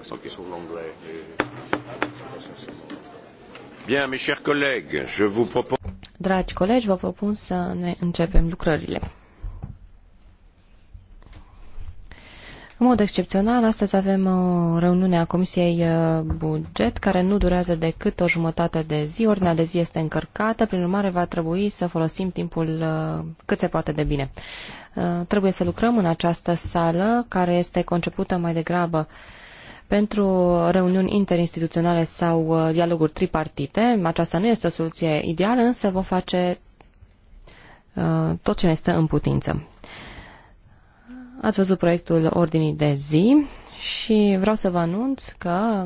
façon okay. sur l'anglais. Bien, mes chers collègues, je vous propose... Dragi colegi, vă propun să ne începem lucrările. În mod excepțional, astăzi avem o uh, reuniune a Comisiei uh, Buget, care nu durează decât o jumătate de zi. Ordinea de zi este încărcată, prin urmare va trebui să folosim timpul uh, cât se poate de bine. Trebuie să lucrăm în această sală, care este concepută mai degrabă pentru reuniuni interinstituționale sau uh, dialoguri tripartite. Aceasta nu este o soluție ideală, însă vom face uh, tot ce ne stă în putință. Ați văzut proiectul ordinii de zi și vreau să vă anunț că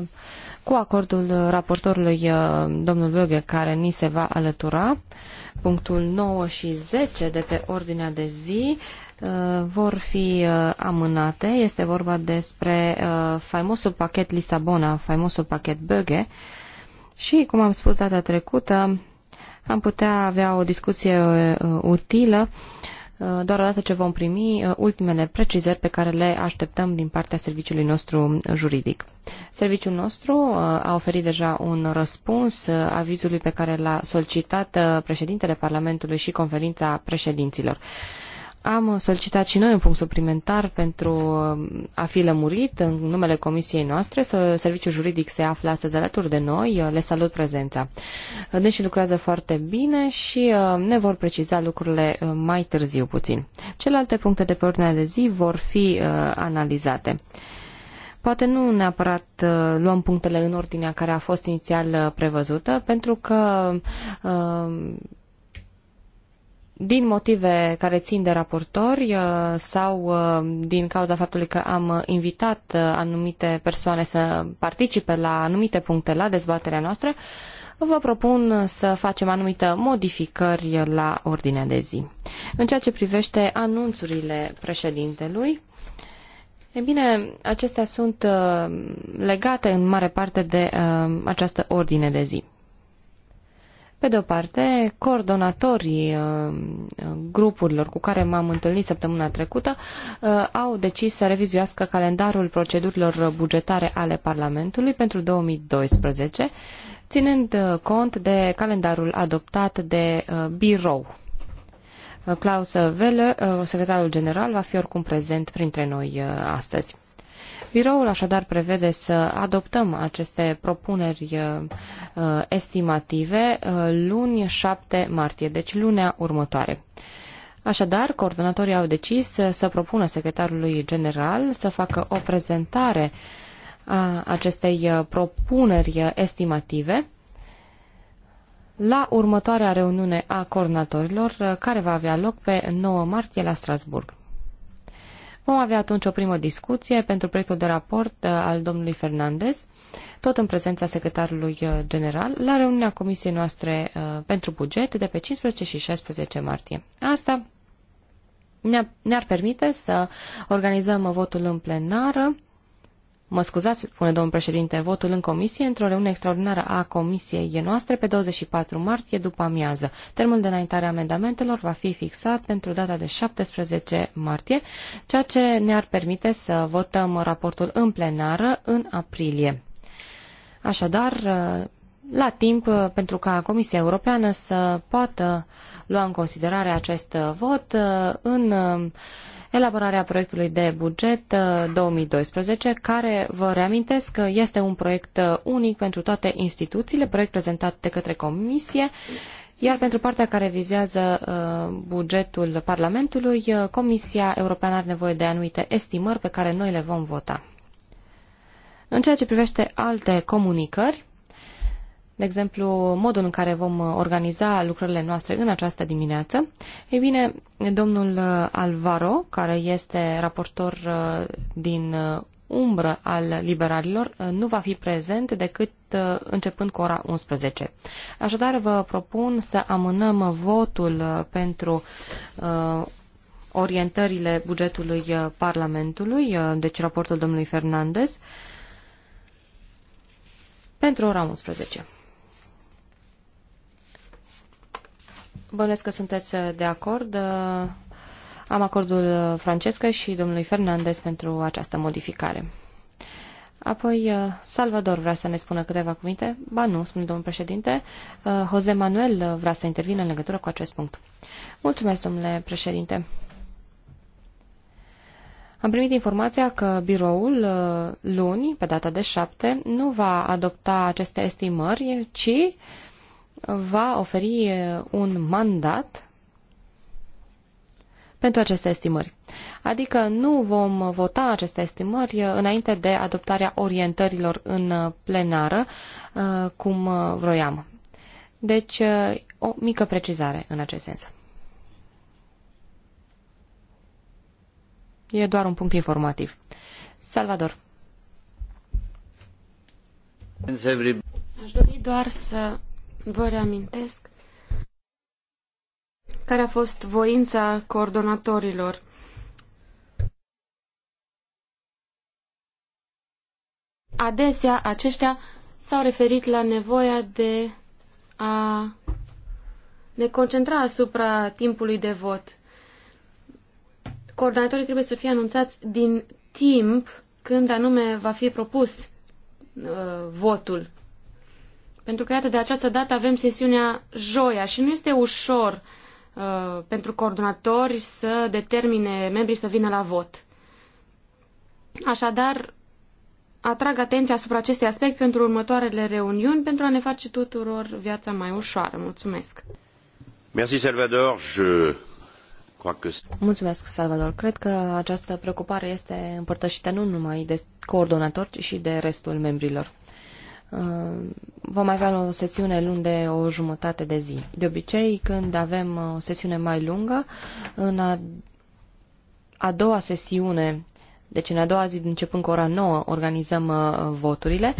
cu acordul raportorului uh, domnul Böge care ni se va alătura, punctul 9 și 10 de pe ordinea de zi Uh, vor fi uh, amânate. Este vorba despre uh, faimosul pachet Lisabona, faimosul pachet Böge și, cum am spus data trecută, am putea avea o discuție utilă doar odată ce vom primi ultimele precizări pe care le așteptăm din partea serviciului nostru juridic. Serviciul nostru a oferit deja un răspuns avizului pe care l-a solicitat președintele Parlamentului și conferința președinților. Am solicitat și noi un punct suplimentar pentru uh, a fi lămurit în numele comisiei noastre. Serviciul juridic se află astăzi alături de noi. Uh, le salut prezența. Uh, Deși lucrează foarte bine și ne vor preciza lucrurile mai târziu puțin. Celelalte puncte de pe ordinea de zi vor fi analizate. Poate nu neapărat luăm punctele în ordinea care a fost inițial prevăzută, pentru că din motive care țin de raportori uh, sau uh, din cauza faptului că am invitat uh, anumite persoane să participe la anumite puncte la dezbaterea noastră, vă propun să facem anumite modificări la ordinea de zi. În ceea ce privește anunțurile președintelui, e bine, acestea sunt legate în mare parte de această ordine de zi. Pe de o parte, coordonatorii uh, grupurilor cu care m-am întâlnit săptămâna trecută uh, au decis să revizuiască calendarul procedurilor bugetare ale Parlamentului pentru 2012, ținând uh, cont de calendarul adoptat de birou. Klaus Welle, secretarul general, va fi oricum prezent printre noi astăzi. Biroul așadar prevede să adoptăm aceste propuneri uh, uh, estimative uh, luni 7 martie, deci lunea următoare. Așadar, coordonatorii au decis să propună secretarului general să facă o prezentare a acestei propuneri estimative la următoarea reuniune a coordonatorilor care va avea loc pe 9 martie la Strasburg. Vom avea atunci o primă discuție pentru proiectul de raport uh, al domnului Fernandez, tot în prezența secretarului uh, general, la reuniunea comisiei noastre uh, pentru buget de pe 15 și 16 martie. Asta ne-ar permite să organizăm votul în plenară Mă scuzați, spune domnul președinte, votul în comisie într-o reuniune extraordinară a comisiei noastre pe 24 martie după amiază. Termenul de înaintare a amendamentelor va fi fixat pentru data de 17 martie, ceea ce ne-ar permite să votăm raportul în plenară în aprilie. Așadar, la timp pentru ca Comisia Europeană să poată lua în considerare acest vot în elaborarea proiectului de buget 2012, uh, care, vă reamintesc, uh, este un proiect uh, unic pentru toate instituțiile, proiect prezentat de către Comisie, iar pentru partea care vizează bugetul Parlamentului, Comisia Europeană are nevoie de anumite estimări pe care noi le vom vota. În ceea ce privește alte comunicări, de exemplu, modul în care vom uh, organiza lucrările noastre în această dimineață. Ei bine, domnul uh, Alvaro, care este raportor uh, din umbră al liberalilor, nu va fi prezent decât începând cu ora 11. Așadar, vă propun să amânăm votul pentru orientările bugetului Parlamentului, deci raportul domnului Fernandez, pentru ora 11. Bănesc că sunteți uh, de acord. Uh, am acordul uh, Francesca și domnului Fernandez pentru această modificare. Apoi, Salvador vrea să ne spună câteva cuvinte. Ba nu, spune domnul președinte. Jose Manuel vrea să intervină în legătură cu acest punct. Mulțumesc, domnule președinte. Am primit informația că biroul luni, pe data de 7, nu va adopta aceste estimări, ci va oferi eh, un mandat pentru aceste estimări. Adică nu vom vota aceste estimări eh, înainte de adoptarea orientărilor în eh, plenară, cum vroiam. Deci, o mică precizare în acest sens. E doar un punct informativ. Salvador. Aș dori doar să Vă reamintesc care a fost voința coordonatorilor. Adesea aceștia s-au referit la nevoia de a ne concentra asupra timpului de vot. Coordonatorii trebuie să fie anunțați din timp când anume va fi propus uh, votul pentru că, iată, de această dată avem sesiunea joia și nu este ușor uh, pentru coordonatori să determine membrii să vină la vot. Așadar, atrag atenția asupra acestui aspect pentru următoarele reuniuni, pentru a ne face tuturor viața mai ușoară. Mulțumesc! Merci, Salvador. Je... Mulțumesc, Salvador. Cred că această preocupare este împărtășită nu numai de coordonatori, ci și de restul membrilor vom avea o sesiune luni de o jumătate de zi. De obicei, când avem uh, o sesiune mai lungă, în a, a doua sesiune, deci în a doua zi, începând cu ora 9, organizăm uh, voturile,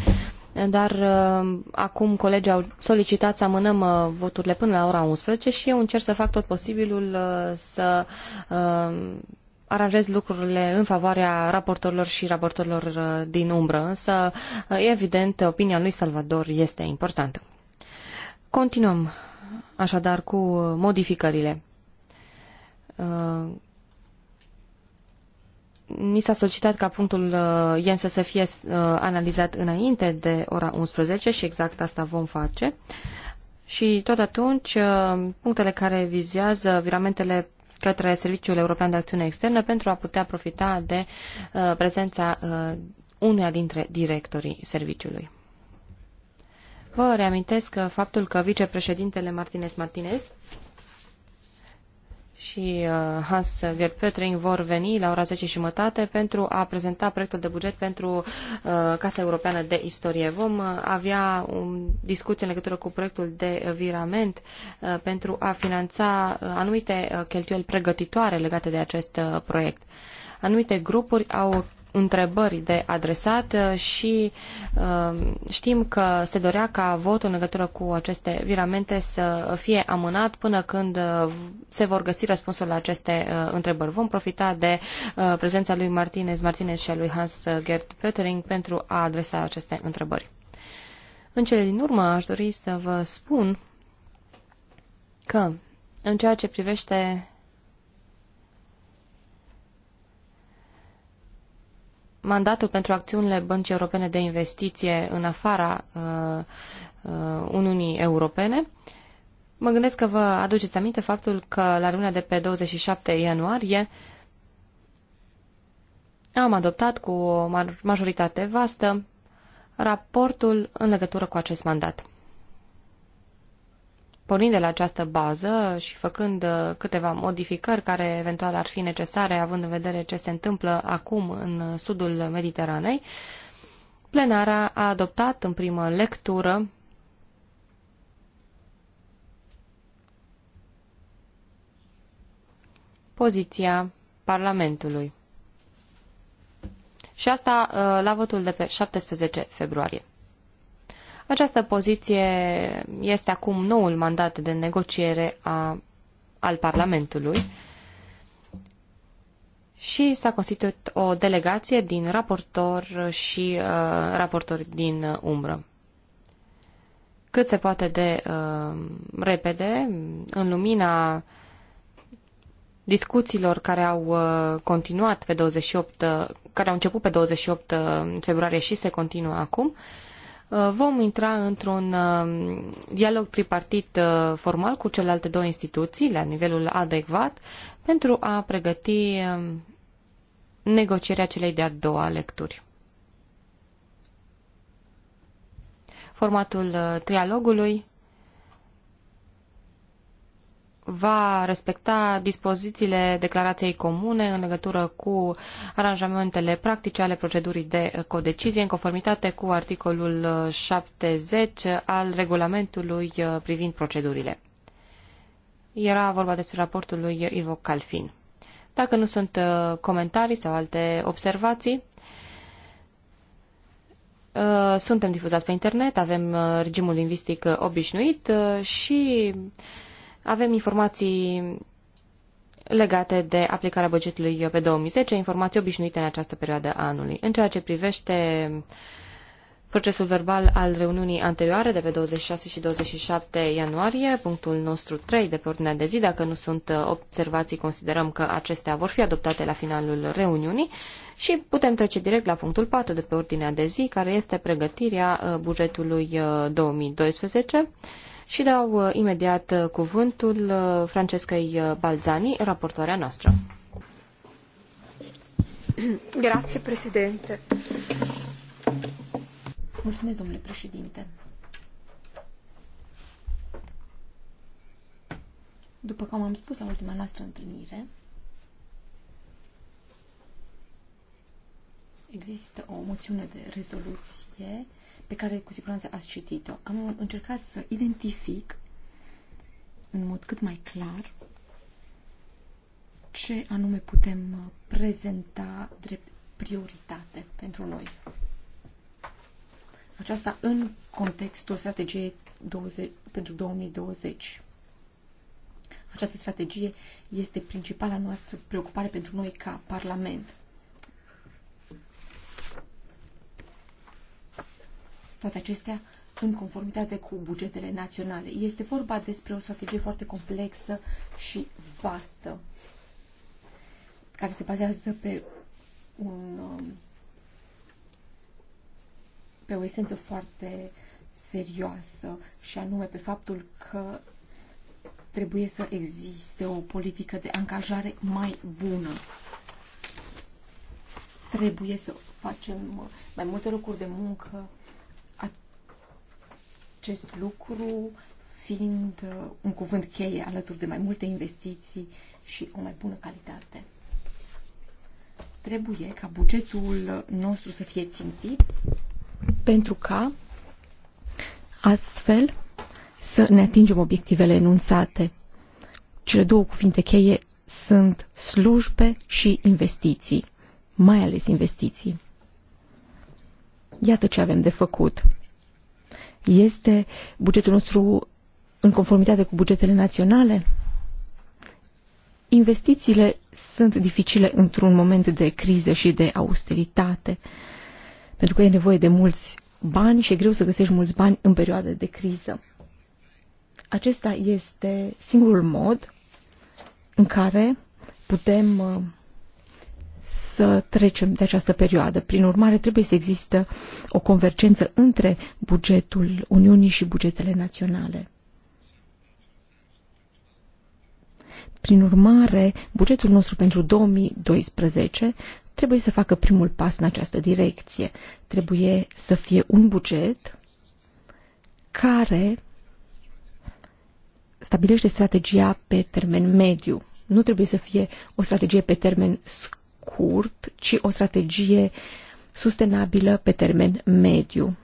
dar uh, acum colegii au solicitat să amânăm voturile până la ora 11 și eu încerc să fac tot posibilul să aranjez lucrurile în favoarea raportorilor și raportorilor uh, din umbră, însă, uh, evident, opinia lui Salvador este importantă. Continuăm așadar cu modificările. Ni uh, s-a solicitat ca punctul iense să fie analizat înainte de ora 11 și exact asta vom face. Și tot atunci, punctele care vizează viramentele către Serviciul European de Acțiune Externă pentru a putea profita de uh, prezența uh, unuia dintre directorii serviciului. Vă reamintesc uh, faptul că vicepreședintele Martinez Martinez și uh, Hans Pötring vor veni la ora 10 și jumătate pentru a prezenta proiectul de buget pentru uh, Casa Europeană de Istorie. Vom uh, avea o discuție în legătură cu proiectul de virament pentru a finanța anumite cheltuieli pregătitoare legate de acest proiect. Anumite grupuri au întrebări de adresat uh, și uh, știm că se dorea ca votul în legătură cu aceste viramente să fie amânat până când uh, se vor găsi răspunsul la aceste întrebări. Vom profita de prezența lui Martinez Martinez și a lui Hans Gerd Pöttering pentru a adresa aceste întrebări. În cele din urmă aș dori să vă spun că în ceea ce privește mandatul pentru acțiunile Băncii Europene de Investiție în afara uh, uh, Uniunii Europene, mă gândesc că vă aduceți aminte faptul că la luna de pe 27 ianuarie am adoptat cu o majoritate vastă raportul în legătură cu acest mandat. Pornind de la această bază și făcând uh, câteva modificări care eventual ar fi necesare, având în vedere ce se întâmplă acum în uh, sudul Mediteranei, plenara a adoptat în primă lectură poziția Parlamentului. Și asta uh, la votul de pe 17 februarie. Această poziție este acum noul mandat de negociere a, al Parlamentului și s-a constituit o delegație din raportor și uh, raportori din umbră. Cât se poate de uh, repede, în lumina discuțiilor care au uh, continuat pe 28, care au început pe 28 uh, februarie și se continuă acum, uh, Uh, vom intra într-un uh, dialog tripartit uh, formal cu celelalte două instituții la nivelul adecvat pentru a pregăti um, negocierea celei de-a doua lecturi. Formatul trialogului va respecta dispozițiile declarației comune în legătură cu aranjamentele practice ale procedurii de codecizie în conformitate cu articolul 70 al regulamentului uh, privind procedurile. Era vorba despre raportul lui Ivo Calfin. Dacă nu sunt uh, comentarii sau alte observații, uh, suntem difuzați pe internet, avem regimul lingvistic obișnuit și avem informații legate de aplicarea bugetului pe 2010, informații obișnuite în această perioadă a anului. În ceea ce privește procesul verbal al reuniunii anterioare de pe 26 și 27 ianuarie, punctul nostru 3 de pe ordinea de zi, dacă nu sunt observații, considerăm că acestea vor fi adoptate la finalul reuniunii și putem trece direct la punctul 4 de pe ordinea de zi, care este pregătirea uh, bugetului 2012 uh, și dau uh, imediat uh, cuvântul uh, Francescăi Balzani, raportoarea noastră. Grazie, președinte. Mulțumesc, domnule președinte. După cum am spus la ultima noastră întâlnire, Există o moțiune de rezoluție pe care cu siguranță ați citit-o. Am încercat să identific în mod cât mai clar ce anume putem prezenta drept prioritate pentru noi. Aceasta în contextul strategiei 20, pentru 2020. Această strategie este principala noastră preocupare pentru noi ca Parlament. toate acestea în conformitate cu bugetele naționale. Este vorba despre o strategie foarte complexă și vastă, care se bazează pe un um, pe o esență foarte serioasă și anume pe faptul că trebuie să existe o politică de angajare mai bună. Trebuie să facem mai multe locuri de muncă acest lucru fiind uh, un cuvânt cheie alături de mai multe investiții și o mai bună calitate. Trebuie ca bugetul nostru să fie țintit pentru ca astfel să ne atingem obiectivele enunțate. Cele două cuvinte cheie sunt slujbe și investiții, mai ales investiții. Iată ce avem de făcut. Este bugetul nostru în conformitate cu bugetele naționale? Investițiile sunt dificile într-un moment de criză și de austeritate, pentru că e nevoie de mulți bani și e greu să găsești mulți bani în perioada de criză. Acesta este singurul mod în care putem uh, să trecem de această perioadă. Prin urmare, trebuie să există o convergență între bugetul Uniunii și bugetele naționale. Prin urmare, bugetul nostru pentru 2012 trebuie să facă primul pas în această direcție. Trebuie să fie un buget care stabilește strategia pe termen mediu. Nu trebuie să fie o strategie pe termen scurt scurt, ci o strategie sustenabilă pe termen mediu,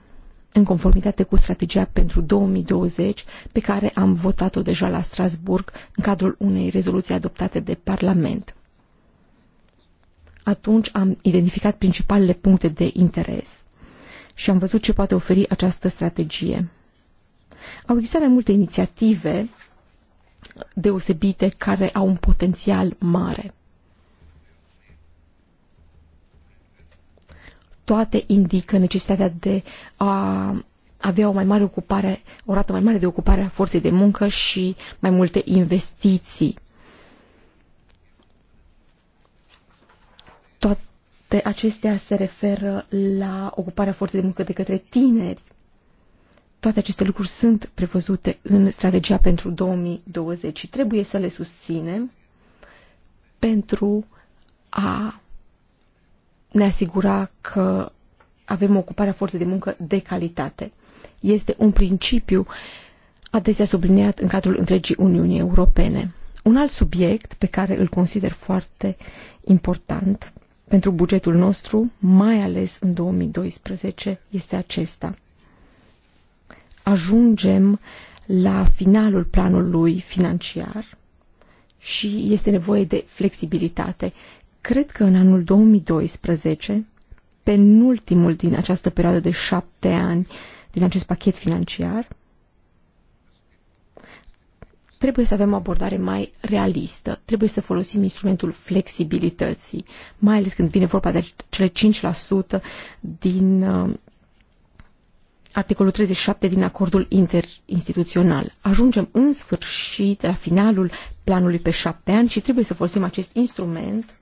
în conformitate cu strategia pentru 2020 pe care am votat-o deja la Strasburg în cadrul unei rezoluții adoptate de Parlament. Atunci am identificat principalele puncte de interes și am văzut ce poate oferi această strategie. Au existat mai multe inițiative deosebite care au un potențial mare. toate indică necesitatea de a avea o mai mare ocupare, o rată mai mare de ocupare a forței de muncă și mai multe investiții. Toate acestea se referă la ocuparea forței de muncă de către tineri. Toate aceste lucruri sunt prevăzute în strategia pentru 2020 și trebuie să le susținem pentru a ne asigura că avem ocuparea forței de muncă de calitate. Este un principiu adesea subliniat în cadrul întregii Uniunii Europene. Un alt subiect pe care îl consider foarte important pentru bugetul nostru, mai ales în 2012, este acesta. Ajungem la finalul planului financiar și este nevoie de flexibilitate Cred că în anul 2012, penultimul din această perioadă de șapte ani din acest pachet financiar, trebuie să avem o abordare mai realistă, trebuie să folosim instrumentul flexibilității, mai ales când vine vorba de cele 5% din uh, articolul 37 din acordul interinstituțional. Ajungem în sfârșit la finalul planului pe șapte ani și trebuie să folosim acest instrument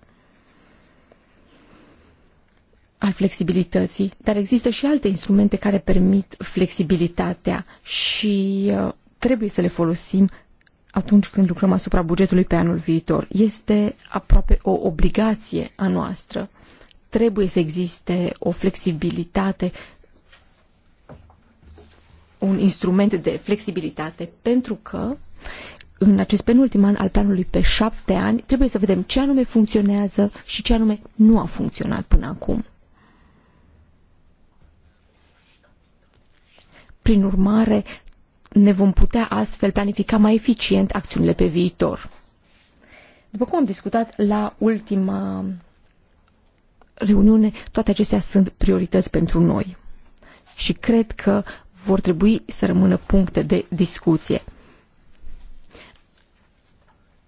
al flexibilității, dar există și alte instrumente care permit flexibilitatea și uh, trebuie să le folosim atunci când lucrăm asupra bugetului pe anul viitor. Este aproape o obligație a noastră. Trebuie să existe o flexibilitate, un instrument de flexibilitate, pentru că în acest penultim an al planului pe șapte ani trebuie să vedem ce anume funcționează și ce anume nu a funcționat până acum. Prin urmare, ne vom putea astfel planifica mai eficient acțiunile pe viitor. După cum am discutat la ultima reuniune, toate acestea sunt priorități pentru noi și cred că vor trebui să rămână puncte de discuție.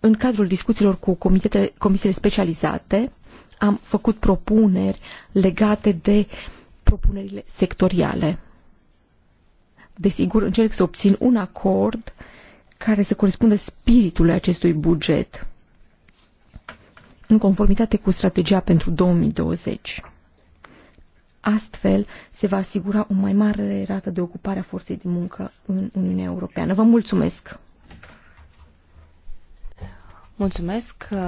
În cadrul discuțiilor cu comisiile specializate, am făcut propuneri legate de propunerile sectoriale desigur, încerc să obțin un acord care să corespundă spiritului acestui buget în conformitate cu strategia pentru 2020. Astfel, se va asigura o mai mare rată de ocupare a forței de muncă în Uniunea Europeană. Vă mulțumesc! Mulțumesc uh,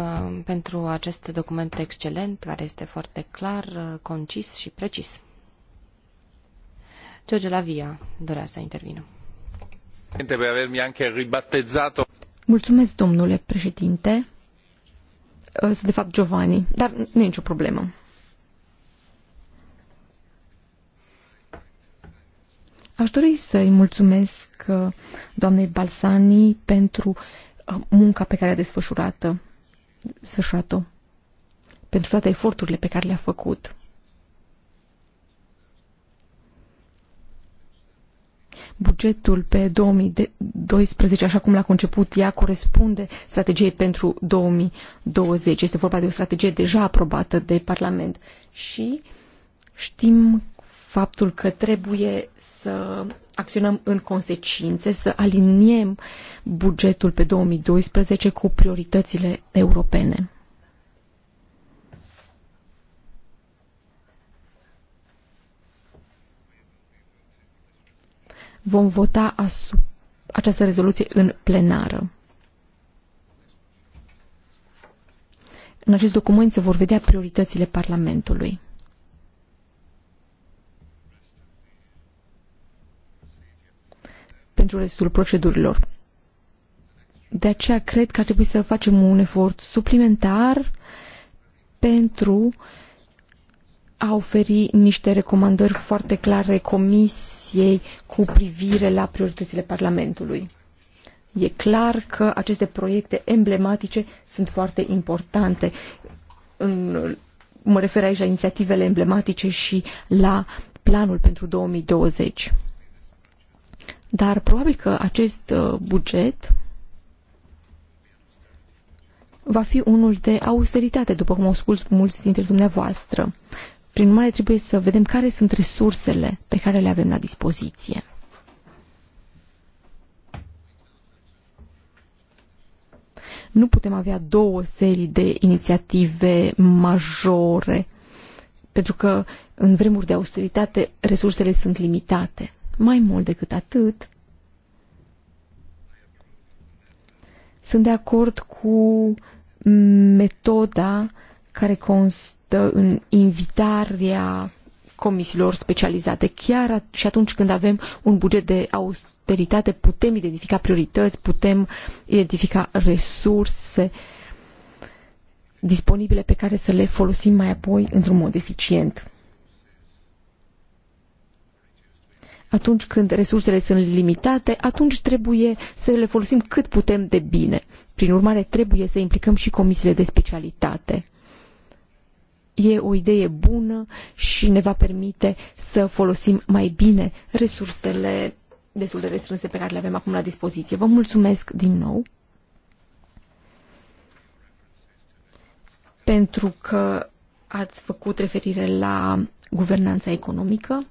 pentru acest document excelent, care este foarte clar, uh, concis și precis. George Lavia dorea să intervină. Mulțumesc, domnule președinte. Ă, sunt de fapt Giovanni, dar nu e nicio problemă. Aș dori să-i mulțumesc ă, doamnei Balsani pentru ă, munca pe care a desfășurat-o, desfășurat pentru toate eforturile pe care le-a făcut. Bugetul pe 2012, așa cum l-a conceput ea, corespunde strategiei pentru 2020. Este vorba de o strategie deja aprobată de Parlament și știm faptul că trebuie să acționăm în consecințe, să aliniem bugetul pe 2012 cu prioritățile europene. vom vota această rezoluție în plenară. În acest document se vor vedea prioritățile Parlamentului. pentru restul procedurilor. De aceea cred că ar trebui să facem un efort suplimentar pentru uh, a oferi niște recomandări foarte clare Comisiei cu privire la prioritățile Parlamentului. E clar că aceste proiecte emblematice sunt foarte importante. În, mă refer aici la inițiativele emblematice și la planul pentru 2020. Dar probabil că acest uh, buget va fi unul de austeritate, după cum au spus mulți dintre dumneavoastră. Prin urmare, trebuie să vedem care sunt resursele pe care le avem la dispoziție. Nu putem avea două serii de inițiative majore, pentru că în vremuri de austeritate resursele sunt limitate. Mai mult decât atât, sunt de acord cu metoda care constă există în invitarea comisiilor specializate. Chiar și atunci când avem un buget de austeritate, putem identifica priorități, putem identifica resurse disponibile pe care să le folosim mai apoi într-un mod eficient. atunci când resursele sunt limitate, atunci trebuie să le folosim cât putem de bine. Prin urmare, trebuie să implicăm și comisiile de specialitate e o idee bună și ne va permite să folosim mai bine resursele destul de restrânse pe care le avem acum la dispoziție. Vă mulțumesc din nou pentru că ați făcut referire la guvernanța economică.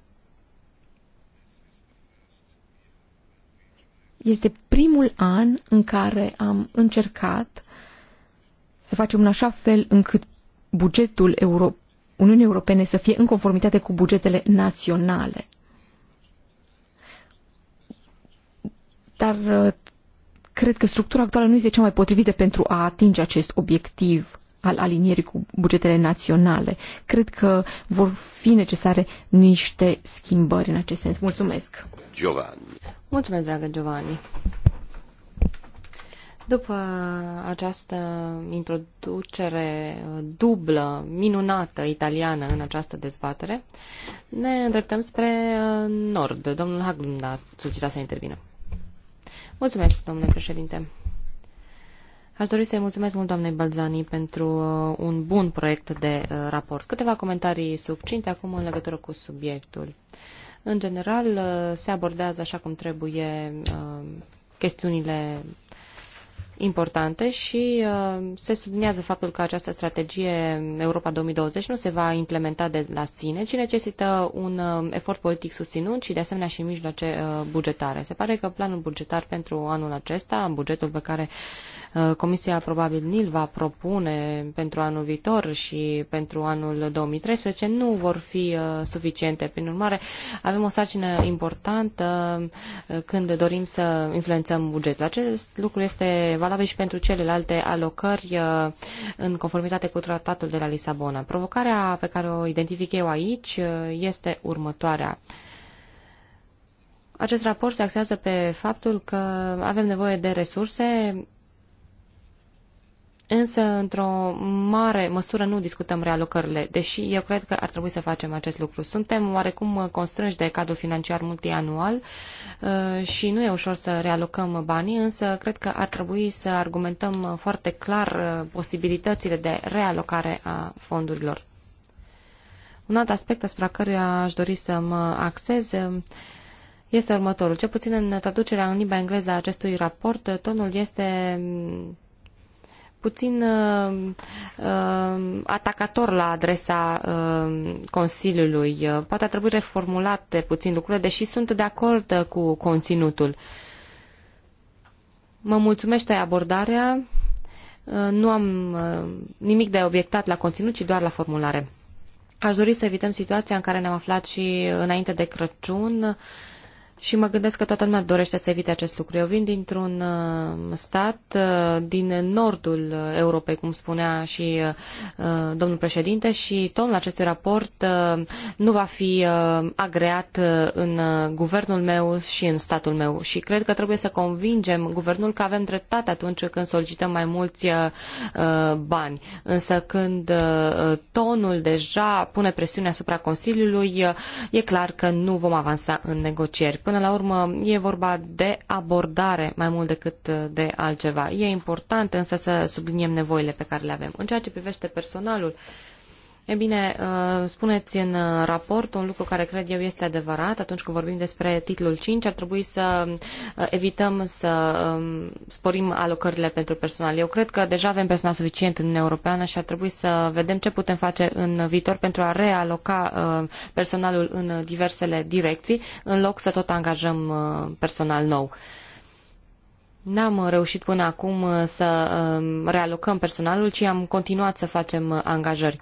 Este primul an în care am încercat să facem în așa fel încât bugetul Euro- Uniunii Europene să fie în conformitate cu bugetele naționale. Dar uh, cred că structura actuală nu este cea mai potrivită pentru a atinge acest obiectiv al alinierii cu bugetele naționale. Cred că vor fi necesare niște schimbări în acest sens. Mulțumesc! Giovanni. Mulțumesc, dragă Giovanni. După această introducere dublă, minunată, italiană în această dezbatere, ne îndreptăm spre uh, nord. Domnul Haglund a solicitat să intervină. Mulțumesc, domnule președinte. Aș dori să-i mulțumesc mult doamnei Balzani pentru uh, un bun proiect de uh, raport. Câteva comentarii succinte acum în legătură cu subiectul. În general, se abordează așa cum trebuie chestiunile importante și uh, se subliniază faptul că această strategie Europa 2020 nu se va implementa de la sine, ci necesită un uh, efort politic susținut și de asemenea și mijloace uh, bugetare. Se pare că planul bugetar pentru anul acesta, bugetul pe care uh, Comisia probabil ni va propune pentru anul viitor și pentru anul 2013 nu vor fi uh, suficiente. Prin urmare, avem o sarcină importantă uh, când dorim să influențăm bugetul. Acest lucru este valabil și pentru celelalte alocări uh, în conformitate cu tratatul de la Lisabona. Provocarea pe care o identific eu aici uh, este următoarea. Acest raport se axează pe faptul că avem nevoie de resurse Însă, într-o mare măsură, nu discutăm realocările, deși eu cred că ar trebui să facem acest lucru. Suntem oarecum constrânși de cadrul financiar multianual uh, și nu e ușor să realocăm banii, însă cred că ar trebui să argumentăm foarte clar uh, posibilitățile de realocare a fondurilor. Un alt aspect asupra căruia aș dori să mă axez um, este următorul. Cel puțin în traducerea în limba engleză a acestui raport, uh, tonul este um, puțin uh, uh, atacator la adresa uh, Consiliului. Uh, poate ar trebui reformulate puțin lucrurile, deși sunt de acord uh, cu conținutul. Mă mulțumește abordarea. Uh, nu am nimic de obiectat la conținut, ci doar la formulare. Aș dori să evităm situația în care ne-am aflat și înainte de Crăciun, uh, și mă gândesc că toată lumea dorește să evite acest lucru. Eu vin dintr-un uh, stat uh, din nordul Europei, cum spunea și uh, domnul președinte, și tonul acestui raport nu va fi agreat în guvernul meu și în statul meu. Și cred că trebuie să convingem guvernul că avem dreptate atunci când solicităm mai mulți bani. Însă când tonul deja pune presiune asupra Consiliului, e clar că nu vom avansa în negocieri Până la urmă, e vorba de abordare mai mult decât de altceva. E important însă să subliniem nevoile pe care le avem. În ceea ce privește personalul, E bine, uh, spuneți în uh, raport un lucru care cred eu este adevărat. Atunci când vorbim despre titlul 5, ar trebui să uh, evităm să um, sporim alocările pentru personal. Eu cred că deja avem personal suficient în Uniunea Europeană și ar trebui să vedem ce putem face în viitor pentru a realoca personalul în diversele direcții, în loc să tot angajăm personal nou. N-am reușit până acum să um, realocăm personalul, ci am continuat să facem angajări.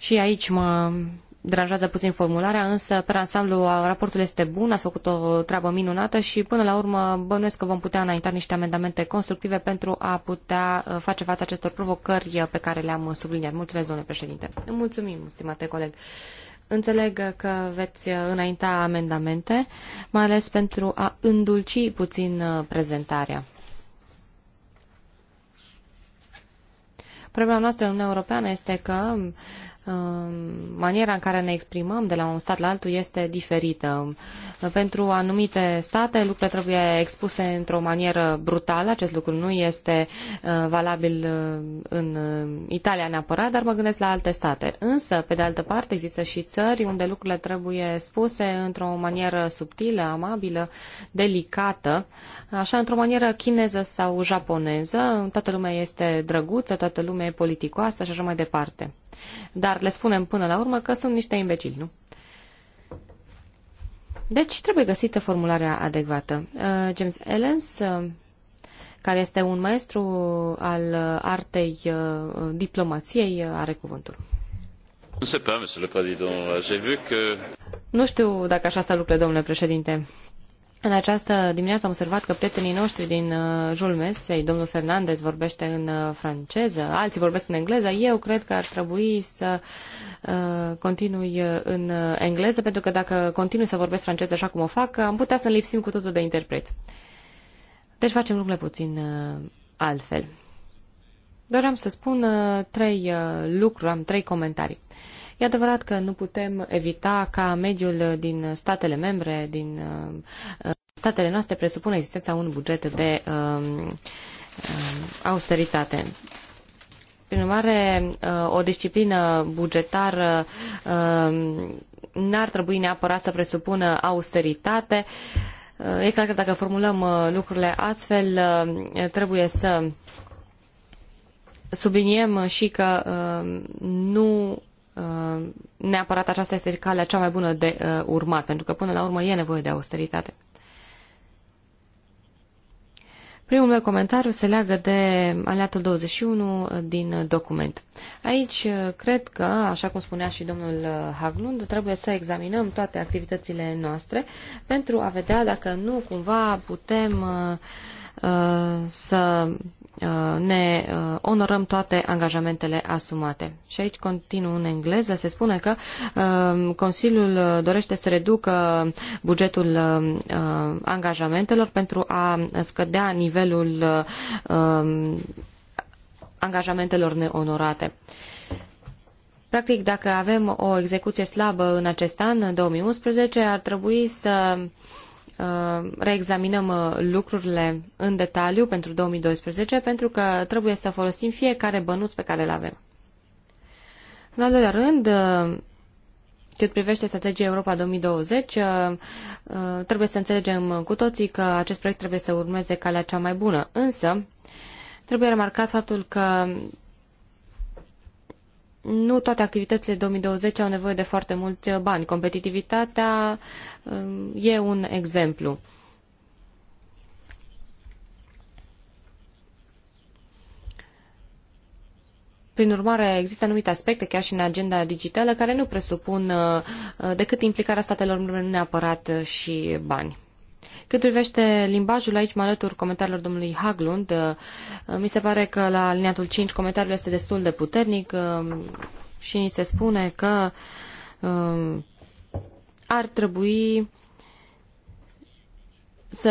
Și aici mă deranjează puțin formularea, însă pe ansamblu raportul este bun, ați făcut o treabă minunată și până la urmă bănuiesc că vom putea înainta niște amendamente constructive pentru a putea face față acestor provocări pe care le-am subliniat. Mulțumesc, domnule președinte. Mulțumim, stimate coleg. Înțeleg că veți înainta amendamente, mai ales pentru a îndulci puțin prezentarea. Problema noastră în Uniunea Europeană este că Um, maniera în care ne exprimăm de la un stat la altul este diferită. Pentru anumite state lucrurile trebuie expuse într-o manieră brutală. Acest lucru nu este uh, valabil uh, în uh, Italia neapărat, dar mă gândesc la alte state. Însă, pe de altă parte, există și țări unde lucrurile trebuie spuse într-o manieră subtilă, amabilă, delicată, așa într-o manieră chineză sau japoneză, toată lumea este drăguță, toată lumea e politicoasă și așa mai departe. Dar le spunem până la urmă că sunt niște imbecili, nu? Deci trebuie găsită formularea adecvată. Uh, James Ellens, uh, care este un maestru al artei uh, diplomației, are cuvântul. Nu știu dacă așa stă lucrurile, domnule președinte. În această dimineață am observat că prietenii noștri din uh, jurul mesei, domnul Fernandez vorbește în uh, franceză, alții vorbesc în engleză. Eu cred că ar trebui să uh, continui uh, în uh, engleză, pentru că dacă continui să vorbesc franceză așa cum o fac, am putea să lipsim cu totul de interpret. Deci facem lucrurile puțin uh, altfel. Doream să spun trei lucruri, am trei comentarii. Uh, E adevărat că nu putem evita ca mediul din statele membre, din uh, statele noastre, presupune existența un buget de um, um, austeritate. Prin urmare, uh, o disciplină bugetară um, n-ar trebui neapărat să presupună austeritate. Uh, e clar că dacă formulăm lucrurile astfel, trebuie să subliniem și că nu Uh, neapărat aceasta este calea cea mai bună de uh, urmat, pentru că până la urmă e nevoie de austeritate. Primul meu comentariu se leagă de aliatul 21 din document. Aici uh, cred că, așa cum spunea și domnul uh, Haglund, trebuie să examinăm toate activitățile noastre pentru a vedea dacă nu cumva putem uh, să Uh, ne uh, onorăm toate angajamentele asumate. Și aici continuă în engleză, se spune că uh, Consiliul dorește să reducă bugetul angajamentelor pentru a scădea nivelul angajamentelor neonorate. Practic, dacă avem o execuție slabă în acest an, în 2011, ar trebui să Uh, reexaminăm uh, lucrurile în detaliu pentru 2012, pentru că trebuie să folosim fiecare bănuț pe care îl avem. În al doilea rând, uh, cât privește strategia Europa 2020, trebuie să înțelegem cu toții că acest proiect trebuie să urmeze calea cea mai bună. Însă, trebuie remarcat faptul că nu toate activitățile 2020 au nevoie de foarte mulți bani. Competitivitatea um, e un exemplu. Prin urmare, există anumite aspecte, chiar și în agenda digitală, care nu presupun uh, decât implicarea statelor membre, nu neapărat uh, și bani. Cât privește limbajul, aici mă alătur comentariilor domnului Haglund. Uh, mi se pare că la alineatul 5 comentariul este destul de puternic uh, și ni se spune că um, ar trebui să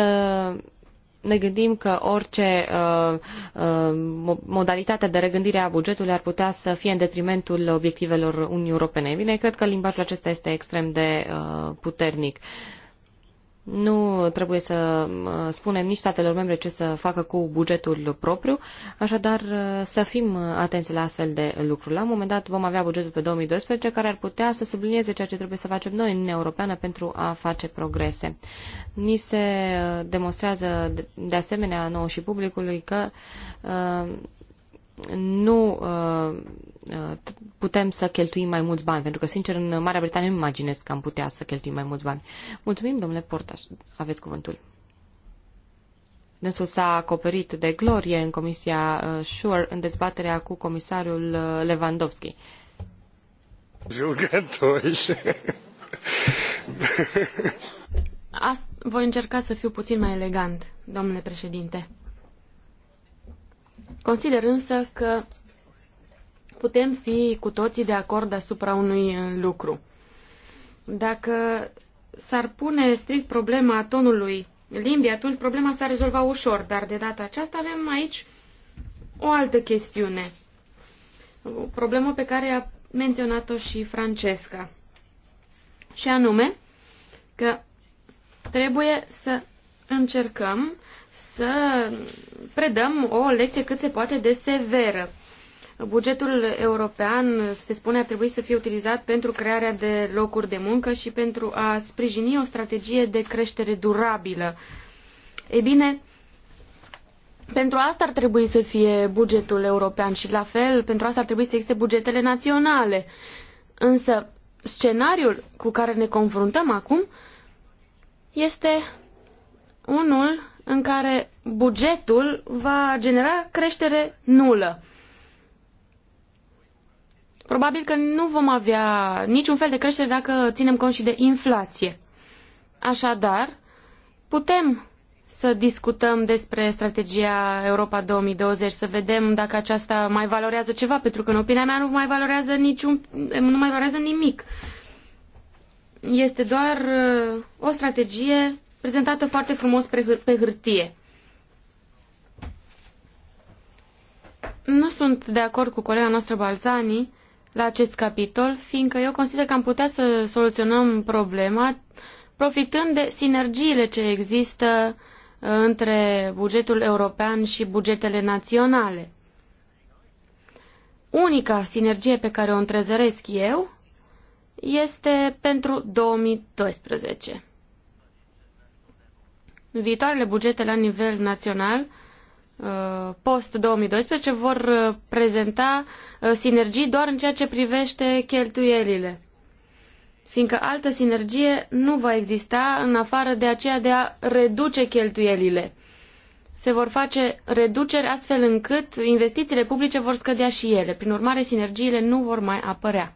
ne gândim că orice uh, uh, modalitate de regândire a bugetului ar putea să fie în detrimentul obiectivelor Uniunii Europene. Bine, cred că limbajul acesta este extrem de uh, puternic. Uh, nu trebuie să uh, spunem nici statelor membre ce să facă cu bugetul propriu, așadar uh, să fim atenți la astfel de lucruri. La un moment dat vom avea bugetul pe 2012 care ar putea să sublinieze ceea ce trebuie să facem noi în Europeană pentru a face progrese. Ni se uh, demonstrează de asemenea nouă și publicului că nu uh, uh, putem să cheltuim mai mulți bani, pentru că, sincer, în Marea Britanie nu imaginez că am putea să cheltuim mai mulți bani. Mulțumim, domnule Portaș, aveți cuvântul. Dânsul s-a acoperit de glorie în Comisia uh, Sure în dezbaterea cu comisarul Lewandowski. voi încerca să fiu puțin mai elegant, domnule președinte. Consider însă că putem fi cu toții de acord asupra unui uh, lucru. Dacă s-ar pune strict problema tonului limbii, atunci problema s-ar rezolva ușor, dar de data aceasta avem aici o altă chestiune. O problemă pe care a menționat-o și Francesca. Și anume că trebuie să încercăm să predăm o lecție cât se poate de severă. Bugetul european, se spune, ar trebui să fie utilizat pentru crearea de locuri de muncă și pentru a sprijini o strategie de creștere durabilă. E bine, pentru asta ar trebui să fie bugetul european și la fel, pentru asta ar trebui să existe bugetele naționale. Însă, scenariul cu care ne confruntăm acum este unul în care bugetul va genera creștere nulă. Probabil că nu vom avea niciun fel de creștere dacă ținem cont și de inflație. Așadar, putem să discutăm despre strategia Europa 2020, să vedem dacă aceasta mai valorează ceva, pentru că în opinia mea nu mai valorează niciun, nu mai valorează nimic. Este doar uh, o strategie prezentată foarte frumos pe, pe hârtie. Nu sunt de acord cu colega noastră Balzani la acest capitol, fiindcă eu consider că am putea să soluționăm problema profitând de sinergiile ce există uh, între bugetul european și bugetele naționale. Unica sinergie pe care o întrezăresc eu este pentru 2012 viitoarele bugete la nivel național uh, post-2012 vor uh, prezenta uh, sinergii doar în ceea ce privește cheltuielile, fiindcă altă sinergie nu va exista în afară de aceea de a reduce cheltuielile. Se vor face reduceri astfel încât investițiile publice vor scădea și ele. Prin urmare, sinergiile nu vor mai apărea.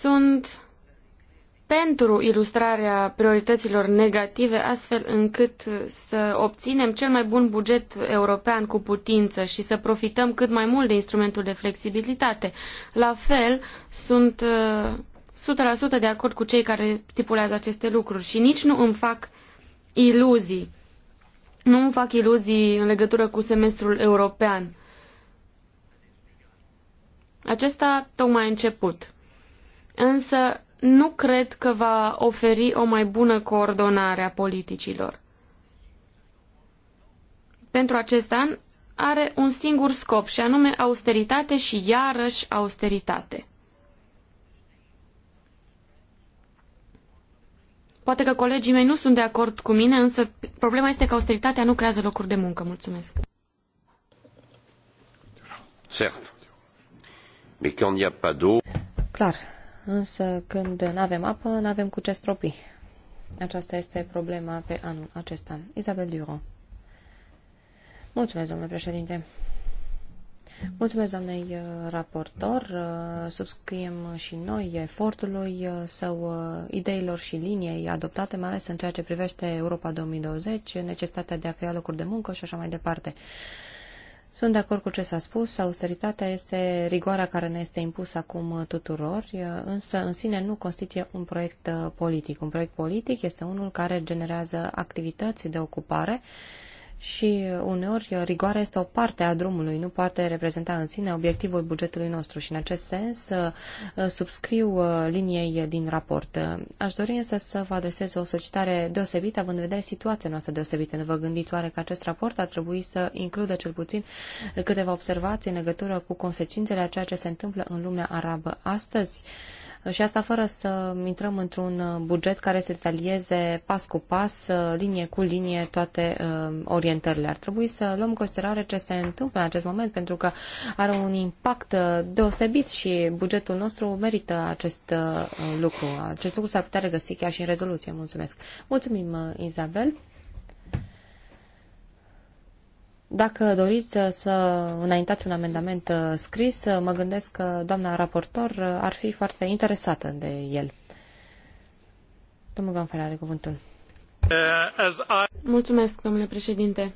Sunt pentru ilustrarea priorităților negative, astfel încât să obținem cel mai bun buget european cu putință și să profităm cât mai mult de instrumentul de flexibilitate. La fel, sunt 100% uh, de acord cu cei care stipulează aceste lucruri și nici nu îmi fac iluzii. Nu îmi fac iluzii în legătură cu semestrul european. Acesta tocmai a început însă nu cred că va oferi o mai bună coordonare a politicilor. Pentru acest an are un singur scop și anume austeritate și iarăși austeritate. Poate că colegii mei nu sunt de acord cu mine, însă problema este că austeritatea nu creează locuri de muncă. Mulțumesc. Cert. Mais n'y a pas d'eau. Clar, Însă când nu avem apă, nu avem cu ce stropi. Aceasta este problema pe anul acesta. Isabel Duro. Mulțumesc, domnule președinte. Mulțumesc, doamnei uh, raportor. Uh, subscriem și noi efortului uh, sau ideilor și liniei adoptate, mai ales în ceea ce privește Europa 2020, necesitatea de a crea locuri de muncă și așa mai departe. Sunt de acord cu ce s-a spus, austeritatea este rigoarea care ne este impusă acum tuturor, însă în sine nu constituie un proiect uh, politic. Un proiect politic este unul care generează activități de ocupare, și uneori rigoarea este o parte a drumului, nu poate reprezenta în sine obiectivul bugetului nostru și în acest sens uh, uh, subscriu uh, liniei din raport. Aș dori însă să vă adresez o solicitare deosebită, având în vedere situația noastră deosebită. Nu vă gândiți oare că acest raport ar trebui să includă cel puțin câteva observații în legătură cu consecințele a ceea ce se întâmplă în lumea arabă astăzi? Și asta fără să intrăm într-un uh, buget care să detalieze pas cu pas, uh, linie cu linie, toate uh, orientările. Ar trebui să luăm în considerare ce se întâmplă în acest moment, pentru că are un impact deosebit și bugetul nostru merită acest lucru. Acest lucru s-ar putea regăsi chiar și în rezoluție. Mulțumesc. Mulțumim, Izabel. Dacă doriți să înaintați un amendament uh, scris, uh, mă gândesc că doamna raportor uh, ar fi foarte interesată de el. Domnul Ganfel are cuvântul. Mulțumesc, domnule președinte.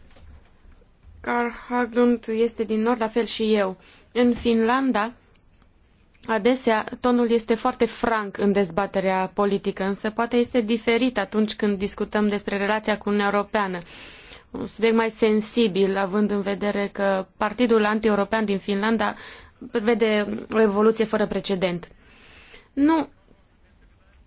Carl Haglund este din nord, la fel și eu. În Finlanda, adesea, tonul este foarte franc în dezbaterea politică, însă poate este diferit atunci când discutăm despre relația cu Uniunea Europeană un subiect mai sensibil, având în vedere că Partidul Anti-European din Finlanda vede o evoluție fără precedent. Nu,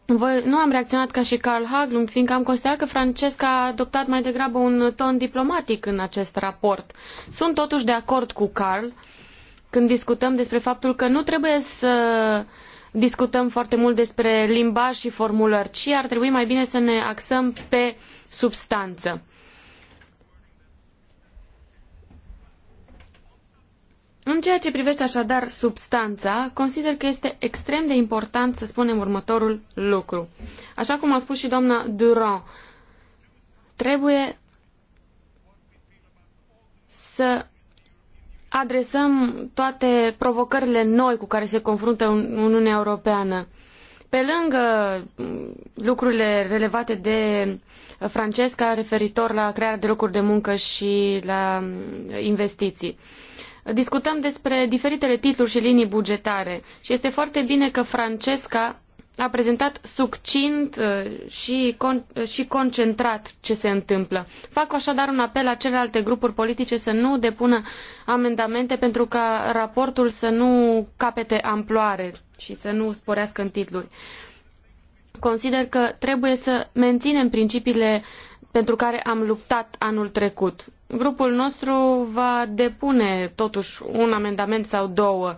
voi, nu am reacționat ca și Carl Haglund, fiindcă am considerat că Francesca a adoptat mai degrabă un ton diplomatic în acest raport. Sunt totuși de acord cu Carl când discutăm despre faptul că nu trebuie să discutăm foarte mult despre limbaj și formulări, ci ar trebui mai bine să ne axăm pe substanță. În ceea ce privește așadar substanța, consider că este extrem de important să spunem următorul lucru. Așa cum a spus și doamna Durand, trebuie să adresăm toate provocările noi cu care se confruntă Uniunea Europeană. Pe lângă lucrurile relevate de Francesca referitor la crearea de locuri de muncă și la investiții discutăm despre diferitele titluri și linii bugetare și este foarte bine că Francesca a prezentat succint uh, și, con- uh, și concentrat ce se întâmplă. Fac așadar un apel la celelalte grupuri politice să nu depună amendamente pentru ca raportul să nu capete amploare și să nu sporească în titluri. Consider că trebuie să menținem principiile pentru care am luptat anul trecut grupul nostru va depune totuși un amendament sau două.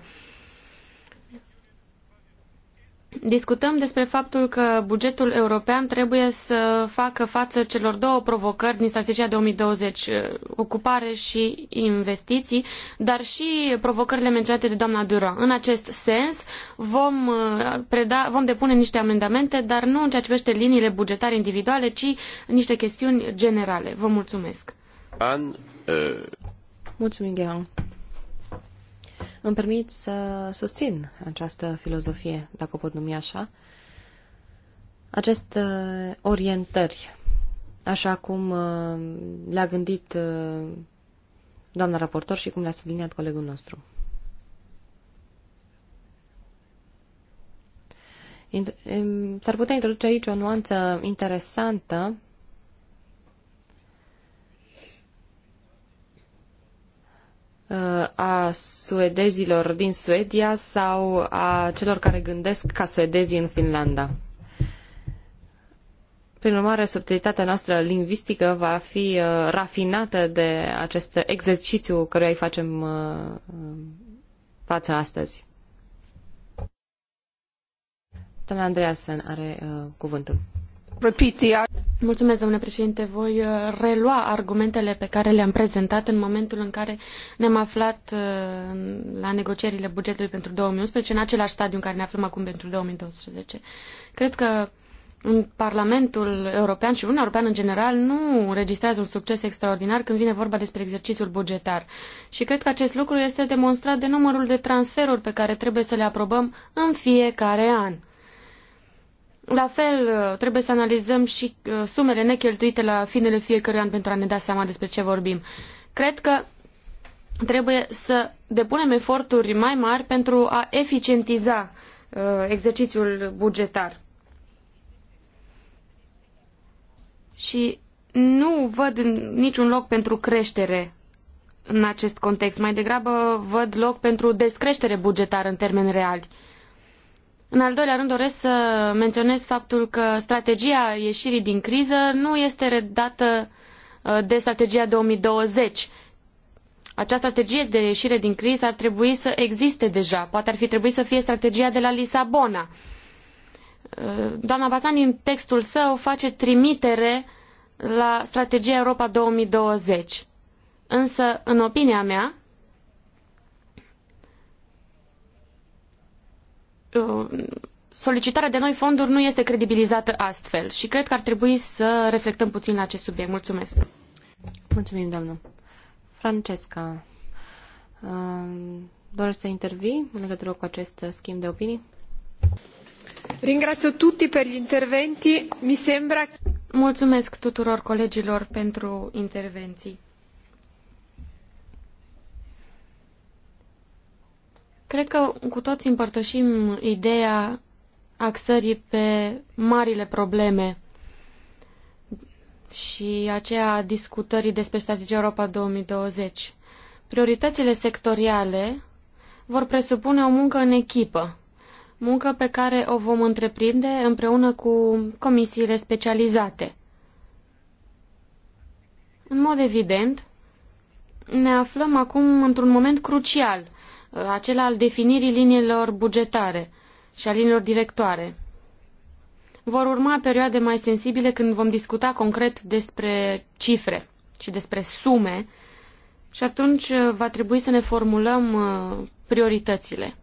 Discutăm despre faptul că bugetul european trebuie să facă față celor două provocări din strategia 2020, eh, ocupare și investiții, dar și provocările menționate de doamna Dura. În acest sens, vom, eh, preda, vom depune niște amendamente, dar nu în ceea ce privește liniile bugetare individuale, ci niște chestiuni generale. Vă mulțumesc! An, uh, Mulțumim, Îmi permit să susțin această filozofie, dacă o pot numi așa, aceste orientări, așa cum uh, le-a gândit uh, doamna raportor și cum le-a subliniat colegul nostru. S-ar putea introduce aici o nuanță interesantă Uh, a suedezilor din Suedia sau a celor care gândesc ca suedezii în Finlanda. Prin urmare, subtilitatea noastră lingvistică va fi uh, rafinată de acest exercițiu căruia îi facem uh, față astăzi. Doamna Andreasen are cuvântul. Mulțumesc, domnule președinte. Voi uh, relua argumentele pe care le-am prezentat în momentul în care ne-am aflat uh, la negocierile bugetului pentru unsprezece în același stadiu în care ne aflăm acum pentru doisprezece Cred că Parlamentul European și Uniunea Europeană în general nu registrează un succes extraordinar când vine vorba despre exercițiul bugetar. Și cred că acest lucru este demonstrat de numărul de transferuri pe care trebuie să le aprobăm în fiecare an. La fel, trebuie să analizăm și uh, sumele necheltuite la finele fiecărui an pentru a ne da seama despre ce vorbim. Cred că trebuie să depunem eforturi mai mari pentru a eficientiza uh, exercițiul bugetar. Și nu văd niciun loc pentru creștere în acest context. Mai degrabă văd loc pentru descreștere bugetară în termeni reali. În al doilea rând doresc să menționez faptul că strategia ieșirii din criză nu este redată uh, de strategia 2020. Această strategie de ieșire din criză ar trebui să existe deja. Poate ar fi trebuit să fie strategia de la Lisabona. Uh, doamna Bazan, în textul său, face trimitere la strategia Europa 2020. Însă, în opinia mea, Uh, solicitarea de noi fonduri nu este credibilizată astfel și cred că ar trebui să reflectăm puțin la acest subiect. Mulțumesc! Mulțumim, doamnă! Francesca, uh, doresc să intervii în legătură cu acest schimb de opinii? Ringrazio tutti per gli interventi. Mi sembra... Mulțumesc tuturor colegilor pentru intervenții. Cred că cu toți împărtășim ideea axării pe marile probleme și aceea discutării despre strategia Europa 2020. Prioritățile sectoriale vor presupune o muncă în echipă, muncă pe care o vom întreprinde împreună cu comisiile specializate. În mod evident, ne aflăm acum într-un moment crucial – Uh, acela al definirii liniilor bugetare și a liniilor directoare. Vor urma perioade mai sensibile când vom discuta concret despre cifre și despre sume și atunci uh, va trebui să ne formulăm uh, prioritățile.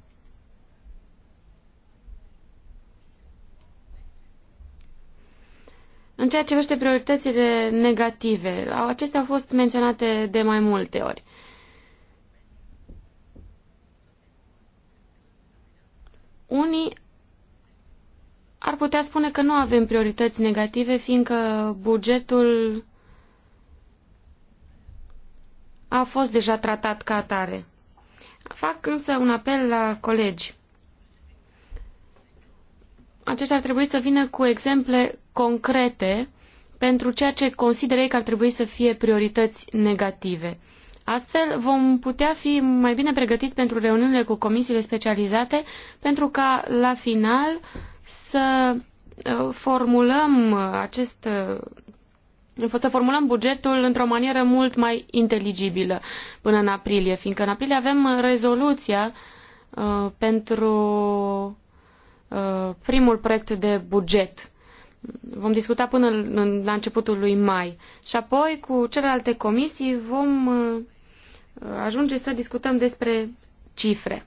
În ceea ce vește prioritățile negative, acestea au fost menționate de mai multe ori. Unii ar putea spune că nu avem priorități negative, fiindcă bugetul a fost deja tratat ca atare. Fac însă un apel la colegi. Aceștia ar trebui să vină cu exemple concrete pentru ceea ce consideră ei că ar trebui să fie priorități negative. Astfel vom putea fi mai bine pregătiți pentru reuniunile cu comisiile specializate pentru ca la final să uh, formulăm acest uh, să formulăm bugetul într-o manieră mult mai inteligibilă până în aprilie, fiindcă în aprilie avem rezoluția uh, pentru uh, primul proiect de buget. Vom discuta până în, la începutul lui mai și apoi cu celelalte comisii vom uh, ajunge să discutăm despre cifre.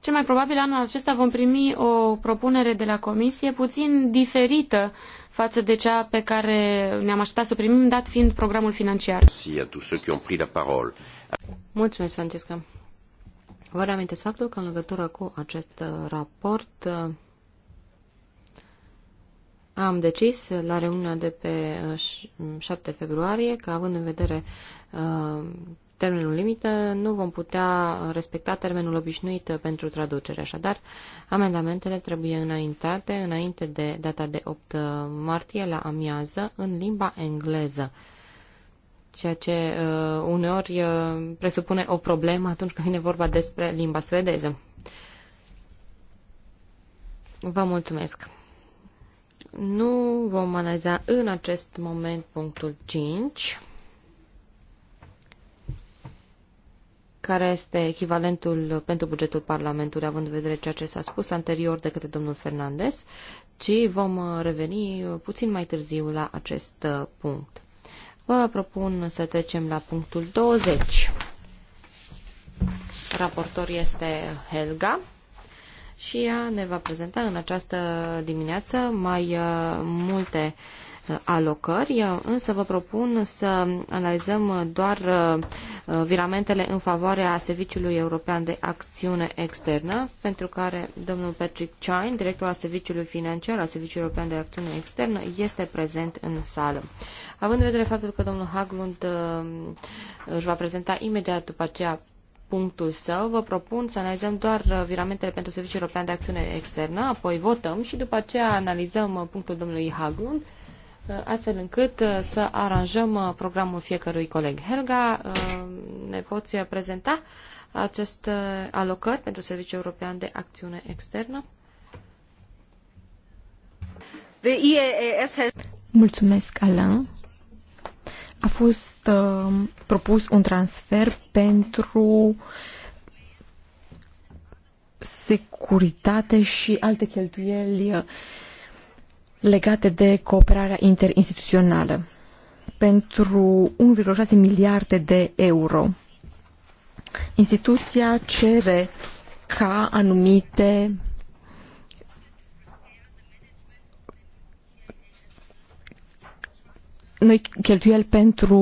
Cel mai probabil anul acesta vom primi o propunere de la Comisie puțin diferită față de cea pe care ne-am așteptat să o primim, dat fiind programul financiar. Mulțumesc, Francesca. Vă reamintesc faptul că în legătură cu acest raport am decis la reuniunea de pe 7 uh, mm, februarie că, având în vedere uh, termenul limită, nu vom putea respecta termenul obișnuit pentru traducere. Așadar, amendamentele trebuie înaintate înainte de data de 8 uh, martie la amiază în limba engleză ceea ce uh, uneori uh, presupune o problemă atunci când vine vorba despre limba suedeză. Vă mulțumesc! nu vom analiza în acest moment punctul 5, care este echivalentul pentru bugetul Parlamentului, având în vedere ceea ce s-a spus anterior de către domnul Fernandez, ci vom uh, reveni uh, puțin mai târziu la acest uh, punct. Vă propun să trecem la punctul 20. Raportor este Helga și ea ne va prezenta în această dimineață mai uh, multe uh, alocări, uh, însă vă propun să analizăm doar viramentele în favoarea Serviciului European de Acțiune Externă, pentru care domnul Patrick Chine, directorul Serviciului Financiar al Serviciului European de Acțiune Externă, este prezent în sală. Având în vedere faptul că domnul Haglund își va prezenta imediat după aceea punctul său, vă propun să analizăm doar uh, viramentele pentru Serviciul European de Acțiune Externă, apoi votăm și după aceea analizăm uh, punctul domnului Haglund, uh, astfel încât să aranjăm programul fiecărui coleg. Helga, ne poți prezenta acest alocări pentru Serviciul European de Acțiune Externă? Mulțumesc, Alain a fost uh, propus un transfer pentru securitate și alte cheltuieli uh, legate de cooperarea interinstituțională pentru 1,6 miliarde de euro. Instituția cere ca anumite noi cheltuieli pentru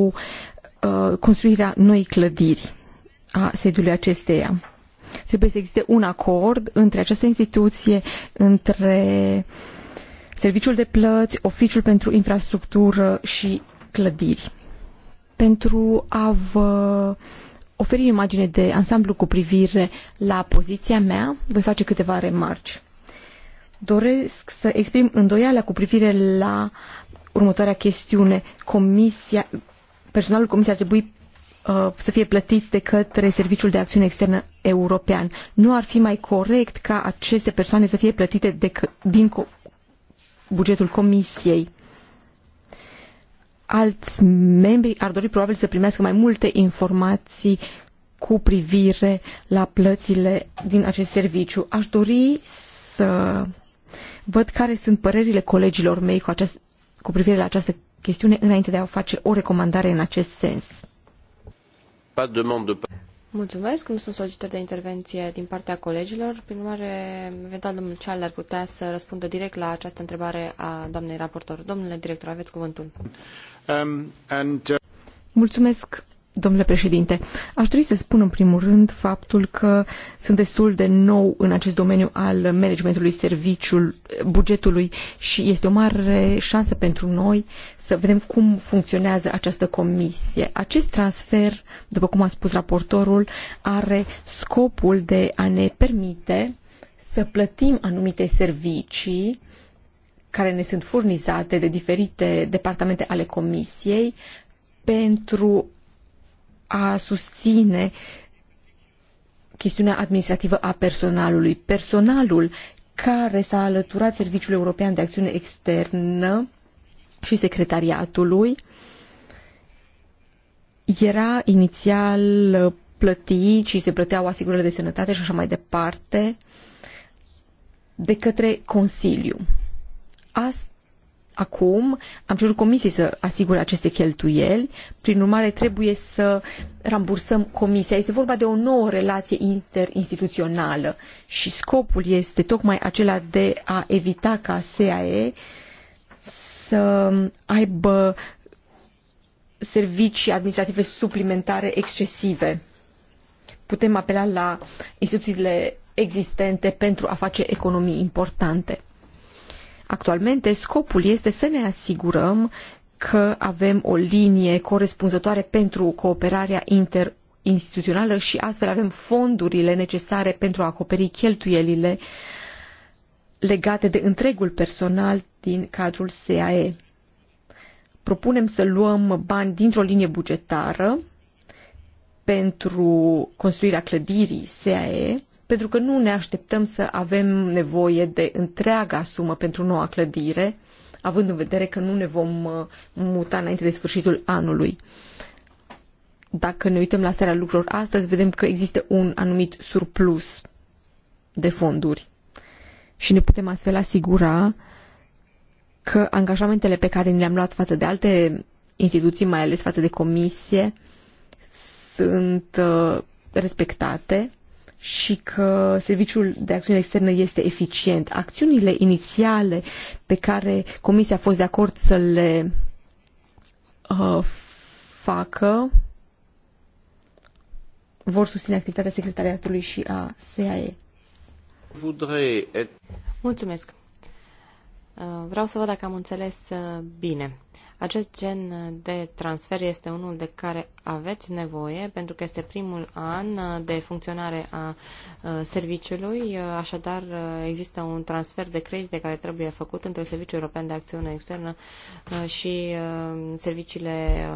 uh, construirea noi clădiri a sediului acesteia. Trebuie să existe un acord între această instituție, între serviciul de plăți, oficiul pentru infrastructură și clădiri. Pentru a vă oferi imagine de ansamblu cu privire la poziția mea, voi face câteva remarci doresc să exprim îndoiala cu privire la Următoarea chestiune, comisia, personalul comisiei ar trebui uh, să fie plătit de către Serviciul de Acțiune Externă European. Nu ar fi mai corect ca aceste persoane să fie plătite de, din co bugetul comisiei. Alți membri ar dori probabil să primească mai multe informații cu privire la plățile din acest serviciu. Aș dori să văd care sunt părerile colegilor mei cu, acest cu privire la această chestiune înainte de a face o recomandare în acest sens. Mulțumesc, nu sunt solicitări de intervenție din partea colegilor. Prin urmare, eventual domnul Ceal ar putea să răspundă direct la această întrebare a doamnei raportor. Domnule director, aveți cuvântul. Um, and, uh... Mulțumesc. Domnule președinte, aș dori să spun în primul rând faptul că sunt destul de nou în acest domeniu al managementului serviciul, bugetului și este o mare șansă pentru noi să vedem cum funcționează această comisie. Acest transfer, după cum a spus raportorul, are scopul de a ne permite să plătim anumite servicii care ne sunt furnizate de diferite departamente ale comisiei pentru a susține chestiunea administrativă a personalului. Personalul care s-a alăturat Serviciul European de Acțiune Externă și secretariatului era inițial plătit și se plăteau asigurările de sănătate și așa mai departe de către Consiliu. Asta Acum am cerut comisii să asigure aceste cheltuieli, prin urmare trebuie să rambursăm comisia. Este vorba de o nouă relație interinstituțională și scopul este tocmai acela de a evita ca SAE să aibă servicii administrative suplimentare excesive. Putem apela la instituțiile existente pentru a face economii importante. Actualmente, scopul este să ne asigurăm că avem o linie corespunzătoare pentru cooperarea inter instituțională și astfel avem fondurile necesare pentru a acoperi cheltuielile legate de întregul personal din cadrul SAE. Propunem să luăm bani dintr-o linie bugetară pentru construirea clădirii SAE pentru că nu ne așteptăm să avem nevoie de întreaga sumă pentru noua clădire, având în vedere că nu ne vom uh, muta înainte de sfârșitul anului. Dacă ne uităm la starea lucrurilor astăzi, vedem că există un anumit surplus de fonduri și ne putem astfel asigura că angajamentele pe care ni le-am luat față de alte instituții, mai ales față de comisie, sunt uh, respectate și că serviciul de acțiune externă este eficient. Acțiunile inițiale pe care Comisia a fost de acord să le uh, facă vor susține activitatea secretariatului și a CIA. Mulțumesc. Uh, vreau să văd dacă am înțeles uh, bine. Acest gen de transfer este unul de care aveți nevoie pentru că este primul an de funcționare a serviciului, așadar există un transfer de credite care trebuie făcut între Serviciul European de Acțiune Externă și serviciile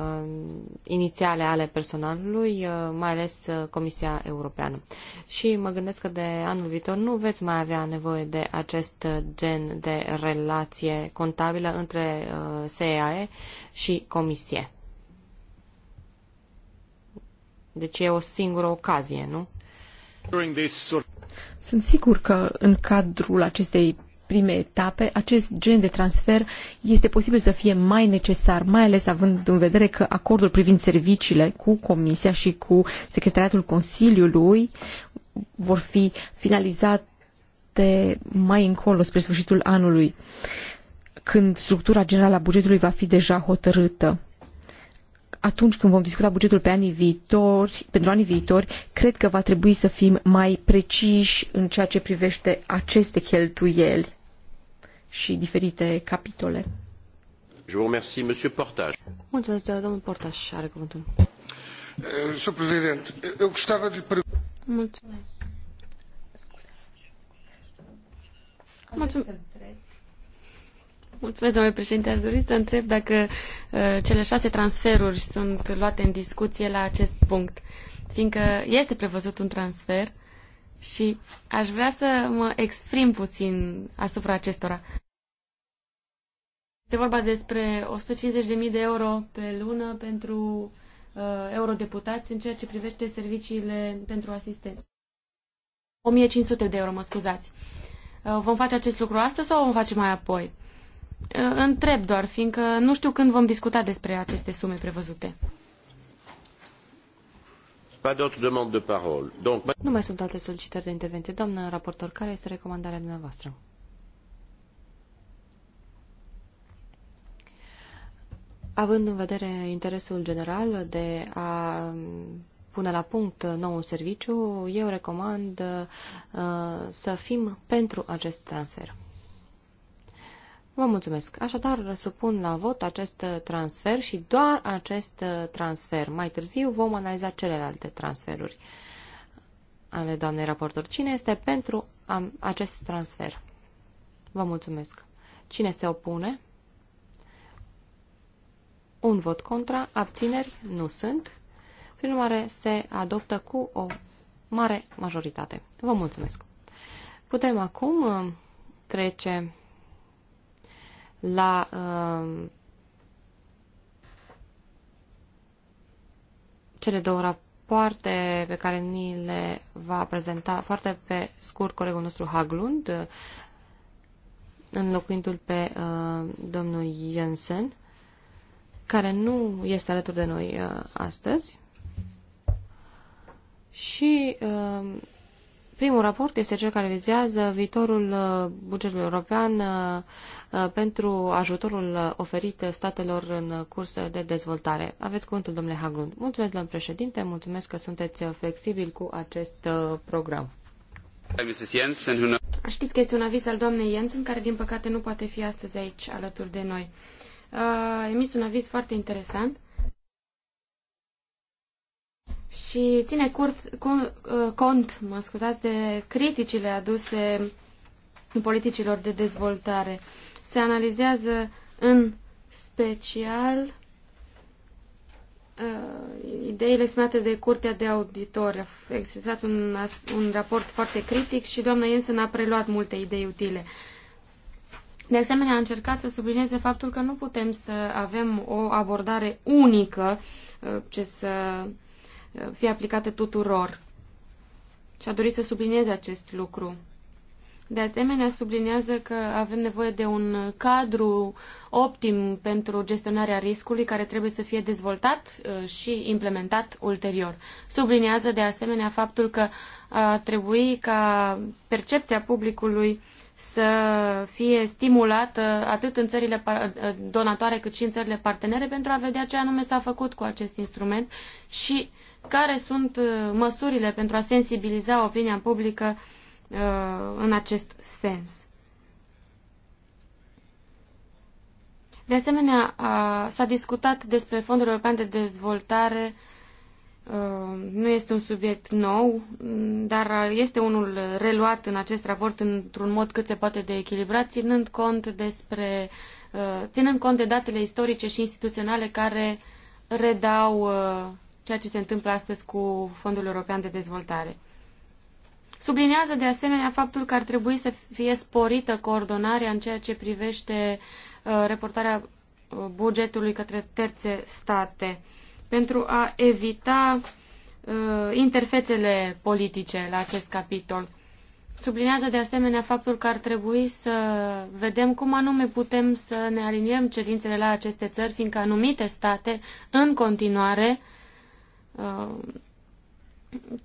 inițiale ale personalului, mai ales Comisia Europeană. Și mă gândesc că de anul viitor nu veți mai avea nevoie de acest gen de relație contabilă între SEAE și comisie. Deci e o singură ocazie, nu? Sunt sigur că în cadrul acestei prime etape, acest gen de transfer este posibil să fie mai necesar, mai ales având în vedere că acordul privind serviciile cu Comisia și cu Secretariatul Consiliului vor fi finalizate mai încolo, spre sfârșitul anului. Uh, când structura generală a bugetului va fi deja hotărâtă. Atunci când vom discuta bugetul pe anii viitori, pentru anii viitori, cred că va trebui să fim mai preciși în ceea ce privește aceste cheltuieli și diferite capitole. Je vous remercie, monsieur Portage. Mulțumesc, domnul Portaș, are cuvântul. Eh, Sr. Presidente, eu gostava de Mulțumesc. Mulțumesc. Mulțumesc, domnule președinte. Aș dori să întreb dacă uh, cele șase transferuri sunt luate în discuție la acest punct, fiindcă este prevăzut un transfer și aș vrea să mă exprim puțin asupra acestora. Este vorba despre 150.000 de euro pe lună pentru uh, eurodeputați în ceea ce privește serviciile pentru asistență. 1500 de euro, mă scuzați. Uh, vom face acest lucru astăzi sau vom face mai apoi? Uh, întreb doar, fiindcă nu știu când vom discuta despre aceste sume prevăzute. Nu mai sunt alte solicitări de intervenție. Doamnă raportor, care este recomandarea dumneavoastră? Având în vedere interesul general de a um, pune la punct noul serviciu, eu recomand uh, să fim pentru acest transfer. Vă mulțumesc. Așadar, supun la vot acest uh, transfer și doar acest uh, transfer. Mai târziu vom analiza celelalte transferuri ale doamnei raportor. Cine este pentru acest transfer? Vă mulțumesc. Cine se opune? Un vot contra, abțineri nu sunt. Prin urmare, se adoptă cu o mare majoritate. Vă mulțumesc. Putem acum uh, trece la uh, cele două rapoarte pe care ni le va prezenta foarte pe scurt colegul nostru Haglund, înlocuindu-l pe uh, domnul Jensen, care nu este alături de noi uh, astăzi. Și uh, Primul raport este cel care vizează viitorul uh, bugetului european uh, uh, pentru ajutorul oferit statelor în curs de dezvoltare. Aveți cuvântul, domnule Haglund. Mulțumesc, domnule președinte, mulțumesc că sunteți flexibil cu acest program. Știți că este un aviz al doamnei Jensen, care din păcate nu poate fi astăzi aici alături de noi. A emis un aviz foarte interesant și ține curt, cu, uh, cont, mă scuzați, de criticile aduse politicilor de dezvoltare. Se analizează în special uh, ideile exprimate de Curtea de Auditori. A existat un, un raport foarte critic și doamna Jensen a preluat multe idei utile. De asemenea, a încercat să sublinieze faptul că nu putem să avem o abordare unică uh, ce să uh, fie aplicate tuturor. Și a dorit să sublinieze acest lucru. De asemenea, subliniază că avem nevoie de un cadru optim pentru gestionarea riscului care trebuie să fie dezvoltat uh, și implementat ulterior. Subliniază de asemenea faptul că ar trebui ca percepția publicului să fie stimulată atât în țările uh, donatoare cât și în țările partenere pentru a vedea ce anume s-a făcut cu acest instrument și care sunt uh, măsurile pentru a sensibiliza opinia publică uh, în acest sens. De asemenea, s-a discutat despre Fondul European de Dezvoltare. Uh, nu este un subiect nou, dar este unul reluat în acest raport într-un mod cât se poate de echilibrat, ținând cont, despre, ținând cont de datele istorice și instituționale care redau ceea ce se întâmplă astăzi cu Fondul European de Dezvoltare. Sublinează de asemenea faptul că ar trebui să fie sporită coordonarea în ceea ce privește uh, reportarea uh, bugetului către terțe state pentru a evita uh, interfețele politice la acest capitol. Sublinează de asemenea faptul că ar trebui să vedem cum anume putem să ne aliniem cerințele la aceste țări, fiindcă anumite state în continuare uh, Uh,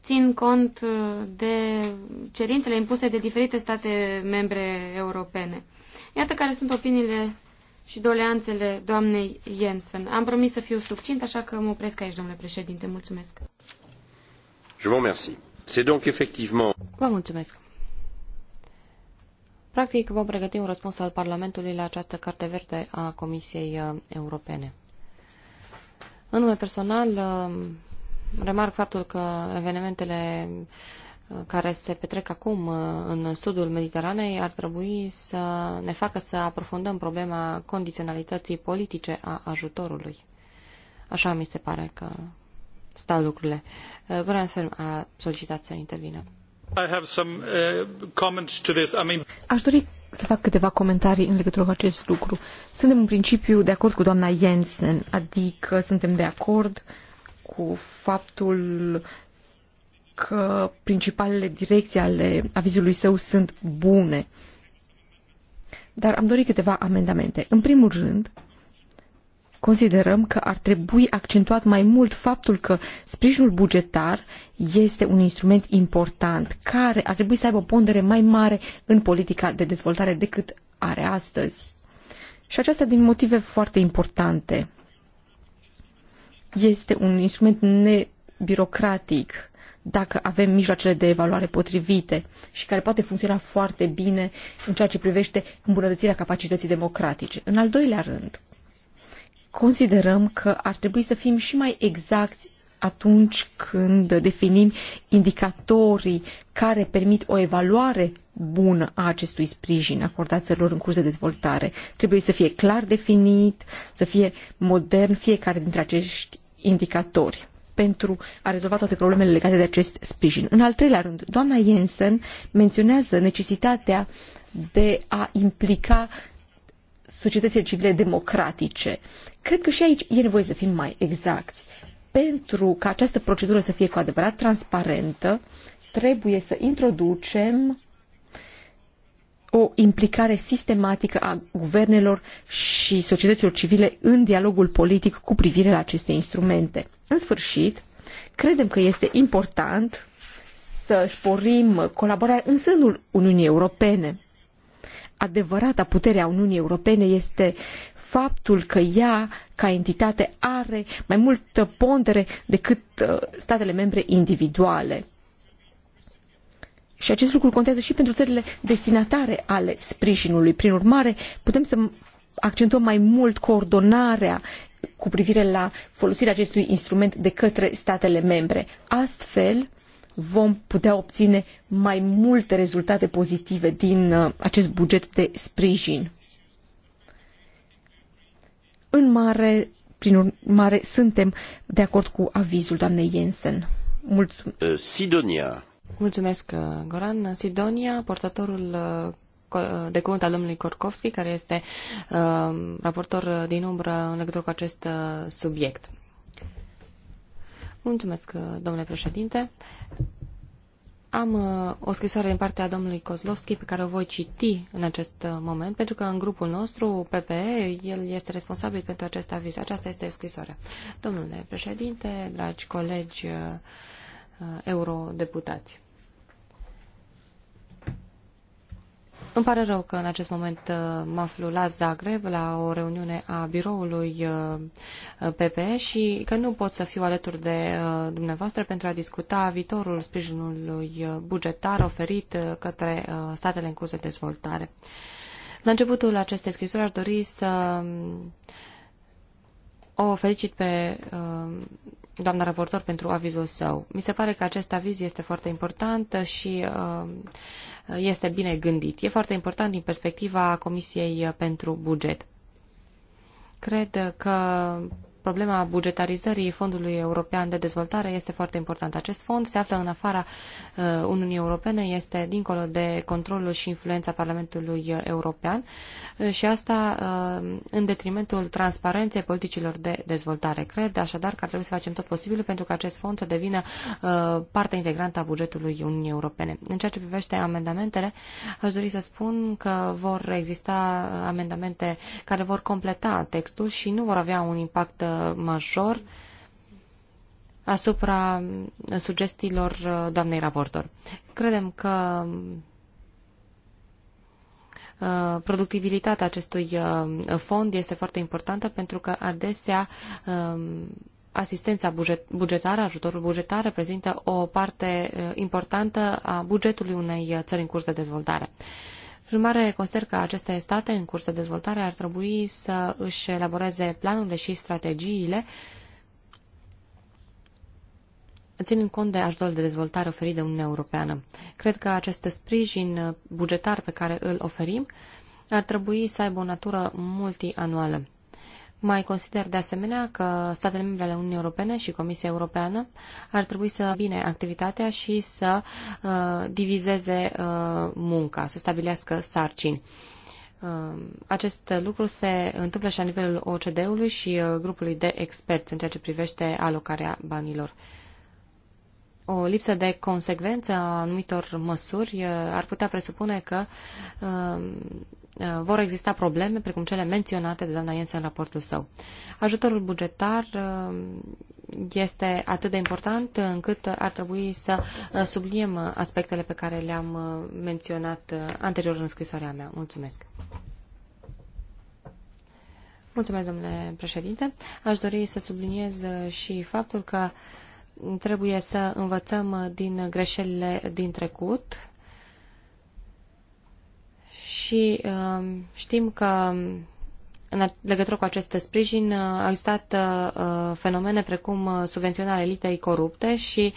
țin cont uh, de cerințele impuse de diferite state membre europene. Iată care sunt opiniile și doleanțele doamnei Jensen. Am promis să fiu succint, așa că mă opresc aici, domnule președinte. Mulțumesc. Je vous remercie. C'est donc effectivement... Vă mulțumesc. Practic, vom pregăti un răspuns al Parlamentului la această carte verde a Comisiei uh, Europene. În nume personal, remarc faptul că evenimentele uh, care se petrec acum uh, în sudul Mediteranei ar trebui să ne facă să aprofundăm problema condiționalității politice a ajutorului. Așa mi se pare că stau lucrurile. Uh, Grand Ferm a solicitat să intervină. I have some, uh, to this. I mean... Aș dori să fac câteva comentarii în legătură cu acest lucru. Suntem în principiu de acord cu doamna Jensen, adică suntem de acord uh, cu faptul că principalele direcții ale avizului său sunt bune. Dar am dorit câteva amendamente. În primul rând, considerăm că ar trebui accentuat mai mult faptul că sprijinul bugetar este un instrument important care ar trebui să aibă o pondere mai mare în politica de dezvoltare decât are astăzi. Și aceasta din motive foarte importante este un instrument nebirocratic dacă avem mijloacele de evaluare potrivite și care poate funcționa foarte bine în ceea ce privește îmbunătățirea capacității democratice. În al doilea rând, considerăm că ar trebui să fim și mai exacti atunci când definim indicatorii care permit o evaluare bună a acestui sprijin acordat țărilor în curs de dezvoltare. Trebuie să fie clar definit, să fie modern fiecare dintre acești indicatori pentru a rezolva toate problemele legate de acest sprijin. În al treilea rând, doamna Jensen menționează necesitatea de a implica societățile civile democratice. Cred că și aici e nevoie să fim mai exacti. Pentru ca această procedură să fie cu adevărat transparentă, trebuie să introducem o implicare sistematică a guvernelor și societăților civile în dialogul politic cu privire la aceste instrumente. În sfârșit, credem că este important să sporim colaborarea în sânul Uniunii Europene. Adevărata putere a Uniunii Europene este faptul că ea, ca entitate, are mai multă pondere decât uh, statele membre individuale și acest lucru contează și pentru țările destinatare ale sprijinului. Prin urmare, putem să accentuăm mai mult coordonarea cu privire la folosirea acestui instrument de către statele membre. Astfel, vom putea obține mai multe rezultate pozitive din uh, acest buget de sprijin. În mare, prin urmare, suntem de acord cu avizul doamnei Jensen. Mulțumesc. Uh, Sidonia. Mulțumesc, uh, Goran. Sidonia, portatorul uh, uh, de cuvânt al domnului Korkovski, care este uh, raportor din umbră în legătură cu acest uh, subiect. Mulțumesc, domnule președinte. Am uh, o scrisoare din partea domnului Kozlovski pe care o voi citi în acest moment, pentru că în grupul nostru, PPE, el este responsabil pentru acest aviz. Aceasta este scrisoarea. Domnule președinte, dragi colegi, uh, Uh, eurodeputați. Îmi pare rău că în acest moment uh, mă aflu la Zagreb, la o reuniune a biroului uh, PPE și că nu pot să fiu alături de dumneavoastră pentru a discuta viitorul sprijinului bugetar oferit către statele în curs de dezvoltare. La începutul acestei scrisori aș dori să o felicit pe uh, doamna raportor pentru avizul său. Mi se pare că acest aviz este foarte important și uh, este bine gândit. E foarte important din perspectiva Comisiei pentru Buget. Cred că problema bugetarizării Fondului European de Dezvoltare este foarte importantă. Acest fond se află în afara uh, Uniunii Europene, este dincolo de controlul și influența Parlamentului European uh, și asta uh, în detrimentul transparenței politicilor de dezvoltare. Cred așadar că ar trebui să facem tot posibilul pentru că acest fond să devină parte integrantă a bugetului Uniunii Europene. În ceea ce privește amendamentele, aș dori să spun că vor exista amendamente care vor completa textul și nu vor avea un impact major asupra sugestiilor uh, doamnei raportor. Credem că uh, productivitatea acestui uh, fond este foarte importantă pentru că adesea um, asistența bugetară, ajutorul bugetar reprezintă o parte importantă a bugetului unei țări în curs de dezvoltare. Prin mare, consider că aceste state în curs de dezvoltare ar trebui să își elaboreze planurile și strategiile ținând cont de ajutorul de dezvoltare oferit de Uniunea Europeană. Cred că acest sprijin bugetar pe care îl oferim ar trebui să aibă o natură multianuală. Mai consider de asemenea că statele membre ale Uniunii Europene și Comisia Europeană ar trebui să bine activitatea și să uh, divizeze uh, munca, să stabilească sarcini. Uh, acest lucru se întâmplă și la nivelul OCD-ului și uh, grupului de experți în ceea ce privește alocarea banilor. O lipsă de consecvență a anumitor măsuri uh, ar putea presupune că uh, Uh, vor exista probleme, precum cele menționate de doamna Iense în raportul său. Ajutorul bugetar uh, este atât de important încât ar trebui să uh, subliniem aspectele pe care le-am menționat anterior în scrisoarea mea. Mulțumesc! Mulțumesc, domnule președinte. Aș dori să subliniez și faptul că trebuie să învățăm din greșelile din trecut, și um, știm că în legătură cu acest sprijin uh, au existat uh, fenomene precum uh, subvenționarea elitei corupte și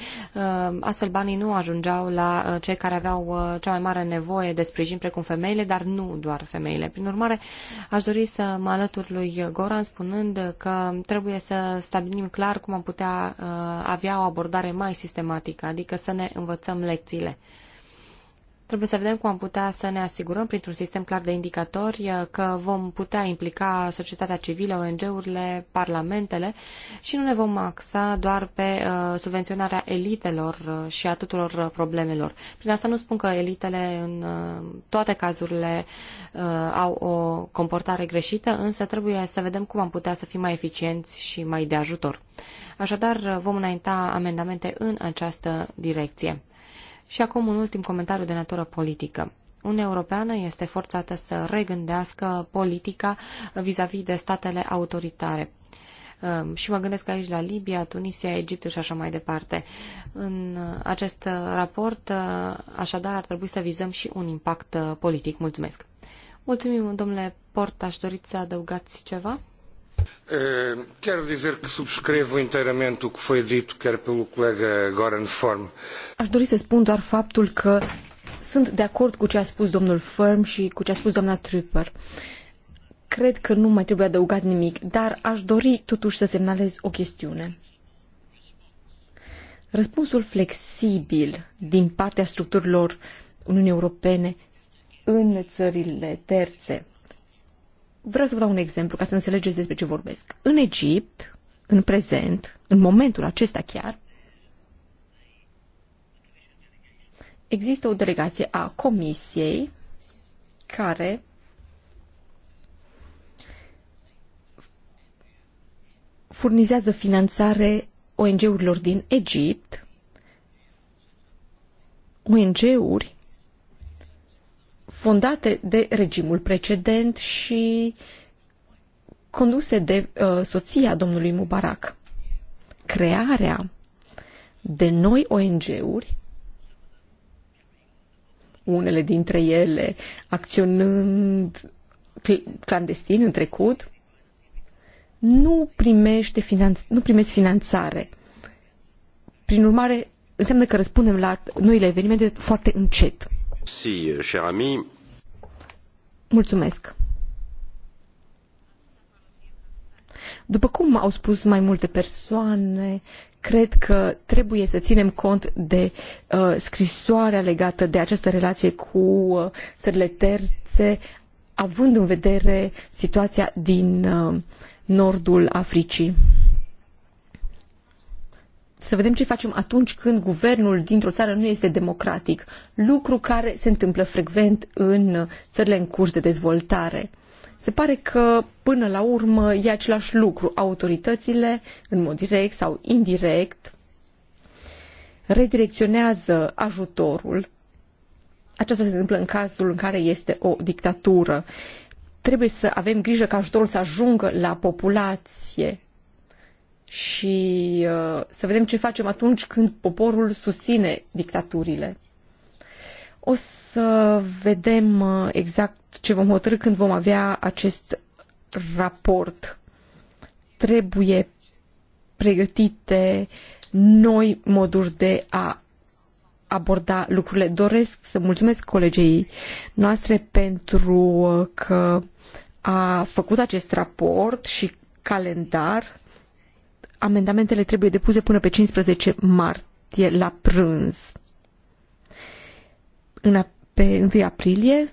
astfel banii nu ajungeau la cei care aveau cea mai mare nevoie de sprijin, precum femeile, dar nu doar femeile. Prin urmare, aș dori să mă alătur lui Goran spunând că trebuie să stabilim clar cum am putea avea o abordare mai sistematică, adică să ne învățăm lecțiile. Trebuie să vedem cum am putea să ne asigurăm printr-un sistem clar de indicatori uh, că vom putea implica societatea civilă, ONG-urile, parlamentele și nu ne vom axa doar pe uh, subvenționarea elitelor uh, și a tuturor problemelor. Prin asta nu spun că elitele în toate cazurile au o comportare greșită, însă trebuie să vedem cum am putea să fim mai eficienți și mai de ajutor. Așadar, vom înainta amendamente în această direcție. Și acum un ultim comentariu de natură politică. Uniunea Europeană este forțată să regândească politica vis-a-vis -vis de statele autoritare. Ehm, și mă gândesc aici la Libia, Tunisia, Egiptul și așa mai departe. În acest raport, eh, așadar, ar trebui să vizăm și un impact eh, politic. Mulțumesc! Mulțumim, domnule Port, aș dori să adăugați ceva? Eh, quero dizer que subscrevo inteiramente o que foi dito, quer pelo colega Goran Form. Aș dori să spun doar faptul că sunt de acord cu ce a spus domnul Firm și cu ce a spus doamna Trüpper. Cred că nu mai trebuie adăugat nimic, dar aș dori totuși să semnalez o chestiune. Răspunsul flexibil din partea structurilor Uniunii Europene în țările terțe Vreau să vă dau un exemplu ca să înțelegeți despre ce vorbesc. În Egipt, în prezent, în momentul acesta chiar, există o delegație a Comisiei care furnizează finanțare ONG-urilor din Egipt, ONG-uri fondate de regimul precedent și conduse de uh, soția domnului Mubarak. Crearea de noi ONG-uri, unele dintre ele acționând clandestin în trecut, nu, primește finanț- nu primesc finanțare. Prin urmare, înseamnă că răspundem la noile evenimente foarte încet. Euh, cher ami. Mulțumesc. După cum au spus mai multe persoane, cred că trebuie să ținem cont de uh, scrisoarea legată de această relație cu uh, țările terțe, având în vedere situația din uh, nordul Africii să vedem ce facem atunci când guvernul dintr-o țară nu este democratic, lucru care se întâmplă frecvent în țările în curs de dezvoltare. Se pare că, până la urmă, e același lucru. Autoritățile, în mod direct sau indirect, redirecționează ajutorul. Aceasta se întâmplă în cazul în care este o dictatură. Trebuie să avem grijă ca ajutorul să ajungă la populație, și uh, să vedem ce facem atunci când poporul susține dictaturile. O să vedem uh, exact ce vom hotărâ când vom avea acest raport. Trebuie pregătite noi moduri de a aborda lucrurile. Doresc să mulțumesc colegei noastre pentru uh, că a făcut acest raport și calendar Amendamentele trebuie depuse până pe 15 martie la prânz. În a, pe 1 aprilie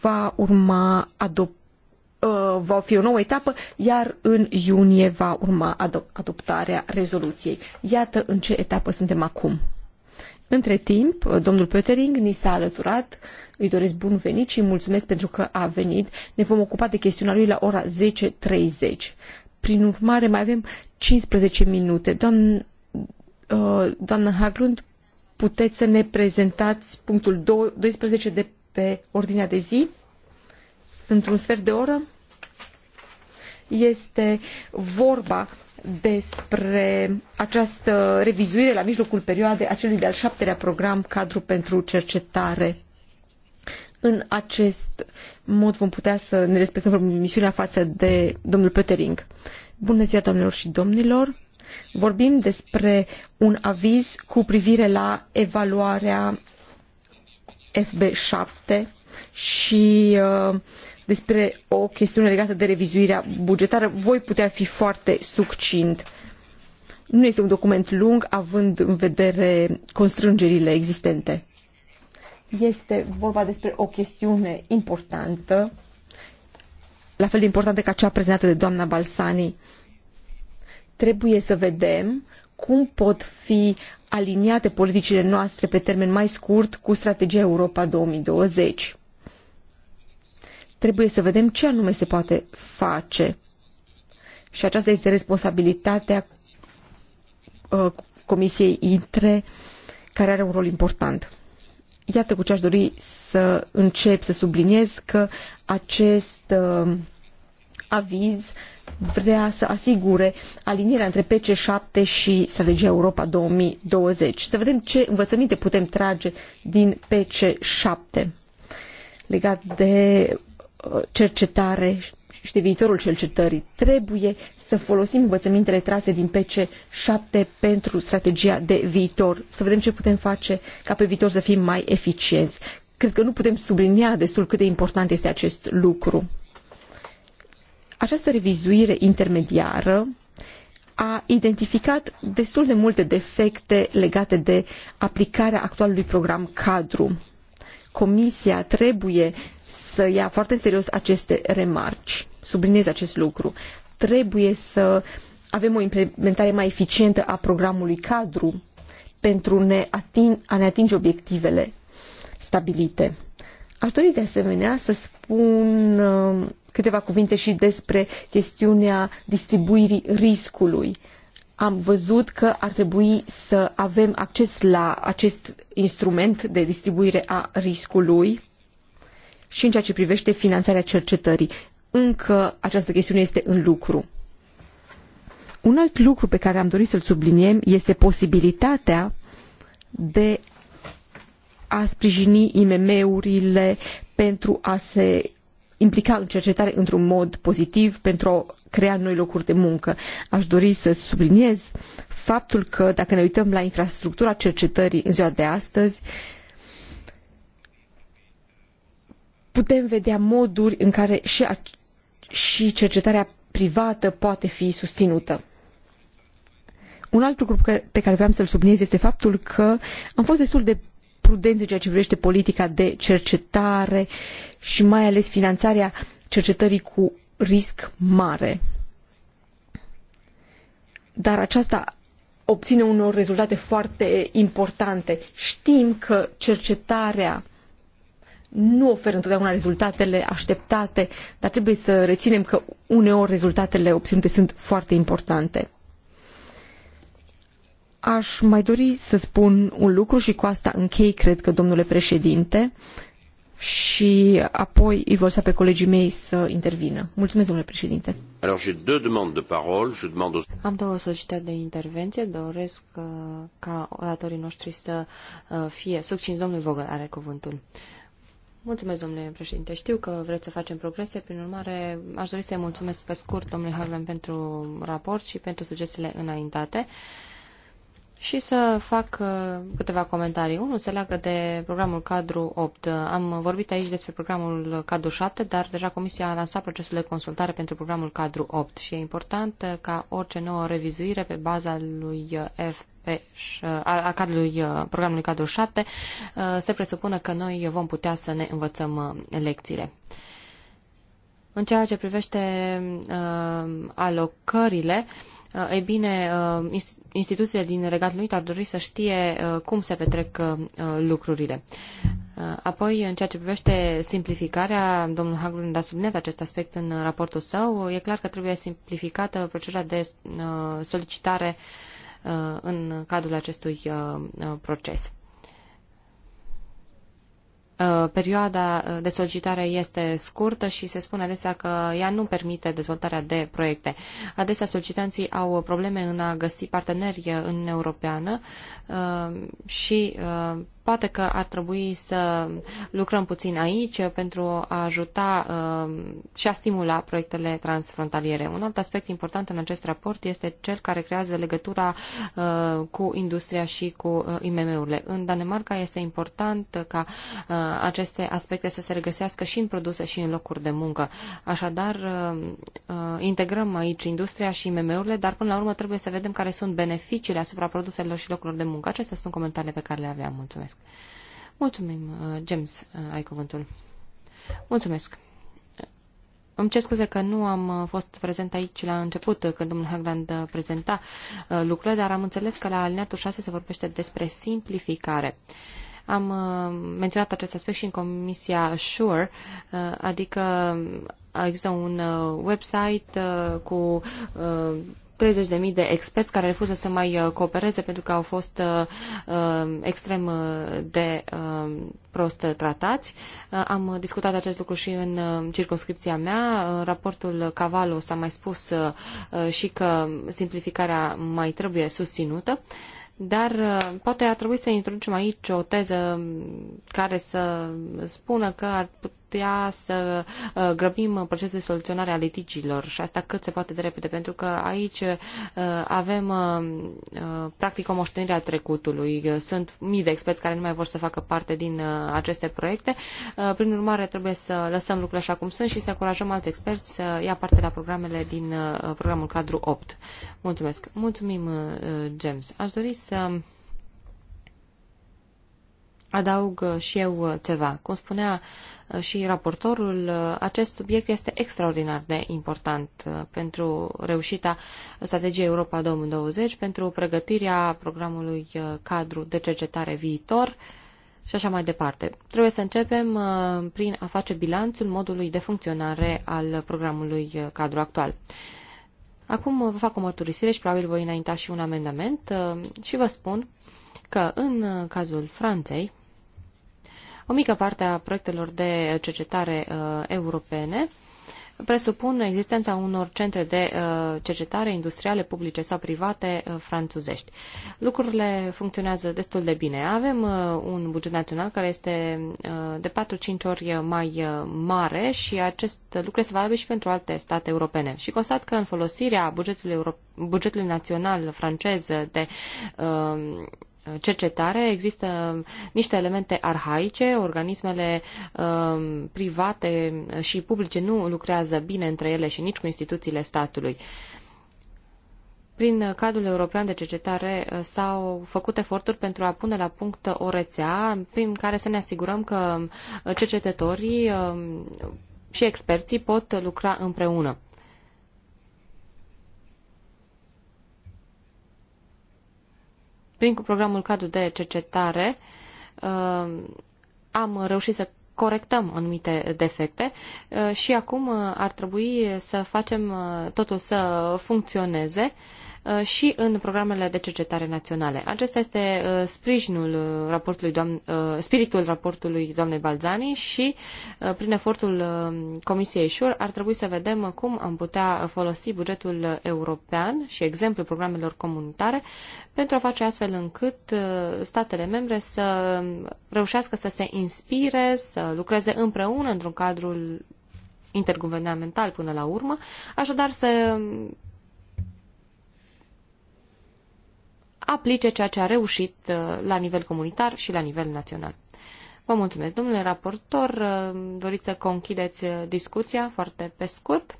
va urma adoptarea ă, va fi o nouă etapă, iar în iunie va urma adoptarea rezoluției. Iată în ce etapă suntem acum. Între timp, domnul Petering ni s-a alăturat, îi doresc bun venit și mulțumesc pentru că a venit. Ne vom ocupa de chestiunea lui la ora 10.30. Prin urmare, mai avem 15 minute. Doamn, uh, doamnă Haglund, puteți să ne prezentați punctul 12 de pe ordinea de zi într-un sfert de oră? Este vorba despre această revizuire la mijlocul perioadei a celui de-al șaptelea program cadru pentru cercetare. În acest mod vom putea să ne respectăm misiunea față de domnul Petering Bună ziua, doamnelor și domnilor! Vorbim despre un aviz cu privire la evaluarea FB7 și uh, despre o chestiune legată de revizuirea bugetară. Voi putea fi foarte succint. Nu este un document lung, având în vedere constrângerile existente. Este vorba despre o chestiune importantă, la fel de importantă ca cea prezentată de doamna Balsani. Trebuie să vedem cum pot fi aliniate politicile noastre pe termen mai scurt cu strategia Europa 2020. Trebuie să vedem ce anume se poate face. Și aceasta este responsabilitatea uh, Comisiei INTRE, care are un rol important. Iată cu ce aș dori să încep să subliniez că acest uh, aviz vrea să asigure alinierea între PC7 și strategia Europa 2020. Să vedem ce învățăminte putem trage din PC7 legat de Uh, cercetare și de viitorul cercetării. Trebuie să folosim învățămintele trase din PC7 pentru strategia de viitor, să vedem ce putem face ca pe viitor să fim mai eficienți. Cred că nu putem sublinia destul cât de important este acest lucru. Această revizuire intermediară a identificat destul de multe defecte legate de aplicarea actualului program cadru. Comisia trebuie să ia foarte în serios aceste remarci. sublinez acest lucru. Trebuie să avem o implementare mai eficientă a programului cadru pentru ne ating, a ne atinge obiectivele stabilite. Aș dori de asemenea să spun um, câteva cuvinte și despre chestiunea distribuirii riscului. Am văzut că ar trebui să avem acces la acest instrument de distribuire a riscului și în ceea ce privește finanțarea cercetării. Încă această chestiune este în lucru. Un alt lucru pe care am dorit să-l subliniem este posibilitatea de a sprijini IMM-urile pentru a se implica în cercetare într-un mod pozitiv, pentru a crea noi locuri de muncă. Aș dori să subliniez faptul că dacă ne uităm la infrastructura cercetării în ziua de astăzi, uh, putem vedea moduri în care și, a, și cercetarea privată poate fi susținută. Un alt lucru pe care vreau să-l subliniez este faptul că am fost destul de prudenți în ceea ce privește politica de cercetare și mai ales finanțarea cercetării cu risc mare. Dar aceasta obține unor rezultate foarte importante. Știm că cercetarea nu oferă întotdeauna rezultatele așteptate, dar trebuie să reținem că uneori rezultatele obținute sunt foarte importante. Aș mai dori să spun un lucru și cu asta închei, cred că, domnule președinte, și apoi îi vor să pe colegii mei să intervină. Mulțumesc, domnule președinte. Alors, de parole. Je demande... Am două solicitări de intervenție. Doresc uh, ca oratorii noștri să uh, fie succinți. Domnul Vogel are cuvântul. Uh, Mulțumesc, domnule președinte. Știu că vreți să facem progrese, prin urmare aș dori să-i mulțumesc pe scurt domnule Harlem, pentru raport și pentru sugestiile înaintate și să fac uh, câteva comentarii. Unul se leagă de programul cadru 8. Am vorbit aici despre programul cadru 7, dar deja Comisia a lansat procesul de consultare pentru programul cadru 8 și e important ca orice nouă revizuire pe baza lui F pe, a, a cadrului, programului cadru 7, se presupune că noi vom putea să ne învățăm lecțiile. În ceea ce privește uh, alocările, uh, e bine, uh, instituțiile din Regatul Unit ar dori să știe uh, cum se petrec uh, lucrurile. Uh, apoi, în ceea ce privește simplificarea, domnul Haglund a subliniat acest aspect în raportul său, e clar că trebuie simplificată procedura de uh, solicitare uh, Uh, în cadrul acestui uh, uh, proces. Perioada de solicitare este scurtă și se spune adesea că ea nu permite dezvoltarea de proiecte. Adesea solicitanții au probleme în a găsi parteneri în Europeană și Poate că ar trebui să lucrăm puțin aici pentru a ajuta uh, și a stimula proiectele transfrontaliere. Un alt aspect important în acest raport este cel care creează legătura uh, cu industria și cu uh, IMM-urile. În Danemarca este important ca aceste aspecte să se regăsească și în produse și în locuri de muncă. Așadar, integrăm aici industria și IMM-urile, dar până la urmă trebuie să vedem care sunt beneficiile asupra produselor și locurilor de muncă. Acestea sunt comentariile pe care le aveam. Mulțumesc! Mulțumesc. Mulțumim, uh, James, uh, ai cuvântul. Mulțumesc. Îmi cer scuze că nu am uh, fost prezent aici la început când domnul Hagland prezenta lucrurile, dar am înțeles că la alineatul 6 se vorbește despre simplificare. Am menționat acest aspect și în comisia SURE, adică există un website cu 30.000 de experți care refuză să mai uh, coopereze pentru că au fost uh, uh extrem uh, de uh, prost tratați. Uh, am discutat acest lucru și în circunscripția mea. În raportul Cavallo s-a mai spus și că simplificarea mai trebuie susținută. Dar poate ar trebui să introducem aici o teză um, care să spună că ar putea să uh, grăbim procesul de soluționare a litigiilor și asta cât se poate de repede, pentru că aici uh, avem uh, practic o moștenire a trecutului. Sunt mii de experți care nu mai vor să facă parte din aceste proiecte. Prin urmare, trebuie să lăsăm lucrurile așa cum sunt și să încurajăm alți experți să ia parte la programele din programul cadru 8. Mulțumesc. Mulțumim, James. Aș dori să adaug și eu ceva. Cum spunea și raportorul, acest subiect este extraordinar de important uh, pentru reușita strategiei Europa 2020, pentru pregătirea programului uh, cadru de cercetare viitor și așa mai departe. Trebuie să începem uh, prin a face bilanțul modului de funcționare al programului cadru actual. Acum vă fac o mărturisire și probabil voi înainta și un amendament și vă spun că în cazul Franței, o mică parte a proiectelor de cercetare uh, europene presupun existența unor centre de uh, cercetare industriale, publice sau private uh, franțuzești. Lucrurile funcționează destul de bine. Avem un buget național care este de 4-5 ori mai mare și acest lucru se valabil și pentru alte state europene. Și constat că în folosirea bugetului, euro... bugetului național francez de cercetare există niște elemente arhaice, organismele um, private și publice nu lucrează bine între ele și nici cu instituțiile statului. Prin cadrul european de cercetare uh, s-au făcut eforturi pentru a pune la punct o rețea prin care să ne asigurăm că uh, cercetătorii um, și experții pot lucra împreună. prin programul cadru de cercetare, uh, am reușit să corectăm anumite defecte uh, și acum uh, ar trebui să facem totul să funcționeze Uh, și în programele de cercetare naționale. Acesta este uh, sprijinul uh, raportului doamn- spiritul raportului doamnei Balzani și prin efortul Comisiei Sure ar trebui să vedem cum am putea folosi bugetul european și exemplul programelor comunitare pentru a face astfel încât statele membre să reușească să se inspire, să lucreze împreună într-un cadrul interguvernamental până la urmă, așadar să aplice ceea ce a reușit uh, la nivel comunitar și la nivel național. Vă mulțumesc, domnule raportor. Uh, doriți să conchideți uh, discuția foarte pe scurt?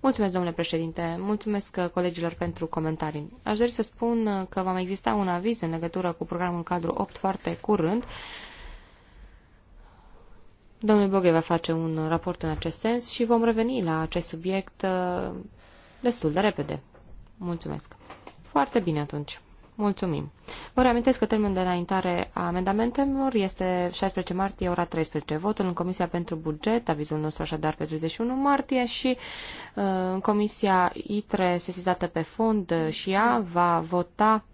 Mulțumesc, domnule președinte. Mulțumesc colegilor pentru comentarii. Aș dori să spun că va mai exista un aviz în legătură cu programul cadru 8 foarte curând. Domnul Boghe va face un raport în acest sens și vom reveni la acest subiect destul de repede. Mulțumesc. Foarte bine atunci. Mulțumim. Vă reamintesc că termenul de înaintare a amendamentelor este 16 martie, ora 13. Votul în Comisia pentru Buget, avizul nostru așadar pe 31 martie și uh, în Comisia ITRE, sesizată pe fond uh, și ea, va vota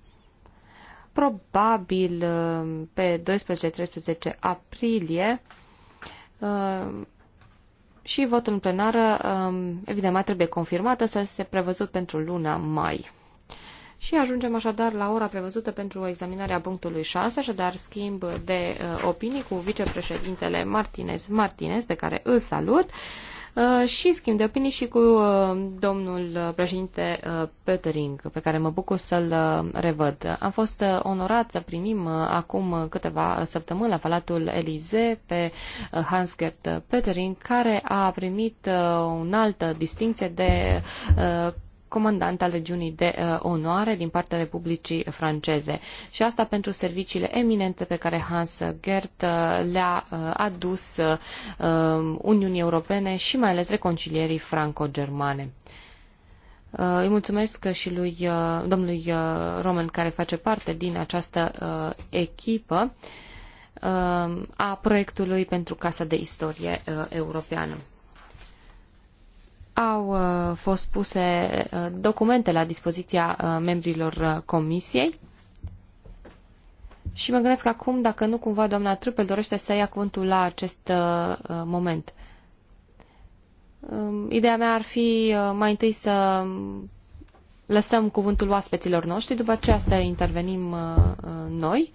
probabil uh, pe 12-13 aprilie. Uh, și votul în plenară, um, evident, mai trebuie confirmată să se prevăzut pentru luna mai. Și ajungem așadar la ora prevăzută pentru examinarea punctului 6, așadar schimb de uh, opinii cu vicepreședintele Martinez Martinez, pe care îl salut, uh, și schimb de opinii și cu uh, domnul președinte uh, Petering, pe care mă bucur să-l uh, revăd. Am fost uh, onorat să primim uh, acum câteva săptămâni la Palatul Elize pe uh, Hans-Gert Petering, care a primit uh, o altă distinție de uh, comandant al regiunii de uh, onoare din partea Republicii franceze. Și asta pentru serviciile eminente pe care Hans Gert uh, le-a uh, adus uh, uh Uniunii Europene și mai ales reconcilierii franco-germane. Uh, îi mulțumesc și lui uh, domnului uh, Roman care face parte din această uh, echipă uh, a proiectului pentru Casa de Istorie uh, Europeană au uh, fost puse uh, documente la dispoziția uh, membrilor comisiei. Și mă gândesc acum dacă nu cumva doamna Trupel dorește să ia cuvântul la acest moment. Um, ideea mea ar fi mai întâi să lăsăm cuvântul oaspeților noștri, după aceea să intervenim noi.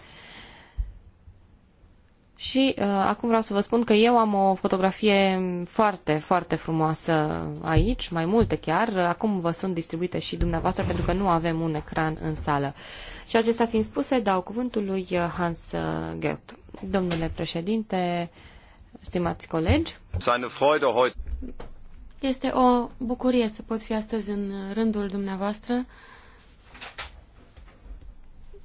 Și uh, acum vreau să vă spun că eu am o fotografie foarte, foarte frumoasă aici, mai multe chiar. Acum vă sunt distribuite și dumneavoastră pentru că nu avem un ecran în sală. Și acesta fiind spuse, dau cuvântul lui Hans uh, Gert. Domnule președinte, stimați colegi. Este o bucurie să pot fi astăzi în rândul dumneavoastră.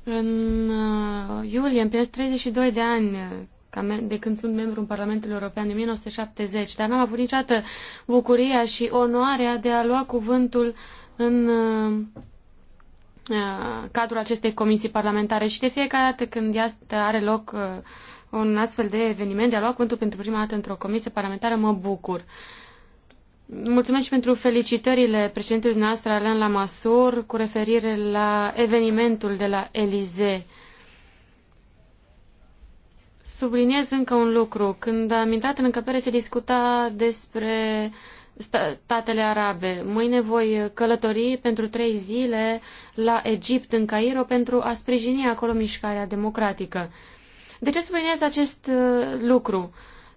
În uh, iulie împlinesc 32 de ani de când sunt membru în Parlamentul European din 1970, dar n-am avut niciodată bucuria și onoarea de a lua cuvântul în uh, cadrul acestei comisii parlamentare și de fiecare dată când are loc uh, un astfel de eveniment, de a lua cuvântul pentru prima dată într-o comisie parlamentară, mă bucur. Mulțumesc și pentru felicitările președintelui noastră, Alain Lamassur, cu referire la evenimentul de la Elisee subliniez încă un lucru. Când am intrat în încăpere se discuta despre statele arabe. Mâine voi călători pentru trei zile la Egipt, în Cairo, pentru a sprijini acolo mișcarea democratică. De ce subliniez acest uh, lucru?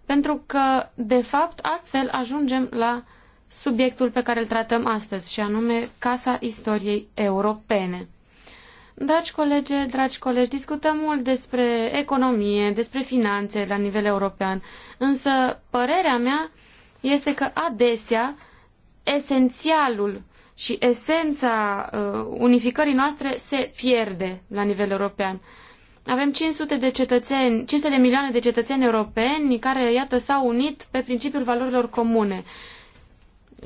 Pentru că, de fapt, astfel ajungem la subiectul pe care îl tratăm astăzi, și anume Casa Istoriei Europene. Dragi colegi, dragi colegi, discutăm mult despre economie, despre finanțe la nivel european, însă părerea mea este că adesea esențialul și esența uh, unificării noastre se pierde la nivel european. Avem 500 de cetățeni, 500 de milioane de cetățeni europeni care, iată, s-au unit pe principiul valorilor comune.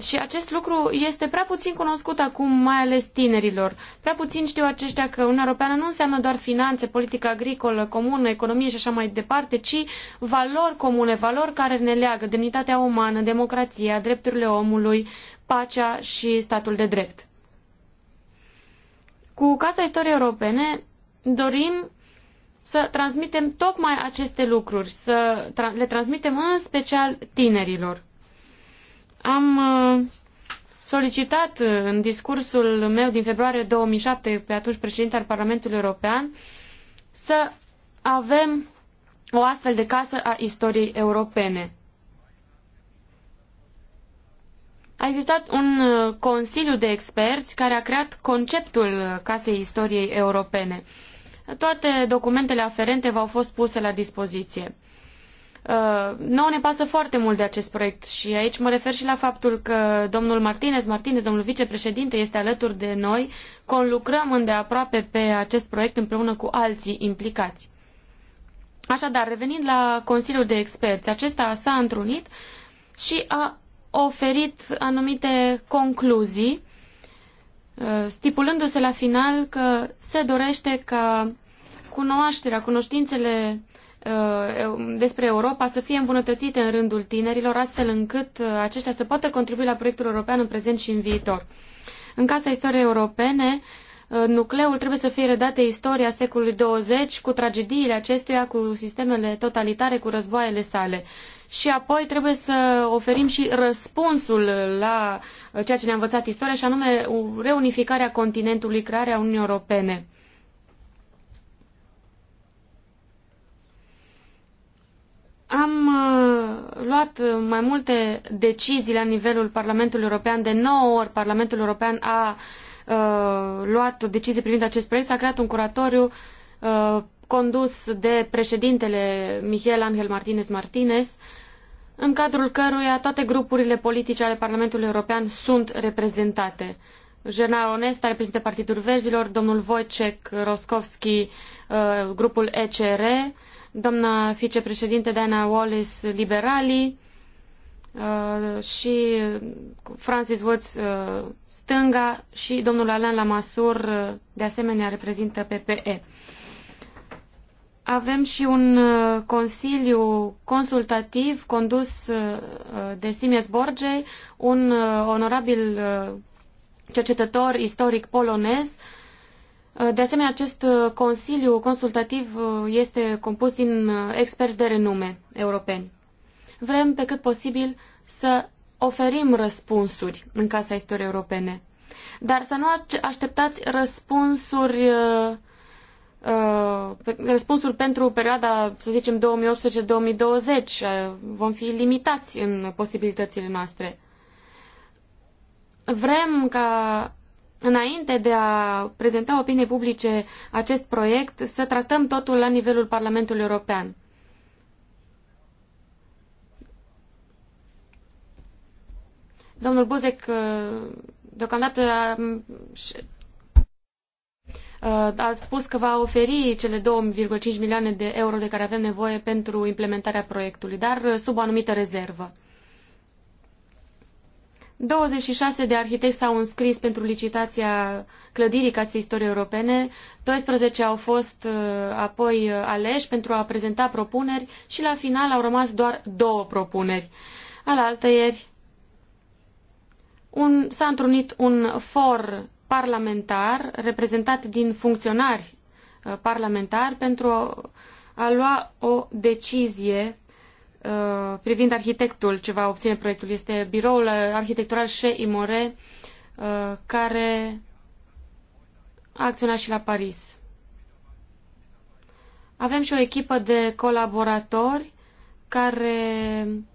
Și acest lucru este prea puțin cunoscut acum, mai ales tinerilor. Prea puțin știu aceștia că Uniunea Europeană nu înseamnă doar finanțe, politică agricolă, comună, economie și așa mai departe, ci valori comune, valori care ne leagă demnitatea umană, democrația, drepturile omului, pacea și statul de drept. Cu Casa Istoriei Europene dorim să transmitem tocmai aceste lucruri, să le transmitem în special tinerilor. Am uh, solicitat uh, în discursul meu din februarie 2007, pe atunci președinte al Parlamentului European, să avem o astfel de casă a istoriei europene. A existat un uh, consiliu de experți care a creat conceptul Casei Istoriei Europene. Toate documentele aferente v-au fost puse la dispoziție. Uh, nouă ne pasă foarte mult de acest proiect și aici mă refer și la faptul că domnul Martinez, Martinez, domnul vicepreședinte, este alături de noi, conlucrăm îndeaproape pe acest proiect împreună cu alții implicați. Așadar, revenind la Consiliul de Experți, acesta s-a întrunit și a oferit anumite concluzii, uh, stipulându-se la final că se dorește ca cunoașterea, cunoștințele Uh, despre Europa să fie îmbunătățite în rândul tinerilor, astfel încât uh, aceștia să poată contribui la proiectul european în prezent și în viitor. În Casa Istoriei Europene, uh, nucleul trebuie să fie redate istoria secolului 20 cu tragediile acestuia, cu sistemele totalitare, cu războaiele sale. Și apoi trebuie să oferim și răspunsul la ceea ce ne-a învățat istoria, și anume reunificarea continentului, crearea Uniunii Europene. am uh, luat uh, mai multe decizii la nivelul Parlamentului European. De 9 ori Parlamentul European a uh, luat o decizie privind acest proiect. S-a creat un curatoriu condus de președintele Miguel Angel Martinez Martinez, în cadrul căruia toate grupurile politice ale Parlamentului European sunt reprezentate. Gernar Onesta reprezintă Partidul Verzilor, domnul Wojciech Roskovski, grupul ECR, doamna vicepreședinte Diana Wallis, liberalii, uh, și Francis Woods, uh, stânga și domnul Alain Lamassur uh, de asemenea reprezintă PPE. Avem și un consiliu consultativ condus de Simiec Borgei, un onorabil cercetător istoric polonez uh, Uh, de asemenea, acest uh, Consiliu Consultativ uh, este compus din experți de renume europeni. Vrem, pe cât posibil, să oferim răspunsuri în Casa Istoriei Europene. Dar să nu așteptați răspunsuri, răspunsuri pentru perioada, să zicem, 2018-2020. Vom fi limitați în posibilitățile noastre. Vrem ca înainte de a prezenta opiniei publice acest proiect, să tratăm totul la nivelul Parlamentului European. Domnul Buzek uh, deocamdată a, uh, a spus că va oferi cele 2,5 milioane de euro de care avem nevoie pentru implementarea proiectului, dar sub o anumită rezervă. 26 de arhitecți s-au înscris pentru licitația clădirii Casei Istoriei Europene, 12 au fost uh, apoi uh, aleși pentru a prezenta propuneri și la final au rămas doar două propuneri. Alaltăieri un, s-a întrunit un for parlamentar reprezentat din funcționari uh, parlamentari pentru a lua o decizie Uh, privind arhitectul ce va obține proiectul. Este biroul arhitectural Che Imore, uh, care a acționat și la Paris. Avem și o echipă de colaboratori care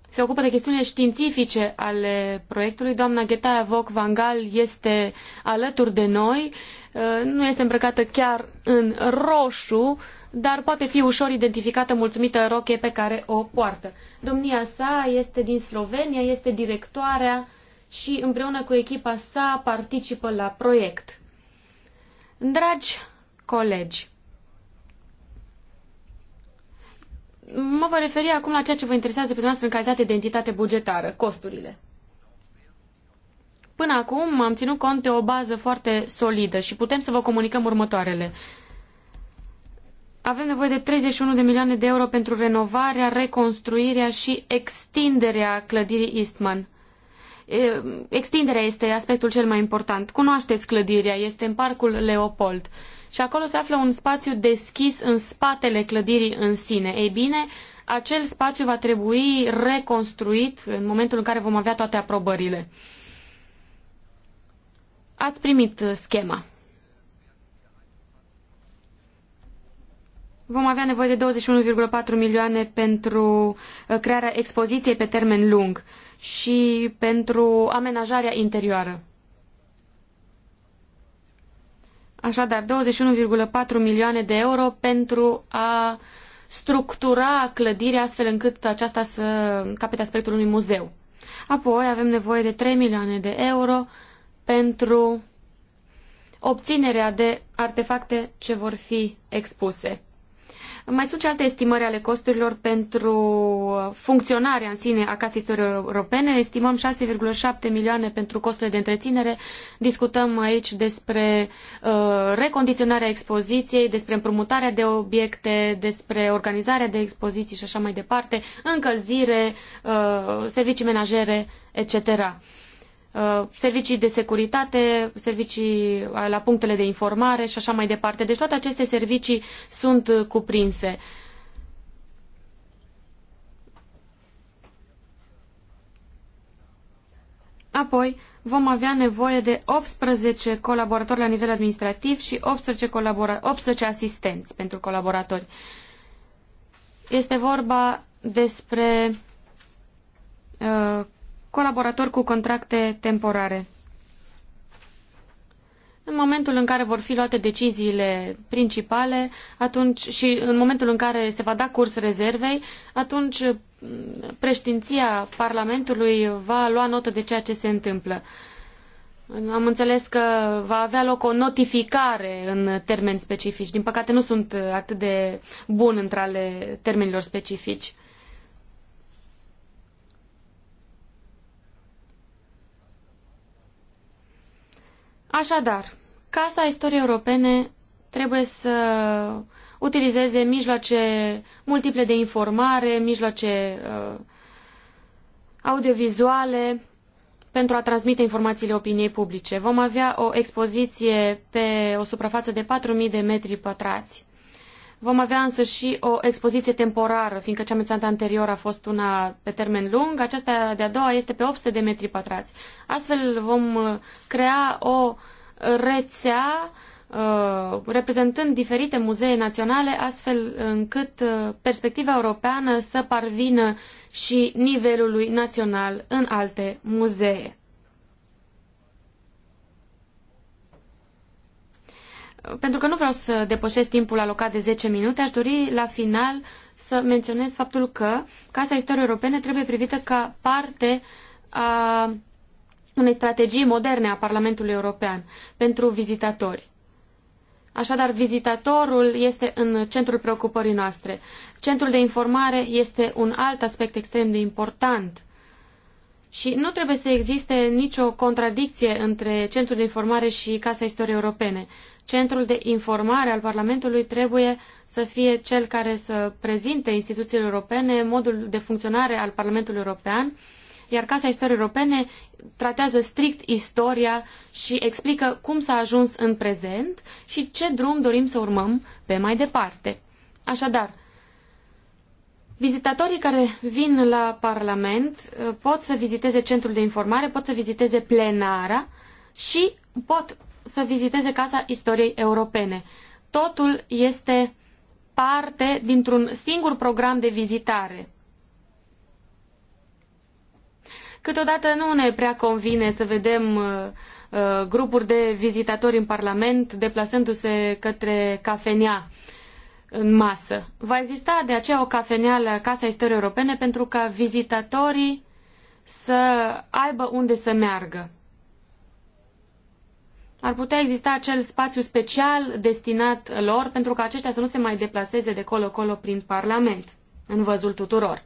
se ocupă de chestiunile științifice ale proiectului. Doamna Ghetaia Voc Vangal este alături de noi. Uh, nu este îmbrăcată chiar în roșu, dar poate fi ușor identificată mulțumită rochie pe care o poartă. Domnia sa este din Slovenia, este directoarea și împreună cu echipa sa participă la proiect. Dragi colegi, mă voi referi acum la ceea ce vă interesează pe noastră în calitate de entitate bugetară, costurile. Până acum am ținut cont de o bază foarte solidă și putem să vă comunicăm următoarele. Avem nevoie de 31 de milioane de euro pentru renovarea, reconstruirea și extinderea clădirii Eastman. Extinderea este aspectul cel mai important. Cunoașteți clădirea, este în parcul Leopold și acolo se află un spațiu deschis în spatele clădirii în sine. Ei bine, acel spațiu va trebui reconstruit în momentul în care vom avea toate aprobările. Ați primit uh, schema. Vom avea nevoie de 21,4 milioane pentru uh, crearea expoziției pe termen lung și pentru amenajarea interioară. Așadar, 21,4 milioane de euro pentru a structura clădirea astfel încât aceasta să capete aspectul unui muzeu. Apoi avem nevoie de 3 milioane de euro pentru obținerea de artefacte ce vor fi expuse. Mai sunt și alte estimări ale costurilor pentru funcționarea în sine a casei istoriei europene. Estimăm 6,7 milioane pentru costurile de întreținere. Discutăm aici despre uh, recondiționarea expoziției, despre împrumutarea de obiecte, despre organizarea de expoziții și așa mai departe, încălzire, uh, servicii menajere, etc. Uh, servicii de securitate, servicii uh, la punctele de informare și așa mai departe. Deci toate aceste servicii sunt uh, cuprinse. Apoi vom avea nevoie de 18 colaboratori la nivel administrativ și 18, colabora- 18 asistenți pentru colaboratori. Este vorba despre uh, colaboratori cu contracte temporare. În momentul în care vor fi luate deciziile principale atunci, și în momentul în care se va da curs rezervei, atunci preștinția Parlamentului va lua notă de ceea ce se întâmplă. Am înțeles că va avea loc o notificare în termeni specifici. Din păcate nu sunt atât de bun între ale termenilor specifici. Așadar, Casa Istoriei Europene trebuie să utilizeze mijloace multiple de informare, mijloace uh, audiovizuale pentru a transmite informațiile opiniei publice. Vom avea o expoziție pe o suprafață de 4.000 de metri pătrați. Vom avea însă și o expoziție temporară, fiindcă cea menționată anterior a fost una pe termen lung. Aceasta de-a doua este pe 800 de metri pătrați. Astfel vom uh, crea o rețea uh, reprezentând diferite muzee naționale, astfel încât uh, perspectiva europeană să parvină și nivelului național în alte muzee. pentru că nu vreau să depășesc timpul alocat de 10 minute, aș dori la final să menționez faptul că Casa Istoriei Europene trebuie privită ca parte a unei strategii moderne a Parlamentului European pentru vizitatori. Așadar, vizitatorul este în centrul preocupării noastre. Centrul de informare este un alt aspect extrem de important. Și nu trebuie să existe nicio contradicție între Centrul de Informare și Casa Istoriei Europene. Centrul de informare al Parlamentului trebuie să fie cel care să prezinte instituțiile europene modul de funcționare al Parlamentului European, iar Casa Istoriei Europene tratează strict istoria și explică cum s-a ajuns în prezent și ce drum dorim să urmăm pe mai departe. Așadar, Vizitatorii care vin la Parlament uh, pot să viziteze centrul de informare, pot să viziteze plenara și pot să viziteze Casa Istoriei Europene. Totul este parte dintr-un singur program de vizitare. Câteodată nu ne prea convine să vedem uh, uh, grupuri de vizitatori în Parlament deplasându-se către cafenea în masă. Va exista de aceea o cafenea la Casa Istoriei Europene pentru ca vizitatorii să aibă unde să meargă ar putea exista acel spațiu special destinat lor pentru ca aceștia să nu se mai deplaseze de colo-colo prin Parlament, în văzul tuturor.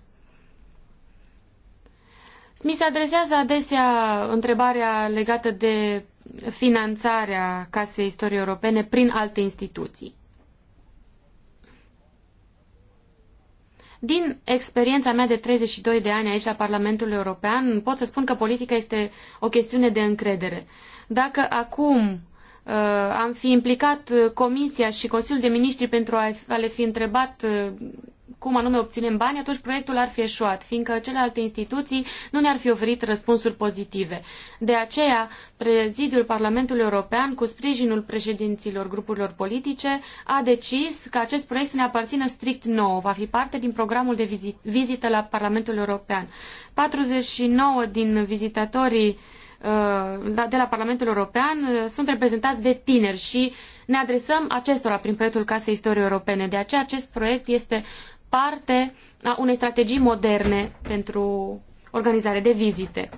Mi se adresează adesea întrebarea legată de finanțarea Casei Istoriei Europene prin alte instituții. Din experiența mea de 32 de ani aici la Parlamentul European, pot să spun că politica este o chestiune de încredere. Uh, dacă acum uh, am fi implicat uh, Comisia și Consiliul de Ministri pentru a le fi întrebat uh, cum anume obținem bani, atunci proiectul ar fi eșuat, fiindcă celelalte instituții nu ne-ar fi oferit răspunsuri pozitive. De aceea, prezidiul Parlamentului European, cu sprijinul președinților grupurilor politice, a decis că acest proiect să ne aparțină strict nouă, va fi parte din programul de vizită la Parlamentul European. 49 din vizitatorii uh, Uh, da, de la Parlamentul European uh, sunt reprezentați de tineri și ne adresăm acestora prin proiectul Casei Istoriei Europene. De aceea acest proiect este parte a unei strategii moderne pentru organizare de vizite.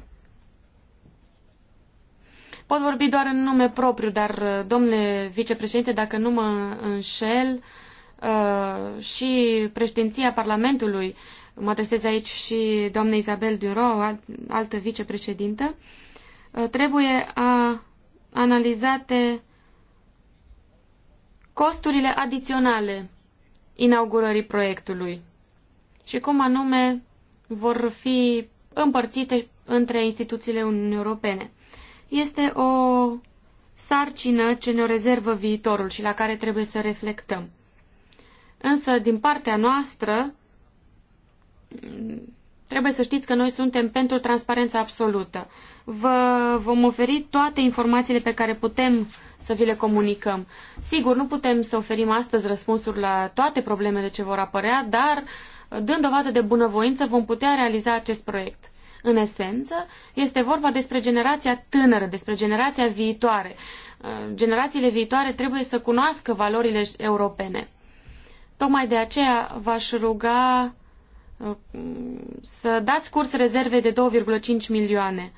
Pot vorbi doar în nume propriu, dar, uh, domnule vicepreședinte, dacă nu mă înșel, și președinția Parlamentului, mă adresez aici și doamnei Isabel Duro, altă vicepreședintă, Eh, trebuie a analizate costurile adiționale inaugurării proiectului și cum anume vor fi împărțite între instituțiile Uniunii Europene. Este o sarcină ce ne rezervă viitorul și la care trebuie să reflectăm. Însă, din partea noastră, Trebuie să știți că noi suntem pentru transparența absolută. Vă vom oferi toate informațiile pe care putem să vi le comunicăm. Sigur, nu putem să oferim astăzi răspunsuri la toate problemele ce vor apărea, dar dând dovadă de bunăvoință vom putea realiza acest proiect. În esență, este vorba despre generația tânără, despre generația viitoare. Uh, generațiile viitoare trebuie să cunoască valorile europene. Tocmai de aceea v-aș ruga să dați curs rezerve de 2,5 milioane,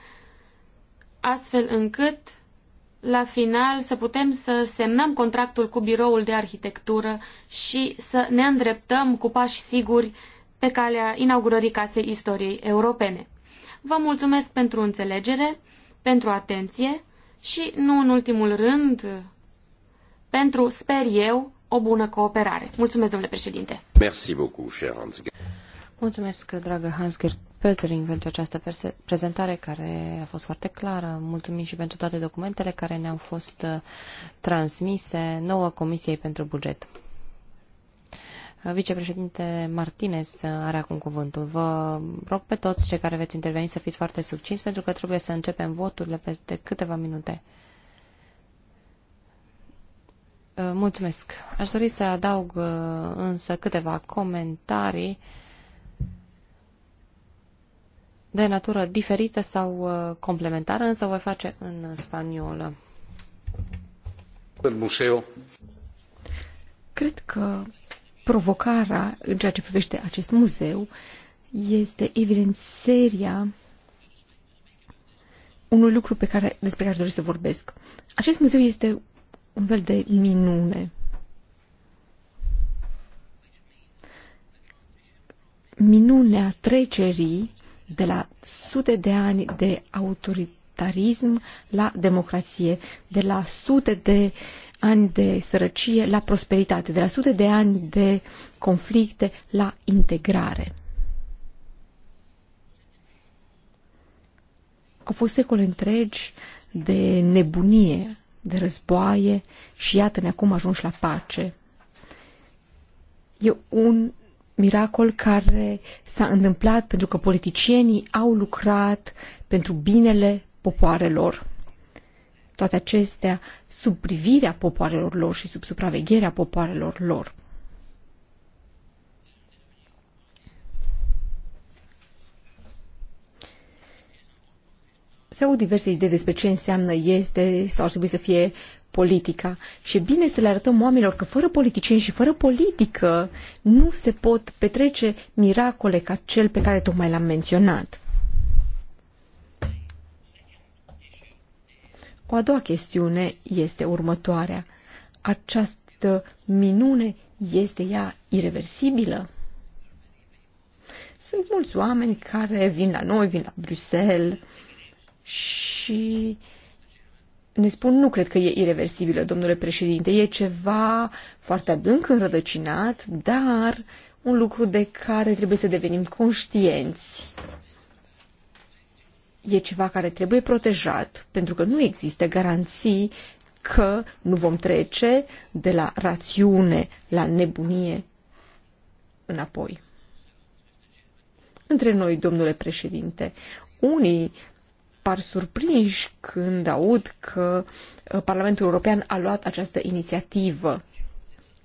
astfel încât la final să putem să semnăm contractul cu biroul de arhitectură și să ne îndreptăm cu pași siguri pe calea inaugurării Casei Istoriei Europene. Vă mulțumesc pentru înțelegere, pentru atenție și, nu în ultimul rând, pentru, sper eu, o bună cooperare. Mulțumesc, domnule președinte. Merci beaucoup, cher Hans. Mulțumesc, dragă Hansger Pöttering, pentru această prezentare care a fost foarte clară. Mulțumim și pentru toate documentele care ne-au fost uh, transmise nouă Comisiei pentru Buget. Uh, vicepreședinte Martinez uh, are acum cuvântul. Vă rog pe toți cei care veți interveni să fiți foarte succinți pentru că trebuie să începem voturile peste câteva minute. Mulțumesc. Aș dori să adaug însă câteva comentarii uh, de natură diferită sau uh, complementară, însă o voi face în spaniolă. museu. Cred că provocarea în ceea ce privește acest muzeu este evident seria unui lucru pe care, despre care aș dori să vorbesc. Acest muzeu este un fel de minune. Minunea trecerii de la sute de ani de autoritarism la democrație, de la sute de ani de sărăcie la prosperitate, de la sute de ani de conflicte la integrare. Au fost secole întregi de nebunie, de războaie și iată-ne acum ajungi la pace. E un miracol care s-a întâmplat pentru că politicienii au lucrat pentru binele popoarelor. Toate acestea sub privirea popoarelor lor și sub supravegherea popoarelor lor. se au diverse idei despre ce înseamnă este sau ar trebui să fie politica. Și bine să le arătăm oamenilor că fără politicieni și fără politică nu se pot petrece miracole ca cel pe care tocmai l-am menționat. O a doua chestiune este următoarea. Această minune este ea irreversibilă? Sunt mulți oameni care vin la noi, vin la Bruxelles, și ne spun, nu cred că e irreversibilă, domnule președinte, e ceva foarte adânc înrădăcinat, dar un lucru de care trebuie să devenim conștienți. E ceva care trebuie protejat, pentru că nu există garanții că nu vom trece de la rațiune la nebunie înapoi. Între noi, domnule președinte, unii par surprinși când aud că uh, Parlamentul European a luat această inițiativă.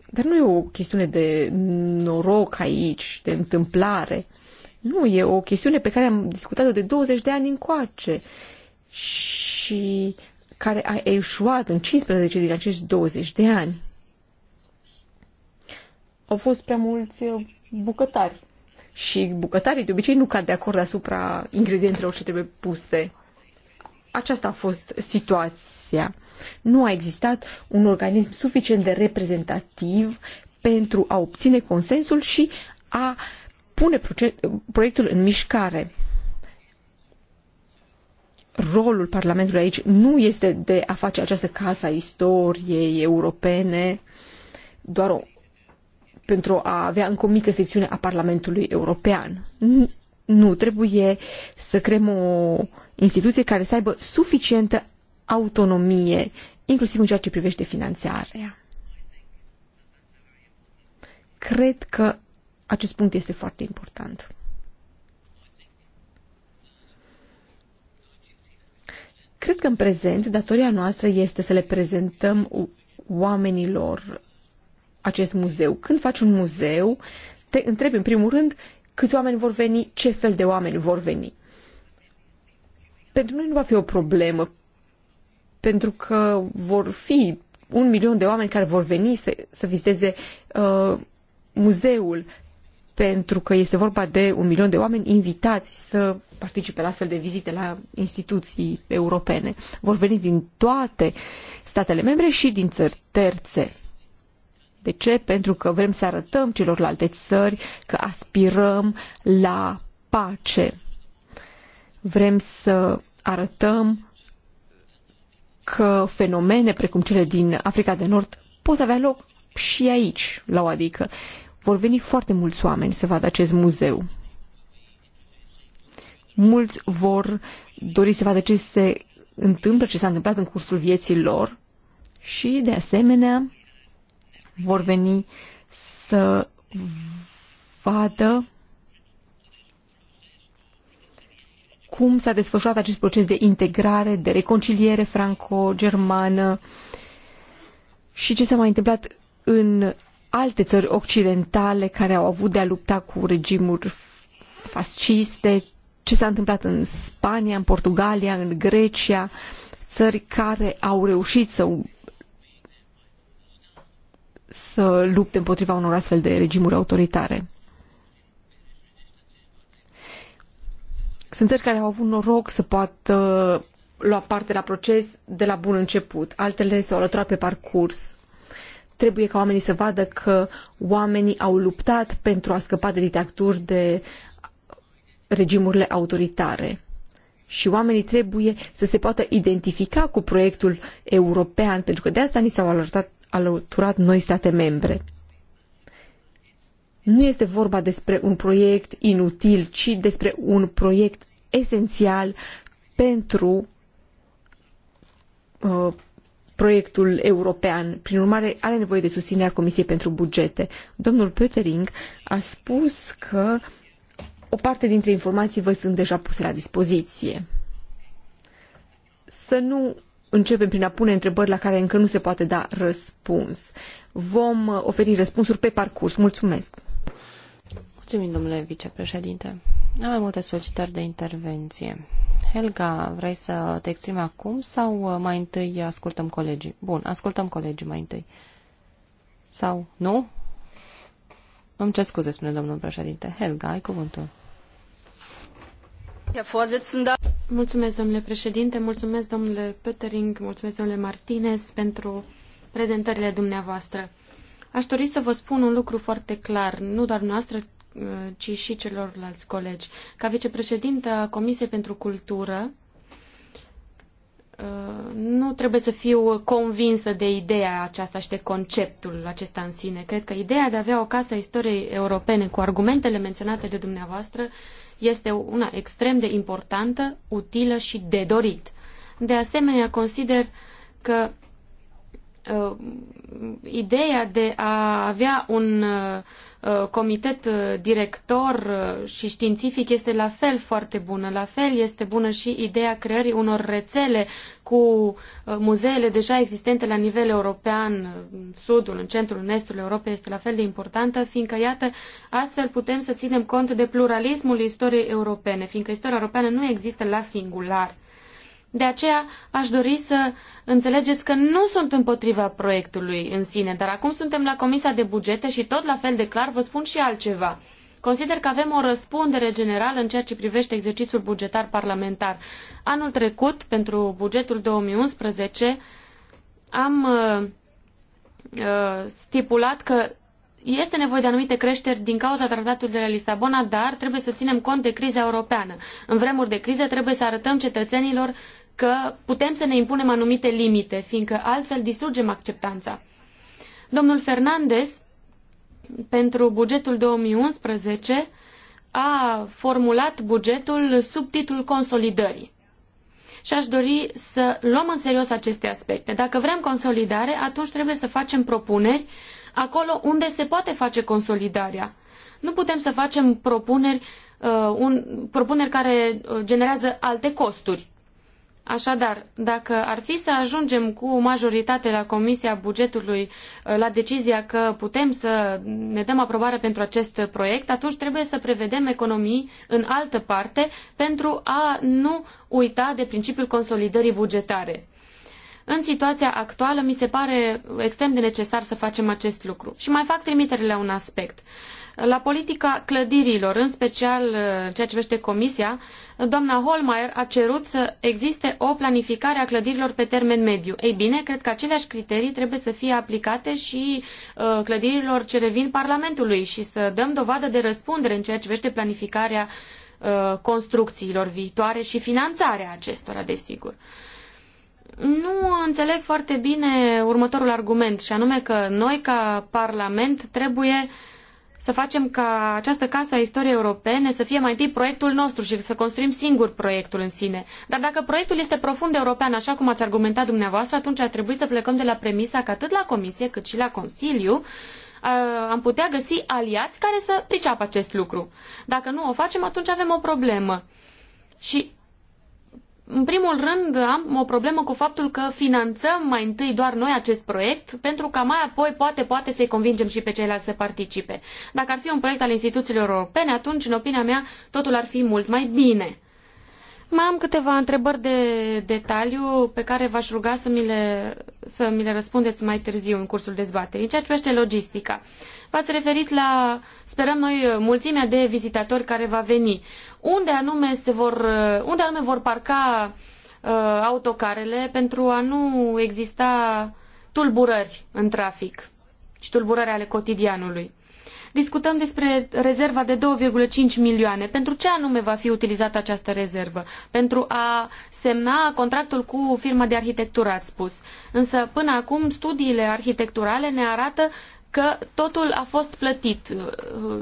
Dar nu e o chestiune de noroc aici, de întâmplare. Nu, e o chestiune pe care am discutat-o de 20 de ani încoace și care a eșuat în 15 din acești 20 de ani. Au fost prea mulți uh, bucătari și bucătarii de obicei nu cad de acord asupra ingredientelor ce trebuie puse aceasta a fost situația. Nu a existat un organism suficient de reprezentativ pentru a obține consensul și a pune proiectul în mișcare. Rolul Parlamentului aici nu este de a face această casă a istoriei europene doar o, pentru a avea încă o mică secțiune a Parlamentului European. Nu, nu trebuie să creăm o instituție care să aibă suficientă autonomie, inclusiv în ceea ce privește finanțarea. Cred că acest punct este foarte important. Cred că în prezent datoria noastră este să le prezentăm oamenilor acest muzeu. Când faci un muzeu, te întrebi în primul rând câți oameni vor veni, ce fel de oameni vor veni pentru noi nu va fi o problemă, pentru că vor fi un milion de oameni care vor veni să, să viziteze uh, muzeul, pentru că este vorba de un milion de oameni invitați să participe la astfel de vizite la instituții europene. Vor veni din toate statele membre și din țări terțe. De ce? Pentru că vrem să arătăm celorlalte țări că aspirăm la pace Vrem să arătăm că fenomene precum cele din Africa de Nord pot avea loc și aici, la o adică. Vor veni foarte mulți oameni să vadă acest muzeu. Mulți vor dori să vadă ce se întâmplă, ce s-a întâmplat în cursul vieții lor și, de asemenea, vor veni să vadă cum s-a desfășurat acest proces de integrare, de reconciliere franco-germană și ce s-a mai întâmplat în alte țări occidentale care au avut de-a lupta cu regimuri fasciste, ce s-a întâmplat în Spania, în Portugalia, în Grecia, țări care au reușit să să lupte împotriva unor astfel de regimuri autoritare. Sunt țări care au avut noroc să poată lua parte la proces de la bun început, altele s-au alăturat pe parcurs. Trebuie ca oamenii să vadă că oamenii au luptat pentru a scăpa de dictaturi, de regimurile autoritare. Și oamenii trebuie să se poată identifica cu proiectul european, pentru că de asta ni s-au alăturat, alăturat noi state membre. Nu este vorba despre un proiect inutil, ci despre un proiect esențial pentru uh, proiectul european. Prin urmare, are nevoie de susținerea Comisiei pentru Bugete. Domnul Pötering a spus că o parte dintre informații vă sunt deja puse la dispoziție. Să nu începem prin a pune întrebări la care încă nu se poate da răspuns. Vom uh, oferi răspunsuri pe parcurs. Mulțumesc! Mulțumim, domnule vicepreședinte. Am mai multe solicitări de intervenție. Helga, vrei să te exprimi acum sau uh, mai întâi ascultăm colegii? Bun, ascultăm colegii mai întâi. Sau nu? Îmi cer scuze, spune domnul președinte. Helga, ai cuvântul. Mulțumesc, domnule președinte, mulțumesc, domnule Pöttering, mulțumesc, domnule Martinez, pentru prezentările dumneavoastră. Aș dori să vă spun un lucru foarte clar, nu doar noastră, Eh, ci și celorlalți colegi. Ca vicepreședintă a Comisiei pentru Cultură, eh, nu trebuie să fiu convinsă de ideea aceasta și de conceptul acesta în sine. Cred că ideea de a avea o casă a istoriei europene cu argumentele menționate de dumneavoastră este una extrem de importantă, utilă și de dorit. De asemenea, consider că uh, ideea de a avea un uh, comitet uh, director uh, și științific este la fel foarte bună. La fel este bună și ideea creării unor rețele cu uh, muzeele deja existente la nivel european, în sudul, în centrul, în estul Europei este la fel de importantă, fiindcă, iată, astfel putem să ținem cont de pluralismul istoriei europene, fiindcă istoria europeană nu există la singular. De aceea aș dori să înțelegeți că nu sunt împotriva proiectului în sine, dar acum suntem la Comisia de Bugete și tot la fel de clar vă spun și altceva. Consider că avem o răspundere generală în ceea ce privește exercițiul bugetar parlamentar. Anul trecut, pentru bugetul 2011, am uh, uh, stipulat că este nevoie de anumite creșteri din cauza tratatului de la Lisabona, dar trebuie să ținem cont de criza europeană. În vremuri de criză trebuie să arătăm cetățenilor că putem să ne impunem anumite limite, fiindcă altfel distrugem acceptanța. Domnul Fernandez, pentru bugetul 2011, a formulat bugetul sub titlul consolidării. Și aș dori să luăm în serios aceste aspecte. Dacă vrem consolidare, atunci trebuie să facem propuneri acolo unde se poate face consolidarea. Nu putem să facem propuneri, uh, un, propuneri care uh, generează alte costuri. Așadar, dacă ar fi să ajungem cu majoritate la Comisia Bugetului uh, la decizia că putem să ne dăm aprobare pentru acest proiect, atunci trebuie să prevedem economii în altă parte pentru a nu uita de principiul consolidării bugetare. În situația actuală, mi se pare extrem de necesar să facem acest lucru. Și mai fac trimitere la un aspect. Uh, la politica clădirilor, în special uh, în ceea ce privește Comisia, doamna Holmeier a cerut să existe o planificare a clădirilor pe termen mediu. Ei bine, cred că aceleași criterii trebuie să fie aplicate și uh, clădirilor ce revin Parlamentului și să dăm dovadă de răspundere în ceea ce privește planificarea uh, construcțiilor viitoare și finanțarea acestora, desigur. Nu înțeleg foarte bine următorul argument, și anume că noi, ca Parlament, trebuie uh, să facem ca această casă a istoriei europene să fie mai întâi proiectul nostru și să construim singur proiectul în sine. Dar dacă proiectul este profund european, așa cum ați argumentat dumneavoastră, atunci ar trebui să plecăm de la premisa că atât la Comisie cât și la Consiliu am putea găsi aliați care să priceapă acest lucru. Dacă nu o facem, atunci avem o problemă. Și în primul rând, am o problemă cu faptul că finanțăm mai întâi doar noi acest proiect, pentru ca mai apoi poate, poate să-i convingem și pe ceilalți să participe. Dacă ar fi un proiect al instituțiilor europene, atunci, în opinia mea, totul ar fi mult mai bine. Mai am câteva întrebări de detaliu pe care v-aș ruga să mi, le, să mi le răspundeți mai târziu în cursul dezbaterii. În ceea ce privește logistica, v-ați referit la, sperăm noi, mulțimea de vizitatori care va veni unde anume, se vor, uh, unde anume vor parca uh, autocarele pentru a nu exista tulburări în trafic și tulburări ale cotidianului. Discutăm despre rezerva de 2,5 milioane. Pentru ce anume va fi utilizată această rezervă? Pentru a semna contractul cu firma de arhitectură, ați spus. Însă, până acum, studiile arhitecturale ne arată că totul a fost plătit uh,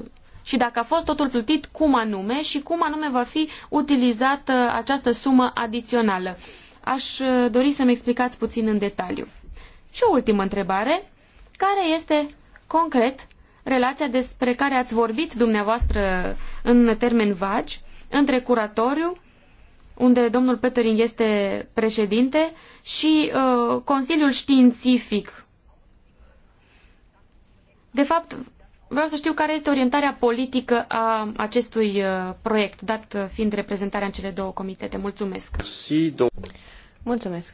și dacă a fost totul plătit, cum anume și cum anume va fi utilizată această sumă adițională. Aș uh, dori să-mi explicați puțin în detaliu. Și o ultimă întrebare, care este concret relația despre care ați vorbit dumneavoastră în termen vagi între curatoriu, unde domnul Petering este președinte, și uh, Consiliul Științific. De fapt, Vreau să știu care este orientarea politică a acestui uh, proiect, dat uh, fiind reprezentarea în cele două comitete. Mulțumesc! Mulțumesc!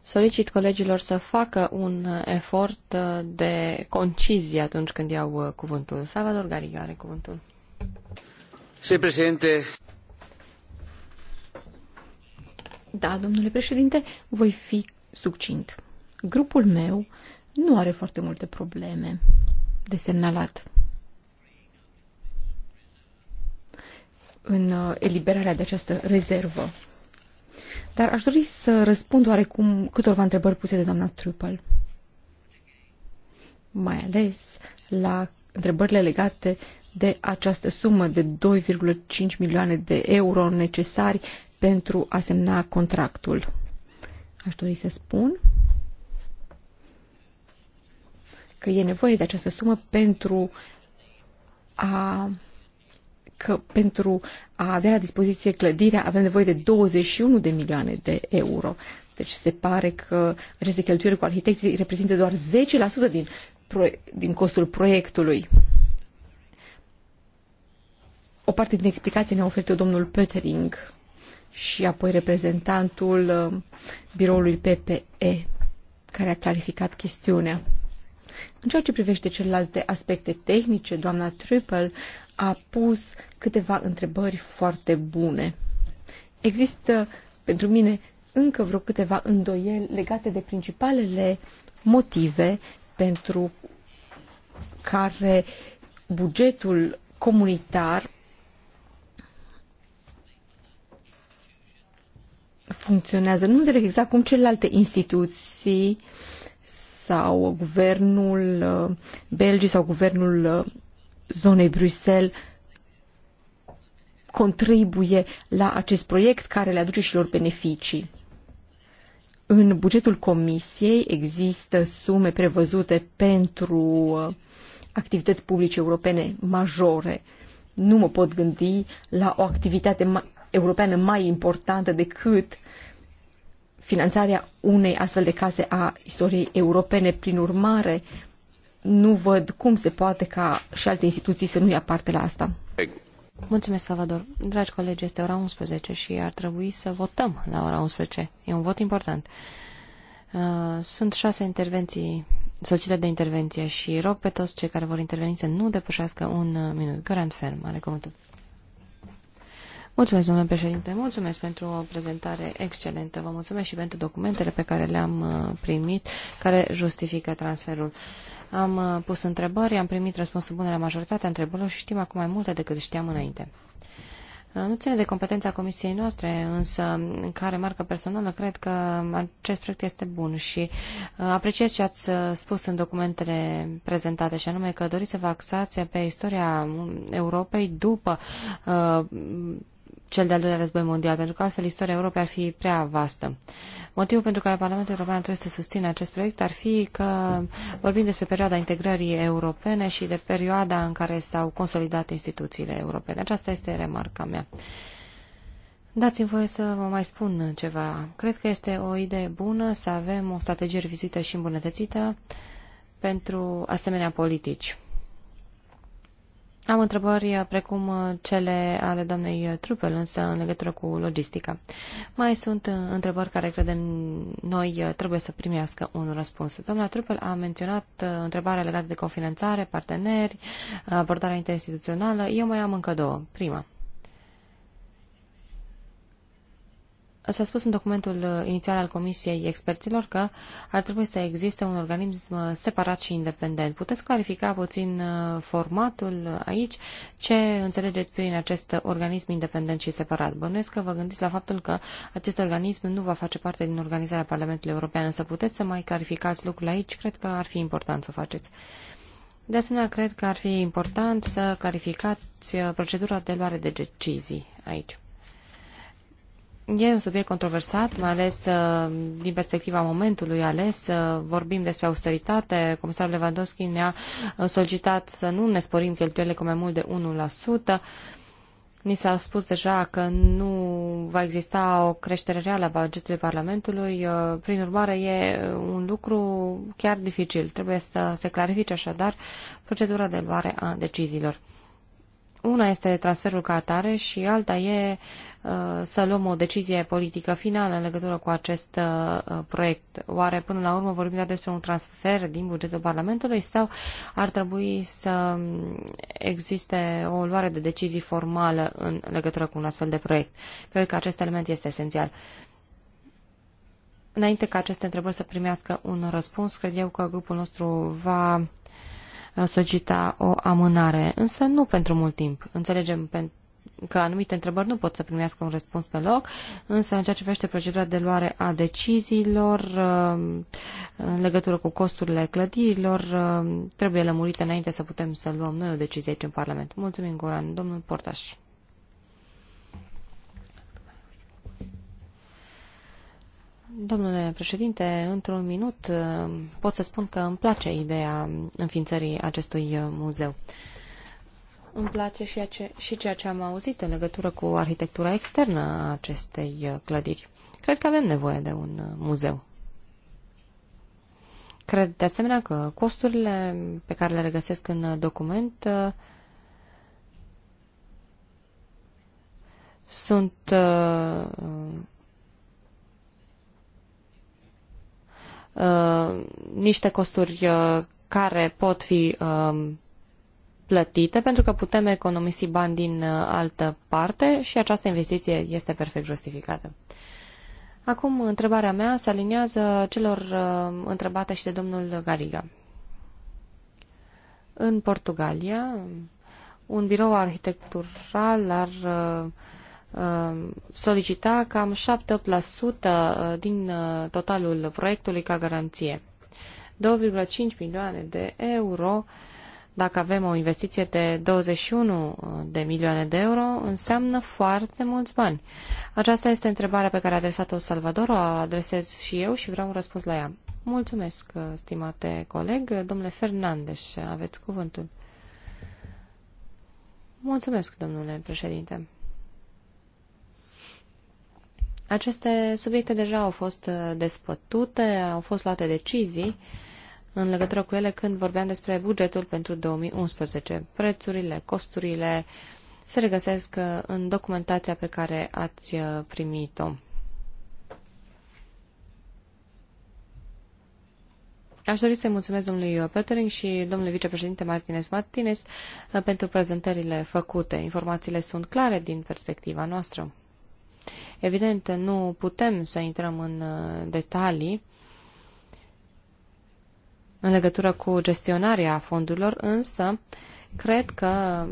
Solicit colegilor să facă un uh, efort de concizie atunci când iau cuvântul. Salvador Garriga are cuvântul. Se prezente. Da, domnule președinte, voi fi succint. Grupul meu nu are foarte multe probleme de semnalat. în uh, eliberarea de această rezervă. Dar aș dori să răspund oarecum câtorva întrebări puse de doamna Trupel. Mai ales la întrebările legate de această sumă de 2,5 milioane de euro necesari pentru a semna contractul. Aș dori să spun că e nevoie de această sumă pentru a că pentru a avea la dispoziție clădirea avem nevoie de 21 de milioane de euro. Deci se pare că aceste cheltuieli cu arhitecții reprezintă doar 10% din, din costul proiectului. O parte din explicații ne-a oferit domnul Pöttering și apoi reprezentantul uh, biroului PPE care a clarificat chestiunea. În ceea ce privește celelalte aspecte tehnice, doamna Triple a pus câteva întrebări foarte bune. Există, pentru mine, încă vreo câteva îndoieli legate de principalele motive pentru care bugetul comunitar funcționează. Nu înțeleg exact cum celelalte instituții uh, sau guvernul uh, Belgii sau guvernul uh, zonei Bruxelles contribuie la acest proiect care le aduce și lor beneficii. În bugetul comisiei există sume prevăzute pentru uh, activități publice europene majore. Nu mă pot gândi la o activitate europeană mai importantă decât uh, finanțarea unei astfel de case a istoriei europene. Prin urmare, nu văd cum se poate ca și alte instituții să nu ia parte la asta. Mulțumesc, Salvador. Dragi colegi, este ora 11 și ar trebui să votăm la ora 11. E un vot important. Uh, sunt șase intervenții, solicitări de intervenție și rog pe toți cei care vor interveni să nu depășească un minut. Garant ferm, are cuvântul. Mulțumesc, domnule președinte. Mulțumesc pentru o prezentare excelentă. Vă mulțumesc și pentru documentele pe care le-am uh, primit, care justifică transferul. Am uh, pus întrebări, am primit răspunsul bune la majoritatea întrebărilor și știm acum mai multe decât știam înainte. Uh, nu ține de competența comisiei noastre, însă, în care marcă personală, cred că acest proiect este bun și apreciez ce ați spus în documentele prezentate, și anume că doriți să vă axați pe istoria Europei după uh, cel de-al doilea război mondial, pentru că altfel istoria Europei ar fi prea vastă. Motivul pentru care Parlamentul European trebuie să susțină acest proiect ar fi că vorbim despre perioada integrării europene și de perioada în care s-au consolidat instituțiile europene. Aceasta este remarca mea. Dați-mi voie să vă mai spun ceva. Cred că este o idee bună să avem o strategie revizuită și îmbunătățită pentru asemenea politici. Am întrebări uh, precum uh, cele ale doamnei uh, Trupel, însă în legătură cu logistica. Mai sunt întrebări care credem noi trebuie să primească un răspuns. Doamna Trupel a menționat întrebarea legată de cofinanțare, parteneri, abordarea interinstituțională. Eu mai am încă două. Prima. S-a spus în documentul uh, inițial al Comisiei Experților că ar trebui să existe un organism uh, separat și independent. Puteți clarifica puțin uh, formatul aici? Ce înțelegeți prin acest organism independent și separat? Bănuiesc că vă gândiți la faptul că acest organism nu va face parte din organizarea Parlamentului European, însă puteți să mai clarificați lucrul aici? Cred că ar fi important să o faceți. De asemenea, cred că ar fi important să clarificați procedura de luare de decizii aici. E un subiect controversat, mai ales uh, din perspectiva momentului ales. Uh, vorbim despre austeritate. Comisarul Lewandowski ne-a uh, solicitat să nu ne sporim cheltuielile cu mai mult de 1%. Ni s-a spus deja că nu va exista o creștere reală a bugetului Parlamentului, prin urmare e un lucru chiar dificil. Trebuie să se clarifice așadar procedura de luare a deciziilor. Una este transferul ca atare și alta e uh, să luăm o decizie politică finală în legătură cu acest uh, proiect. Oare până la urmă vorbim doar despre un transfer din bugetul Parlamentului sau ar trebui să um, existe o luare de decizii formală în legătură cu un astfel de proiect? Cred că acest element este esențial. Înainte ca aceste întrebări să primească un răspuns, cred eu că grupul nostru va solicita o amânare, însă nu pentru mult timp. Înțelegem că anumite întrebări nu pot să primească un răspuns pe loc, însă în ceea ce privește procedura de luare a deciziilor uh, în legătură cu costurile clădirilor, uh, trebuie lămurite înainte să putem să luăm noi o decizie aici în Parlament. Mulțumim, Goran. Domnul Portaș. Domnule președinte, într-un minut uh, pot să spun că îmi place ideea înființării acestui uh, muzeu. Îmi place și, ace- și ceea ce am auzit în legătură cu arhitectura externă a acestei uh, clădiri. Cred că avem nevoie de un muzeu. Cred de asemenea că costurile pe care le regăsesc în document sunt Uh, niște costuri uh, care pot fi um, plătite pentru că putem economisi bani din uh, altă parte și această investiție este perfect justificată. Acum, întrebarea mea se aliniază celor întrebate și de domnul Gariga. În Portugalia, un birou arhitectural ar Um, solicita cam 7% uh, din uh, totalul proiectului ca garanție. 2,5 milioane de euro, dacă avem o investiție de 21 de milioane de euro, înseamnă foarte mulți bani. Aceasta este întrebarea pe care a adresat-o Salvador, o adresez și eu și vreau un răspuns la ea. Mulțumesc, uh, stimate coleg. Domnule Fernandes, aveți cuvântul. Mulțumesc, domnule președinte. Aceste subiecte deja au fost uh, despătute, au fost luate decizii în legătură cu ele când vorbeam despre bugetul pentru 2011. Prețurile, costurile se regăsesc uh, în documentația pe care ați uh, primit-o. Aș dori să-i mulțumesc domnului Petering și domnului vicepreședinte Martinez Martinez pentru prezentările făcute. Informațiile sunt clare din perspectiva noastră. Evident, nu putem să intrăm în uh, detalii în legătură cu gestionarea fondurilor, însă cred că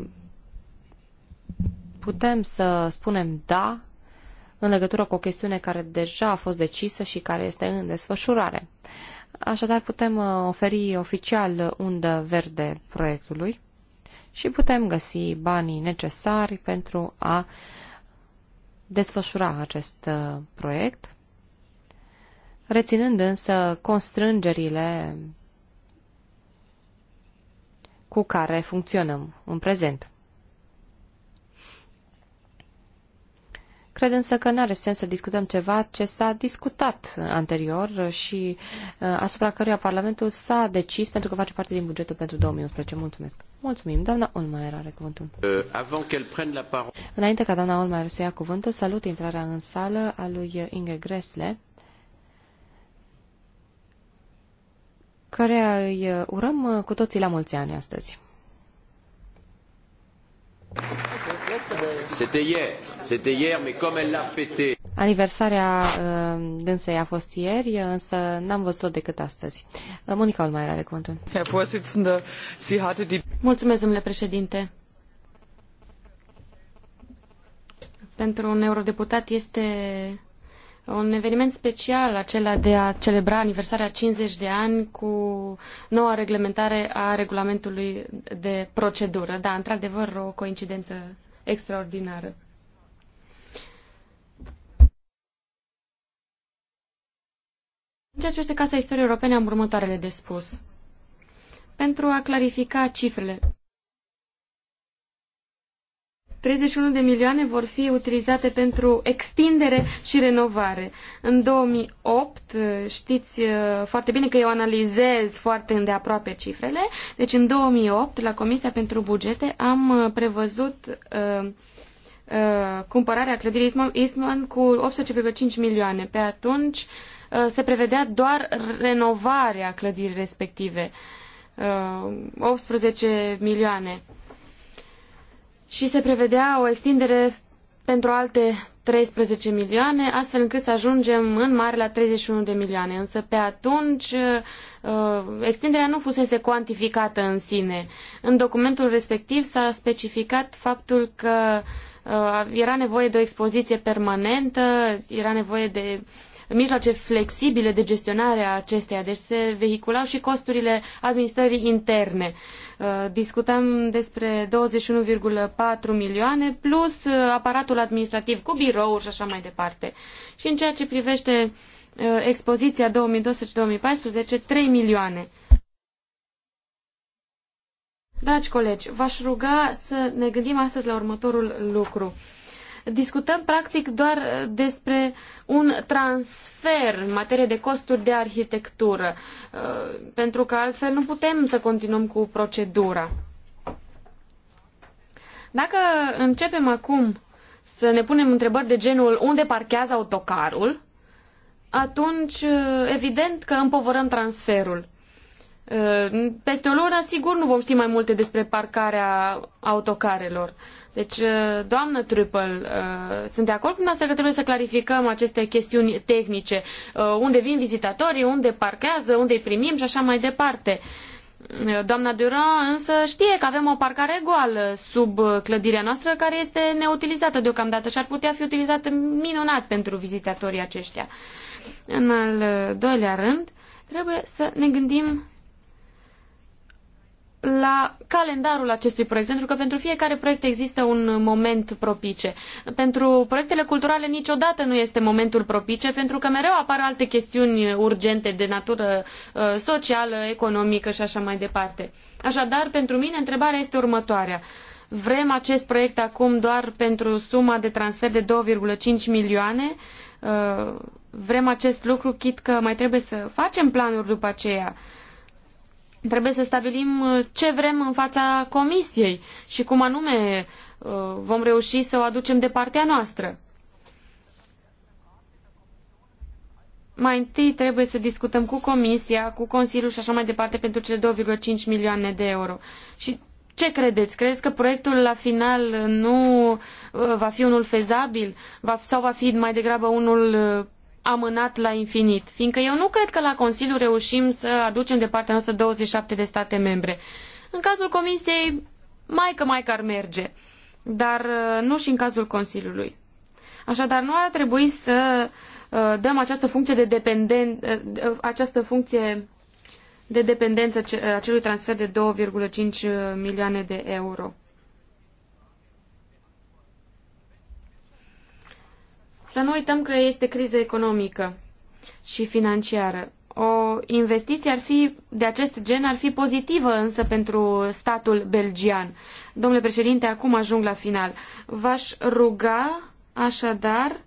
putem să spunem da în legătură cu o chestiune care deja a fost decisă și care este în desfășurare. Așadar, putem uh, oferi oficial undă verde proiectului și putem găsi banii necesari pentru a uh, desfășura acest uh, proiect, reținând însă constrângerile cu care funcționăm în prezent. Cred însă că nu are sens să discutăm ceva ce s-a discutat anterior și uh, asupra căruia Parlamentul s-a decis pentru că face parte din bugetul pentru 2011. Mulțumesc. Mulțumim. Doamna Olmaier are cuvântul. Uh, Înainte ca doamna Olmaier să ia cuvântul, salut intrarea în sală a lui Inge Gresle. care îi uh, urăm uh, cu toții la mulți ani astăzi. Thank you. Aniversarea dânsei a fost ieri, însă n-am văzut-o decât astăzi. Uh, Monica Olmaier are cuvântul. Mulțumesc, domnule președinte. Pentru un eurodeputat este un eveniment special acela de a celebra aniversarea 50 de ani cu noua reglementare a regulamentului de procedură. Da, într-adevăr, o coincidență extraordinară. În ceea ce este Casa Istoriei Europene am următoarele de spus. Pentru a clarifica cifrele, 31 de milioane vor fi utilizate pentru extindere și renovare. În 2008, uh, știți uh, foarte bine că eu analizez foarte îndeaproape cifrele, deci în 2008, la Comisia pentru Bugete, am uh, prevăzut uh, uh, cumpărarea clădirii Eastman cu 18,5 milioane. Pe atunci uh, se prevedea doar renovarea clădirii respective, 18 milioane. Uh, și se prevedea o extindere pentru alte 13 milioane, astfel încât să ajungem în mare la 31 de milioane. Însă pe atunci uh, extinderea nu fusese cuantificată în sine. În documentul respectiv s-a specificat faptul că uh, era nevoie de o expoziție permanentă, era nevoie de mijloace flexibile de gestionare a acesteia, deci se vehiculau și costurile administrării interne. Uh, Uh, discutăm despre 21,4 milioane plus uh, aparatul administrativ cu birouri și așa mai departe. Și în ceea ce privește uh, expoziția 2012-2014, 3 milioane. Dragi colegi, v-aș ruga să ne gândim astăzi la următorul lucru discutăm practic doar uh, despre un transfer în materie de costuri de arhitectură, uh, pentru că altfel nu putem să continuăm cu procedura. Dacă începem acum să ne punem întrebări de genul unde parchează autocarul, atunci uh, evident că împovărăm transferul. Ă, peste o lună, sigur, nu vom ști mai multe despre parcarea autocarelor. Deci, ă, doamnă trupel, ă, sunt de acord cu dumneavoastră că trebuie să clarificăm aceste chestiuni tehnice. Unde vin vizitatorii, unde parchează, unde îi primim și așa mai departe. Doamna Duran însă știe că avem o parcare goală sub clădirea noastră care este neutilizată deocamdată și ar putea fi utilizată minunat pentru vizitatorii aceștia. În al doilea rând, trebuie să ne gândim la calendarul acestui proiect, pentru că pentru fiecare proiect există un moment propice. Pentru proiectele culturale niciodată nu este momentul propice, pentru că mereu apar alte chestiuni urgente de natură uh, socială, economică și așa mai departe. Așadar, pentru mine, întrebarea este următoarea. Vrem acest proiect acum doar pentru suma de transfer de 2,5 milioane? Uh, vrem acest lucru, chit că mai trebuie să facem planuri după aceea trebuie să stabilim uh, ce vrem în fața comisiei și cum anume uh, vom reuși să o aducem de partea noastră. Mai întâi trebuie să discutăm cu Comisia, cu Consiliul și așa mai departe pentru cele 2,5 milioane de euro. Și ce credeți? Credeți că proiectul la final nu uh, va fi unul fezabil va, sau va fi mai degrabă unul amânat la infinit, fiindcă eu nu cred că la Consiliu reușim să aducem de partea noastră 27 de state membre. În cazul Comisiei, mai că mai că ar merge, dar uh, nu și în cazul Consiliului. Așadar, nu ar trebui să uh, dăm această funcție de dependență, uh, această funcție de dependență acelui transfer de 2,5 milioane de euro. Să nu uităm că este criză economică și financiară. O investiție ar fi, de acest gen ar fi pozitivă însă pentru statul belgian. Domnule președinte, acum ajung la final. V-aș ruga așadar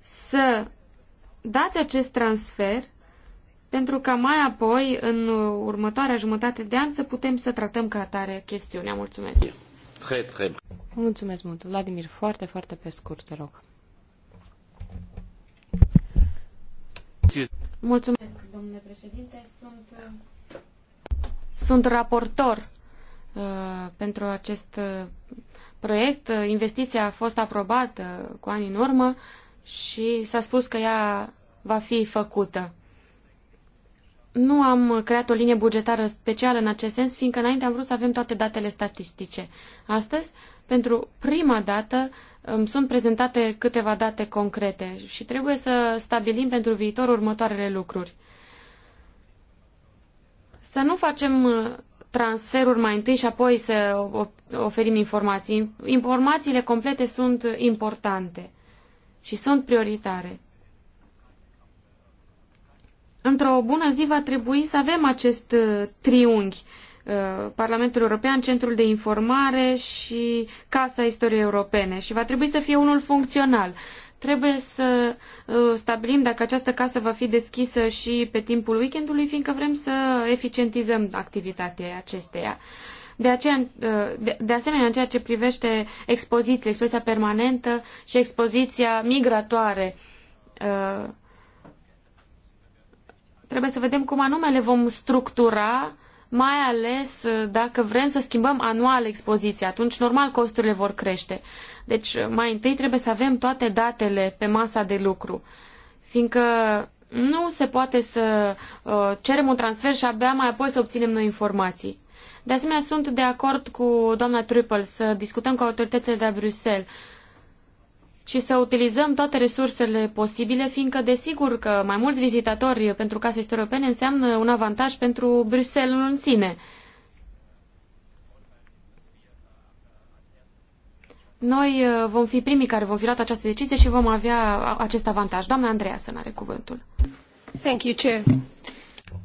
să dați acest transfer pentru ca mai apoi, în următoarea jumătate de an, să putem să tratăm ca atare chestiunea. Mulțumesc! Mulțumesc mult! Vladimir, foarte, foarte pe scurt, te rog. Mulțumesc, domnule președinte. Sunt, raportor uh, pentru acest uh, proiect. Investiția a fost aprobată uh, cu ani în urmă și s-a spus că ea va fi făcută. Nu am creat o linie bugetară specială în acest sens, fiindcă înainte am vrut să avem toate datele statistice. Astăzi pentru prima dată îmi sunt prezentate câteva date concrete și trebuie să stabilim pentru viitor următoarele lucruri. Să nu facem uh, transferuri mai întâi și apoi să oferim informații. Informațiile complete sunt importante și sunt prioritare. Într-o bună zi va trebui să avem acest uh, triunghi Uh, Parlamentul European, Centrul de Informare și Casa Istoriei Europene și va trebui să fie unul funcțional. Trebuie să uh, stabilim dacă această casă va fi deschisă și pe timpul weekendului, fiindcă vrem să eficientizăm activitatea acesteia. De, aceea, uh, de, asemenea, în ceea ce privește expoziția expoziția permanentă și expoziția migratoare, trebuie să vedem cum anume le vom structura mai ales uh, dacă vrem să schimbăm anual expoziția, atunci normal costurile vor crește. Deci uh, mai întâi trebuie să avem toate datele pe masa de lucru, fiindcă nu se poate să uh, cerem un transfer și abia mai apoi să obținem noi informații. De asemenea, sunt de acord cu doamna Triple să discutăm cu autoritățile de la Bruxelles și să utilizăm toate resursele posibile, fiindcă desigur că mai mulți vizitatori pentru case europene înseamnă un avantaj pentru Bruxelles în sine. Noi uh, vom fi primii care vom fi luat această decizie și vom avea acest avantaj. Doamna Andreea să are cuvântul. Thank you, Chair.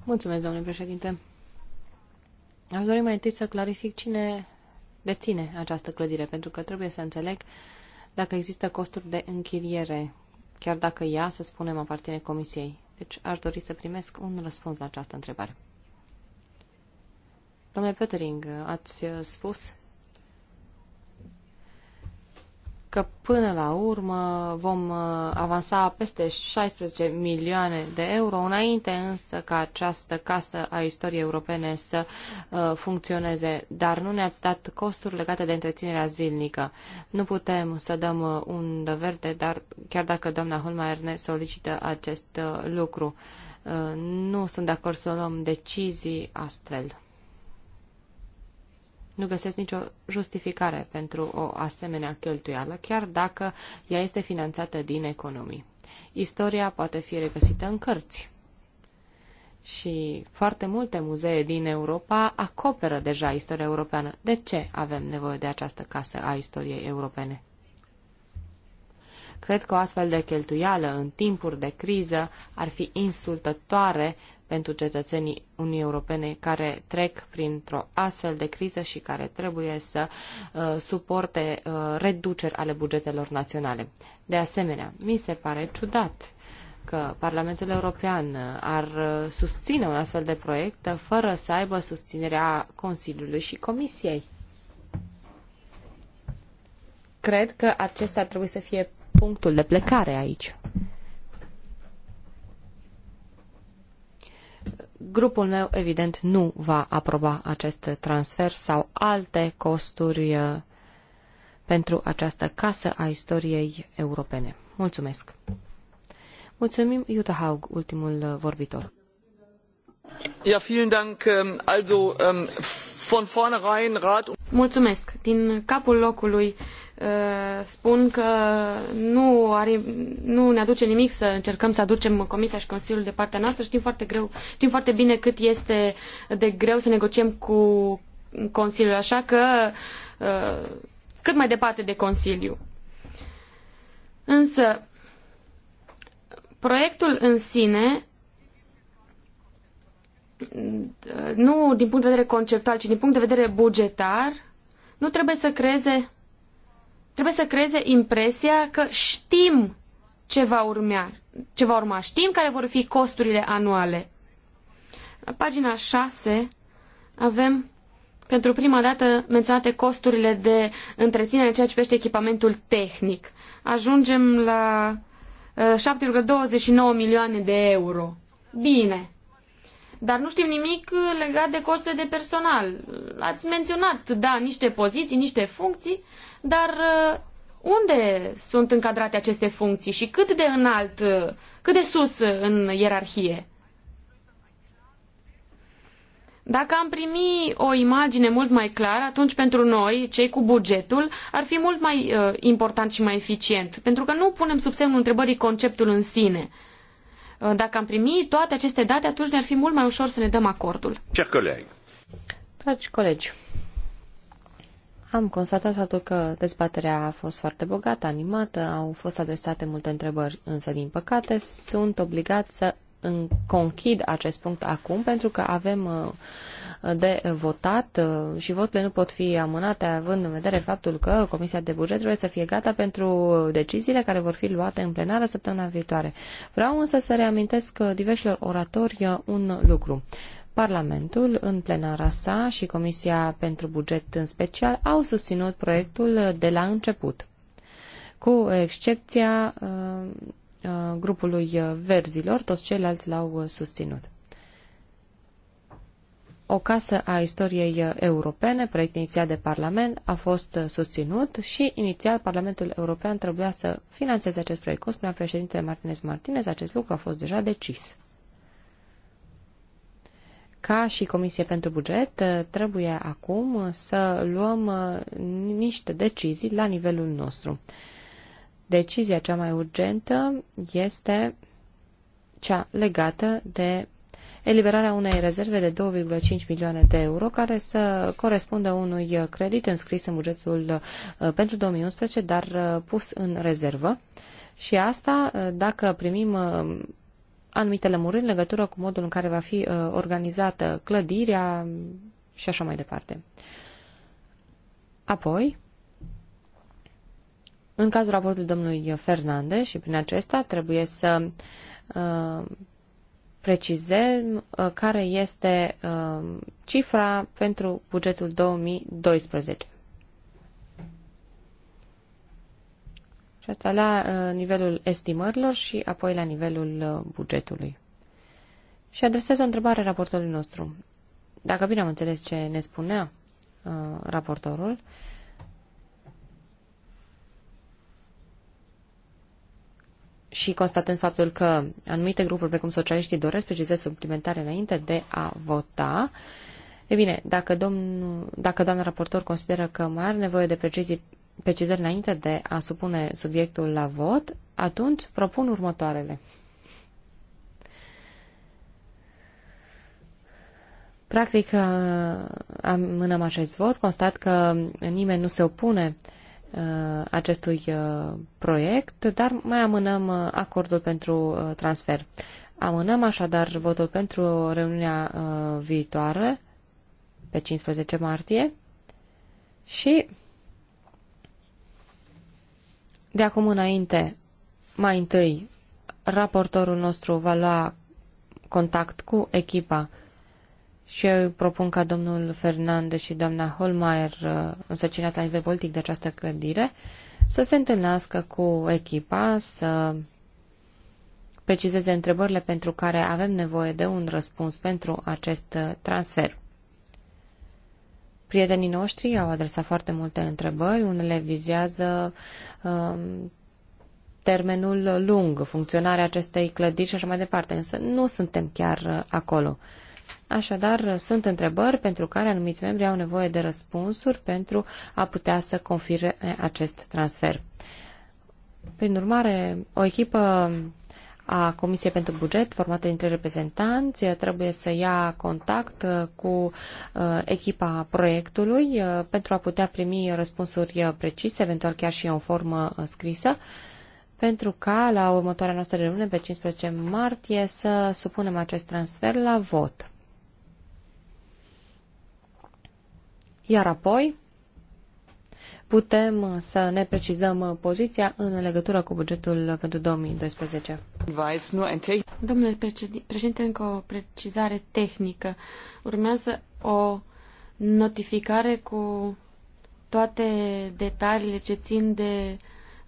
Mulțumesc, domnule președinte. Aș dori mai întâi să clarific cine deține această clădire, pentru că trebuie să înțeleg dacă există costuri de închiriere, chiar dacă ea, să spunem, aparține comisiei. Deci aș dori să primesc un răspuns la această întrebare. Domnule Pöttering, ați spus că până la urmă vom uh, avansa peste 16 milioane de euro, înainte însă ca această casă a istoriei europene să uh, funcționeze, dar nu ne-ați dat costuri legate de întreținerea zilnică. Nu putem să dăm uh, un verde, dar chiar dacă doamna Holmeier ne solicită acest lucru, nu sunt de acord să luăm decizii astfel. Nu găsesc nicio justificare pentru o asemenea cheltuială, chiar dacă ea este finanțată din economii. Istoria poate fi regăsită în cărți. Și foarte multe muzee din Europa acoperă deja istoria europeană. De ce avem nevoie de această casă a istoriei europene? Cred că o astfel de cheltuială în timpuri de criză ar fi insultătoare pentru cetățenii Uniunii Europene care trec printr-o astfel de criză și care trebuie să uh, suporte uh, reduceri ale bugetelor naționale. De asemenea, mi se pare ciudat că Parlamentul European uh, ar uh, susține un astfel de proiect uh, fără să aibă susținerea Consiliului și Comisiei. Cred că acesta ar trebui să fie punctul de plecare aici. Grupul meu, evident, nu va aproba acest transfer sau alte costuri uh, pentru această casă a istoriei europene. Mulțumesc! Mulțumim, Jutta Haug, ultimul uh, vorbitor. Ja, vielen Dank. Ähm, also ähm, von vornherein Rat. Mulțumesc. Din capul locului Uh, spun că nu, are, nu ne aduce nimic să încercăm să aducem Comisia și Consiliul de partea noastră. Știm foarte, greu, știm foarte bine cât este de greu să negociem cu Consiliul, așa că uh, cât mai departe de Consiliu. Însă, proiectul în sine uh, nu din punct de vedere conceptual, ci din punct de vedere bugetar, nu trebuie să creeze trebuie să creeze impresia că știm ce va, urmea, ce va urma, știm care vor fi costurile anuale. La pagina 6 avem pentru prima dată menționate costurile de întreținere în ceea ce privește echipamentul tehnic. Ajungem la 7,29 uh, milioane de euro. Bine, dar nu știm nimic legat de costurile de personal. Ați menționat, da, niște poziții, niște funcții, dar uh, unde sunt încadrate aceste funcții și cât de înalt, uh, cât de sus în ierarhie? Dacă am primi o imagine mult mai clară, atunci pentru noi, cei cu bugetul, ar fi mult mai uh, important și mai eficient, pentru că nu punem sub semnul întrebării conceptul în sine. Uh, Uh, dacă am primi toate aceste date, atunci ne-ar fi mult mai ușor să ne dăm acordul. Ce coleg. Dragi colegi, am constatat faptul că dezbaterea a fost foarte bogată, animată, au fost adresate multe întrebări, însă, din păcate, sunt obligat să în conchid acest punct acum, pentru că avem uh, de votat uh, și voturile nu pot fi amânate, având în vedere faptul că Comisia de Buget trebuie să fie gata pentru deciziile care vor fi luate în plenară săptămâna viitoare. Vreau însă să reamintesc uh, diversilor oratori un lucru. Parlamentul, în plenara sa și Comisia pentru Buget în special, au susținut proiectul de la început, cu excepția Uh, grupului verzilor, toți ceilalți l-au uh, susținut. O casă a istoriei uh, europene, proiect inițiat de Parlament, a fost susținut și inițial Parlamentul European trebuia să financeze acest proiect. Cum spunea președintele Martinez Martinez, acest lucru a fost deja decis. Ca și Comisie pentru Buget, trebuie acum să luăm niște decizii la nivelul nostru decizia cea mai urgentă este cea legată de eliberarea unei rezerve de 2,5 milioane de euro, care să corespundă unui credit înscris în bugetul uh, pentru 2011, dar uh, pus în rezervă. Și asta, uh, dacă primim anumite lămuriri în legătură cu modul în care va fi organizată clădirea și așa mai departe. Apoi, în cazul raportului domnului Fernandez și prin acesta trebuie să uh, precizăm uh, care este uh, cifra pentru bugetul 2012. Și asta la uh, nivelul estimărilor și apoi la nivelul bugetului. Și adresez o întrebare raportorului nostru. Dacă bine am înțeles ce ne spunea raportorul, și constatând faptul că anumite grupuri, precum socialiștii, doresc precizări suplimentare înainte de a vota, e bine, dacă, domnul, dacă doamna raportor consideră că mai are nevoie de precizii, precizări înainte de a supune subiectul la vot, atunci propun următoarele. Practic, amânăm acest vot, constat că nimeni nu se opune uh, Uh, acestui uh, proiect, dar mai amânăm uh, acordul pentru transfer. Amânăm așadar votul pentru reuniunea viitoare, pe 15 martie, și de acum înainte, mai întâi, raportorul nostru va lua contact cu echipa și eu propun ca domnul Fernandez și doamna Holmeier, uh, însăcinat la nivel politic de această clădire, să se întâlnească cu echipa, să precizeze întrebările pentru care avem nevoie de un răspuns pentru acest uh, transfer. Prietenii noștri au adresat foarte multe întrebări, unele vizează um, termenul lung, funcționarea acestei clădiri și așa mai departe, însă nu suntem chiar uh, acolo. Uh, Așadar, sunt întrebări pentru care anumiți membri au nevoie de răspunsuri pentru a putea să confirme acest transfer. Prin urmare, o echipă a Comisiei pentru Buget, formată dintre reprezentanți, trebuie să ia contact uh, cu uh, echipa proiectului uh, pentru a putea primi răspunsuri precise, eventual chiar și în formă scrisă pentru ca la următoarea noastră reuniune pe 15 martie să supunem acest transfer la vot. Iar apoi putem să ne precizăm poziția în legătură cu bugetul pentru 2012. Domnule președinte, încă o precizare tehnică. Urmează o notificare cu toate detaliile ce țin de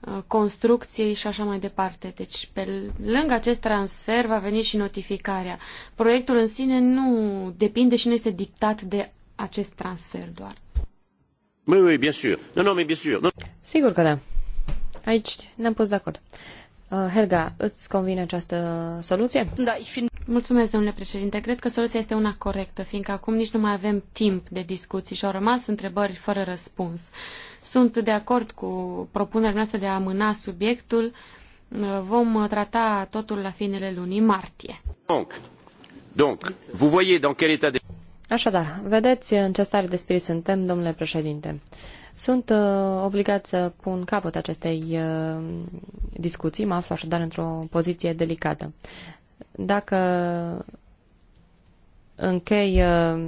uh, construcției și așa mai departe. Deci, pe lângă acest transfer va veni și notificarea. Proiectul în sine nu depinde și nu este dictat de acest transfer doar. Oui, oui, bien sûr. Non, non, mais bien sûr. Non. Sigur că da. Aici ne-am pus de acord. Uh, Helga, îți convine această soluție? Da, fiind... Mulțumesc, domnule președinte. Cred că soluția este una corectă, fiindcă acum nici nu mai avem timp de discuții și au rămas întrebări fără răspuns. Sunt de acord cu propunerea noastră de a amâna subiectul. Uh, vom uh, trata totul la finele lunii martie. Donc, donc, vous voyez dans quel état de... Așadar, vedeți în ce stare de spirit suntem, domnule președinte. Sunt uh, obligat să pun capăt acestei uh, discuții, mă aflu așadar într-o poziție delicată. Dacă închei uh,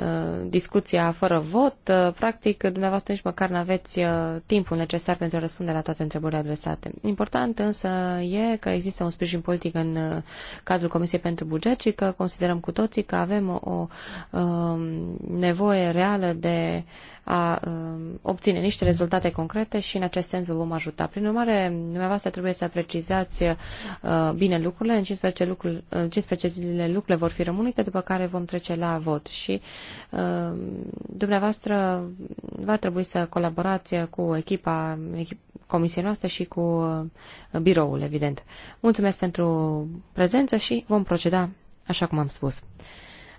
Uh, discuția fără vot, uh, practic dumneavoastră nici măcar n-aveți uh, timpul necesar pentru a răspunde la toate întrebările adresate. Important însă e că există un sprijin politic în cadrul Comisiei pentru Buget și că considerăm cu toții că avem o, o um, nevoie reală de a um, obține niște rezultate concrete și în acest sens vă vom ajuta. Prin urmare, dumneavoastră trebuie să precizați bine lucrurile, în 15, lucruri, în 15 zile lucrurile vor fi rămânite, după care vom trece la vot și Ehm, dumneavoastră va trebui să colaborați cu echipa comisiei noastre și cu eh, biroul, evident. Mulțumesc pentru prezență și vom proceda așa cum am spus.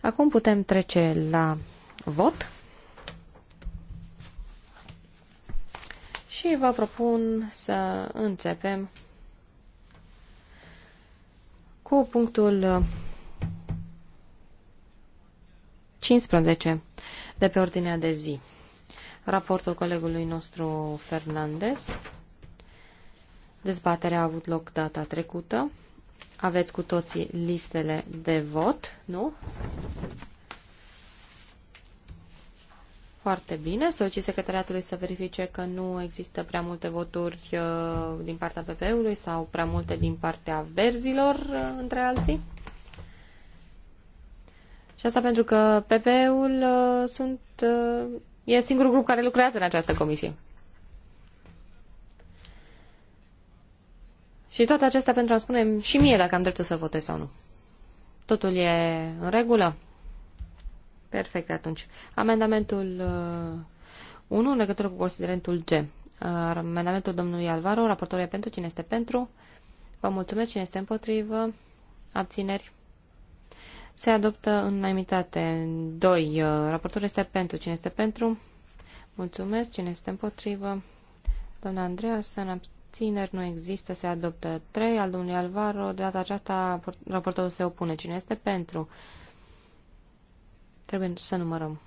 Acum putem trece la vot. Și vă propun să începem cu punctul 15 de pe ordinea de zi. Raportul colegului nostru Fernandez. Dezbaterea a avut loc data trecută. Aveți cu toții listele de vot, nu? Foarte bine. Solicit secretariatului să verifice că nu există prea multe voturi uh, din partea PP-ului sau prea multe din partea verzilor, uh, între alții. Și asta pentru că PP-ul uh, sunt, uh, e singurul grup care lucrează în această comisie. Și toate acestea pentru a spune și mie dacă am dreptul să votez sau nu. Totul e în regulă? Perfect, atunci. Amendamentul uh, 1 în legătură cu considerentul G. Uh, amendamentul domnului Alvaro, raportorul e pentru, cine este pentru? Vă mulțumesc, cine este împotrivă? Abțineri? Se adoptă în unanimitate. 2. Uh, raportul este pentru. Cine este pentru? Mulțumesc. Cine este împotrivă? Doamna Andreea, să ne abțineri nu există, se adoptă 3 al domnului Alvaro. De data aceasta raportul se opune. Cine este pentru? Trebuie să numărăm.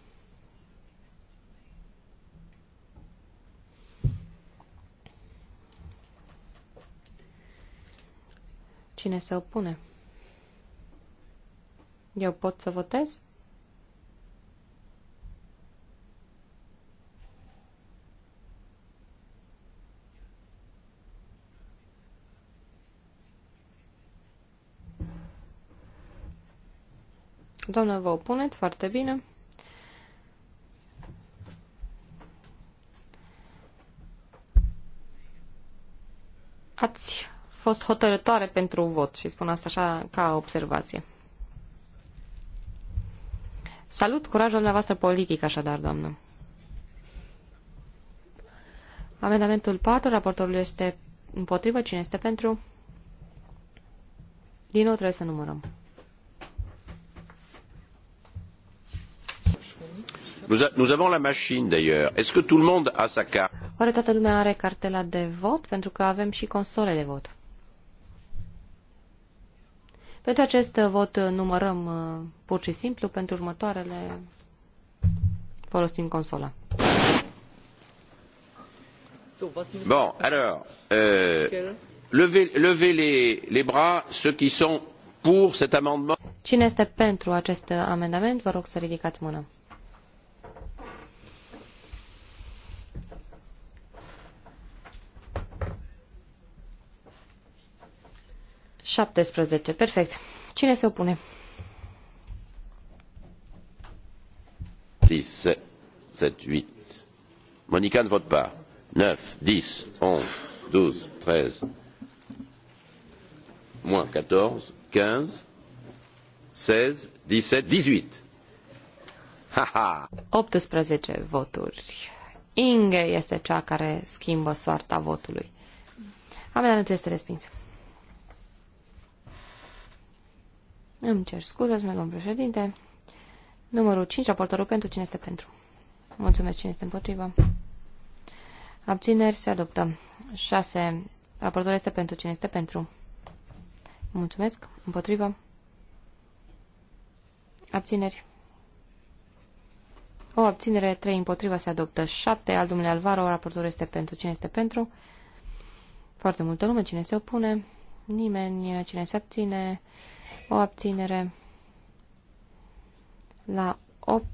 Cine se opune? Eu pot să votez? Doamnă, vă opuneți foarte bine. Ați fost hotărătoare pentru vot și spun asta așa ca observație. Salut curajul dumneavoastră politic, așadar, doamnă. Amendamentul 4, raportorul este împotrivă, cine este pentru? Din nou trebuie să numărăm. Nous, avons la machine d'ailleurs. Est-ce que tout le monde a sa carte? Oare toată lumea are cartela de vot? Pentru că avem și console de vot. Pentru acest vot numărăm uh, pur și simplu, pentru următoarele folosim consola. Bon, alors, euh, levez, levez les bras ceux qui sont pour cet amendement. Cine este pentru acest amendament, vă rog să ridicați mâna. 17. Perfect. Cine se opune? 10, 7, 8. Monica ne vote pas. 9, 10, 11, 12, 13, moins 14, 15, 16, 17, 18. Ha, ha. 18 voturi. Inge este cea care schimbă soarta votului. Amendamentul este respins. Îmi cer scuze, spune domn președinte. Numărul 5, raportorul pentru cine este pentru. Mulțumesc cine este împotrivă. Abțineri se adoptă. 6. Raportorul este pentru cine este pentru. Mulțumesc. Împotrivă. Abțineri. O abținere, 3 împotriva se adoptă 7, al domnului Alvaro, raportorul este pentru. Cine este pentru? Foarte multă lume, cine se opune? Nimeni, cine se abține? o abținere la 8,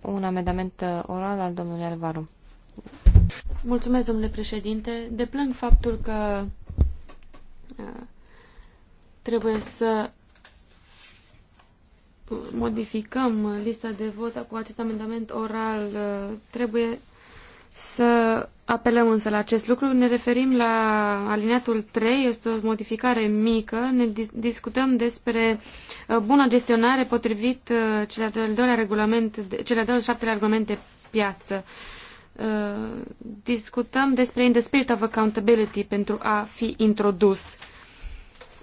un amendament oral al domnului Alvaru. Mulțumesc, domnule președinte. Deplâng faptul că uh, trebuie să modificăm lista de vot cu acest amendament oral. Uh, trebuie să apelăm însă la acest lucru. Ne referim la alineatul 3, este o modificare mică. Ne dis discutăm despre uh, bună gestionare potrivit uh, cele de-al doilea regulament, piață. Uh, piață. Discutăm despre in the spirit of accountability pentru a fi introdus uh,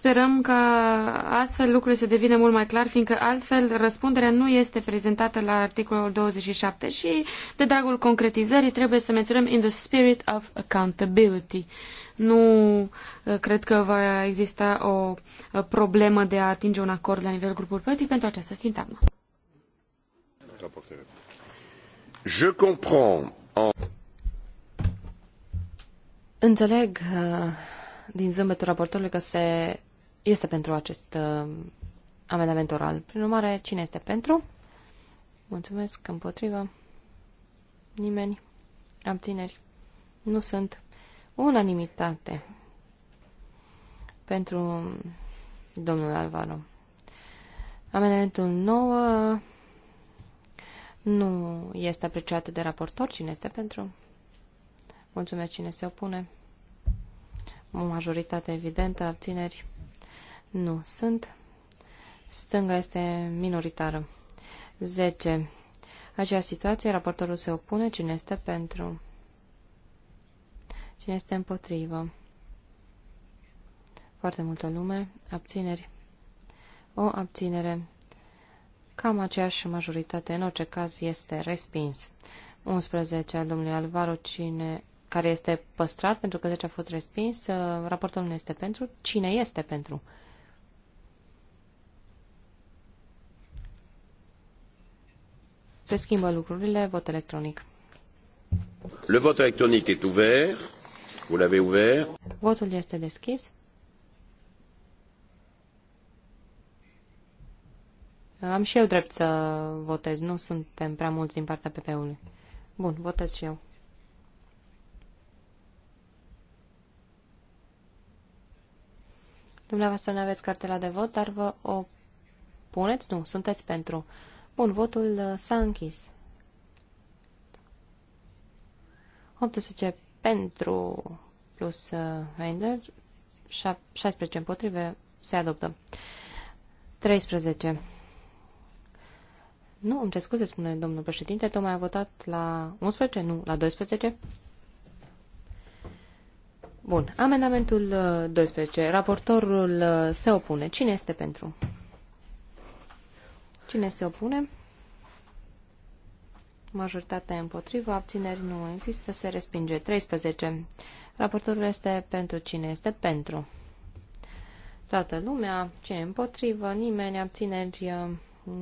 Sperăm că astfel lucrurile să devină mult mai clar, fiindcă altfel răspunderea nu este prezentată la articolul 27 și, de dragul concretizării, trebuie să menționăm in the spirit of accountability. Nu uh, cred că va exista o uh, problemă de a atinge un acord la nivel grupului politic pentru această sintagmă. Je comprends. En... Înțeleg uh, din zâmbetul raportorului că se este pentru acest uh, amendament oral. Prin urmare, cine este pentru? Mulțumesc, împotrivă. Nimeni. Abțineri. Nu sunt. Unanimitate. Pentru domnul Alvaro. Amendamentul 9 nu este apreciat de raportor. Cine este pentru? Mulțumesc cine se opune. O majoritate evidentă, abțineri. Nu sunt. Stânga este minoritară. 10. Acea situație, raportorul se opune. Cine este pentru? Cine este împotrivă? Foarte multă lume. Abțineri. O abținere. Cam aceeași majoritate, în orice caz, este respins. 11 al domnului Alvaro, cine, care este păstrat pentru că 10 a fost respins, raportul nu este pentru. Cine este pentru? Se schimbă lucrurile, vot electronic. Le vot electronic est ouvert. Vous l'avez ouvert. Votul este deschis. Am și eu drept să votez, nu suntem prea mulți din partea PP-ului. Bun, votez și eu. Dumneavoastră nu aveți cartela de vot, dar vă o puneți? Nu, sunteți pentru. Bun, votul uh, s-a închis. 18 pentru plus Render, 16 împotrive, se adoptă. 13. Nu, îmi ce scuze, spune domnul președinte, tocmai a votat la 11, nu, la 12. Bun, amendamentul 12. Uh, Raportorul uh, se opune. Cine este pentru? Cine se opune? Majoritatea împotrivă, abțineri nu există, se respinge. 13. Raportorul este pentru cine este pentru. Toată lumea, cine împotrivă, nimeni, abțineri uh,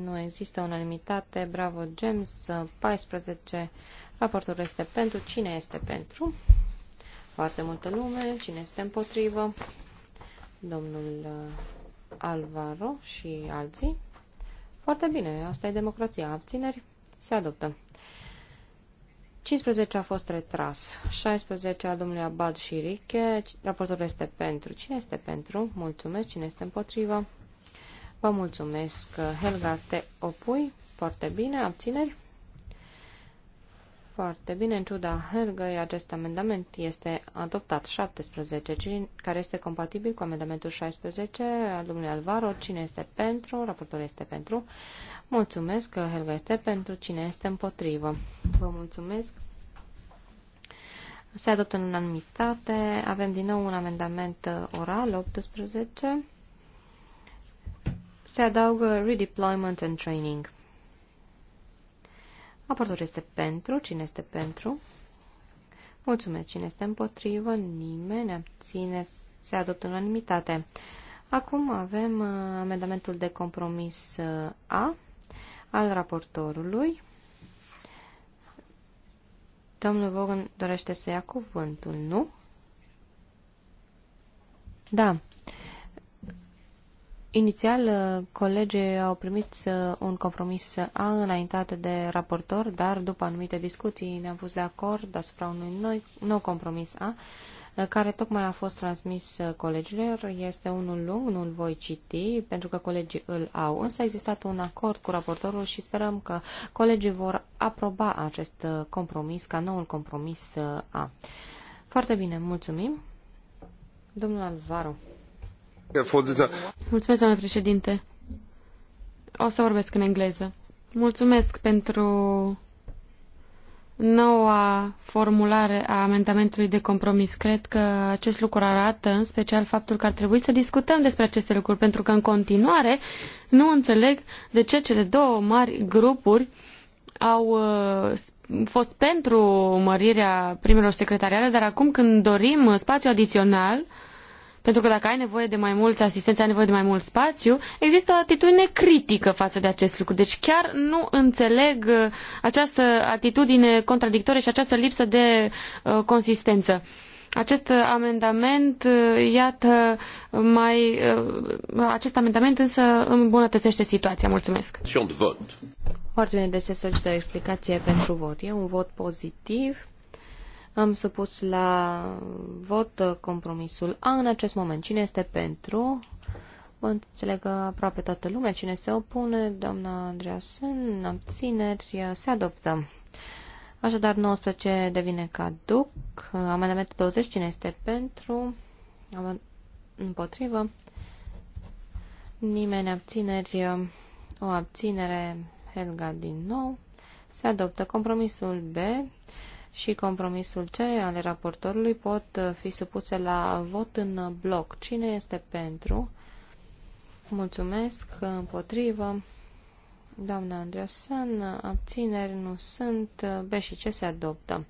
nu există unanimitate. Bravo, James. 14. Raportul este pentru. Cine este pentru? Foarte multă lume. Cine este împotrivă? Domnul uh, Alvaro și alții. Foarte bine, asta e democrația. Abțineri? Se adoptă. 15 a fost retras. 16 a domnului Abad și Riche. Raportul este pentru. Cine este pentru? Mulțumesc. Cine este împotrivă? Vă mulțumesc. Helga, te opui? Foarte bine. Abțineri? Foarte bine, în ciuda Helgăi, acest amendament este adoptat 17, care este compatibil cu amendamentul 16 al domnului Alvaro. Cine este pentru? Raportul este pentru. Mulțumesc că Helga este pentru. Cine este împotrivă? Vă mulțumesc. Se adoptă în unanimitate. Avem din nou un amendament oral, 18. Se adaugă redeployment and training. Raportorul este pentru. Cine este pentru? Mulțumesc. Cine este împotrivă? Nimeni. Abține. Se adoptă în unanimitate. Acum avem uh, amendamentul de compromis uh, A al raportorului. Domnul Vogan dorește să ia cuvântul, nu? Da. Inițial, uh, colegii au primit uh, un compromis uh, A înaintat de raportor, dar după anumite discuții ne-am pus de acord asupra unui noi, nou compromis A, care tocmai a fost transmis colegilor. Este unul lung, nu-l voi citi, pentru că colegii îl au. Însă a existat un acord cu raportorul și sperăm că colegii vor aproba acest compromis ca noul compromis A. Foarte bine, mulțumim. Domnul Alvaro. Mulțumesc, domnule președinte. O să vorbesc în engleză. Mulțumesc pentru noua formulare a amendamentului de compromis. Cred că acest lucru arată în special faptul că ar trebui să discutăm despre aceste lucruri, pentru că în continuare nu înțeleg de ce cele două mari grupuri au uh, fost pentru mărirea primelor secretariale, dar acum când dorim uh, spațiu adițional, uh, pentru că dacă ai nevoie de mai mulți asistenți, ai nevoie de mai mult spațiu, există o atitudine critică față de acest lucru. Deci chiar nu înțeleg uh, această atitudine contradictorie și această lipsă de uh, consistență acest uh, amendament, uh, iată, mai, acest amendament însă îmbunătățește situația. Mulțumesc. Foarte bine, deci se solicită o explicație pentru vot. E un vot pozitiv am supus la vot compromisul A în acest moment. Cine este pentru? Vă înțeleg aproape toată lumea. Cine se opune? Doamna Andreasen, abțineri, se adoptă. Așadar, 19 devine caduc. Amendamentul 20, cine este pentru? Împotrivă. Nimeni abțineri. O abținere, Helga din nou. Se adoptă compromisul B și compromisul C ale raportorului pot uh, fi supuse la vot în uh, bloc. Cine este pentru? Mulțumesc. Uh, împotrivă. Doamna Andreasen, abțineri nu sunt. B și C se adoptă.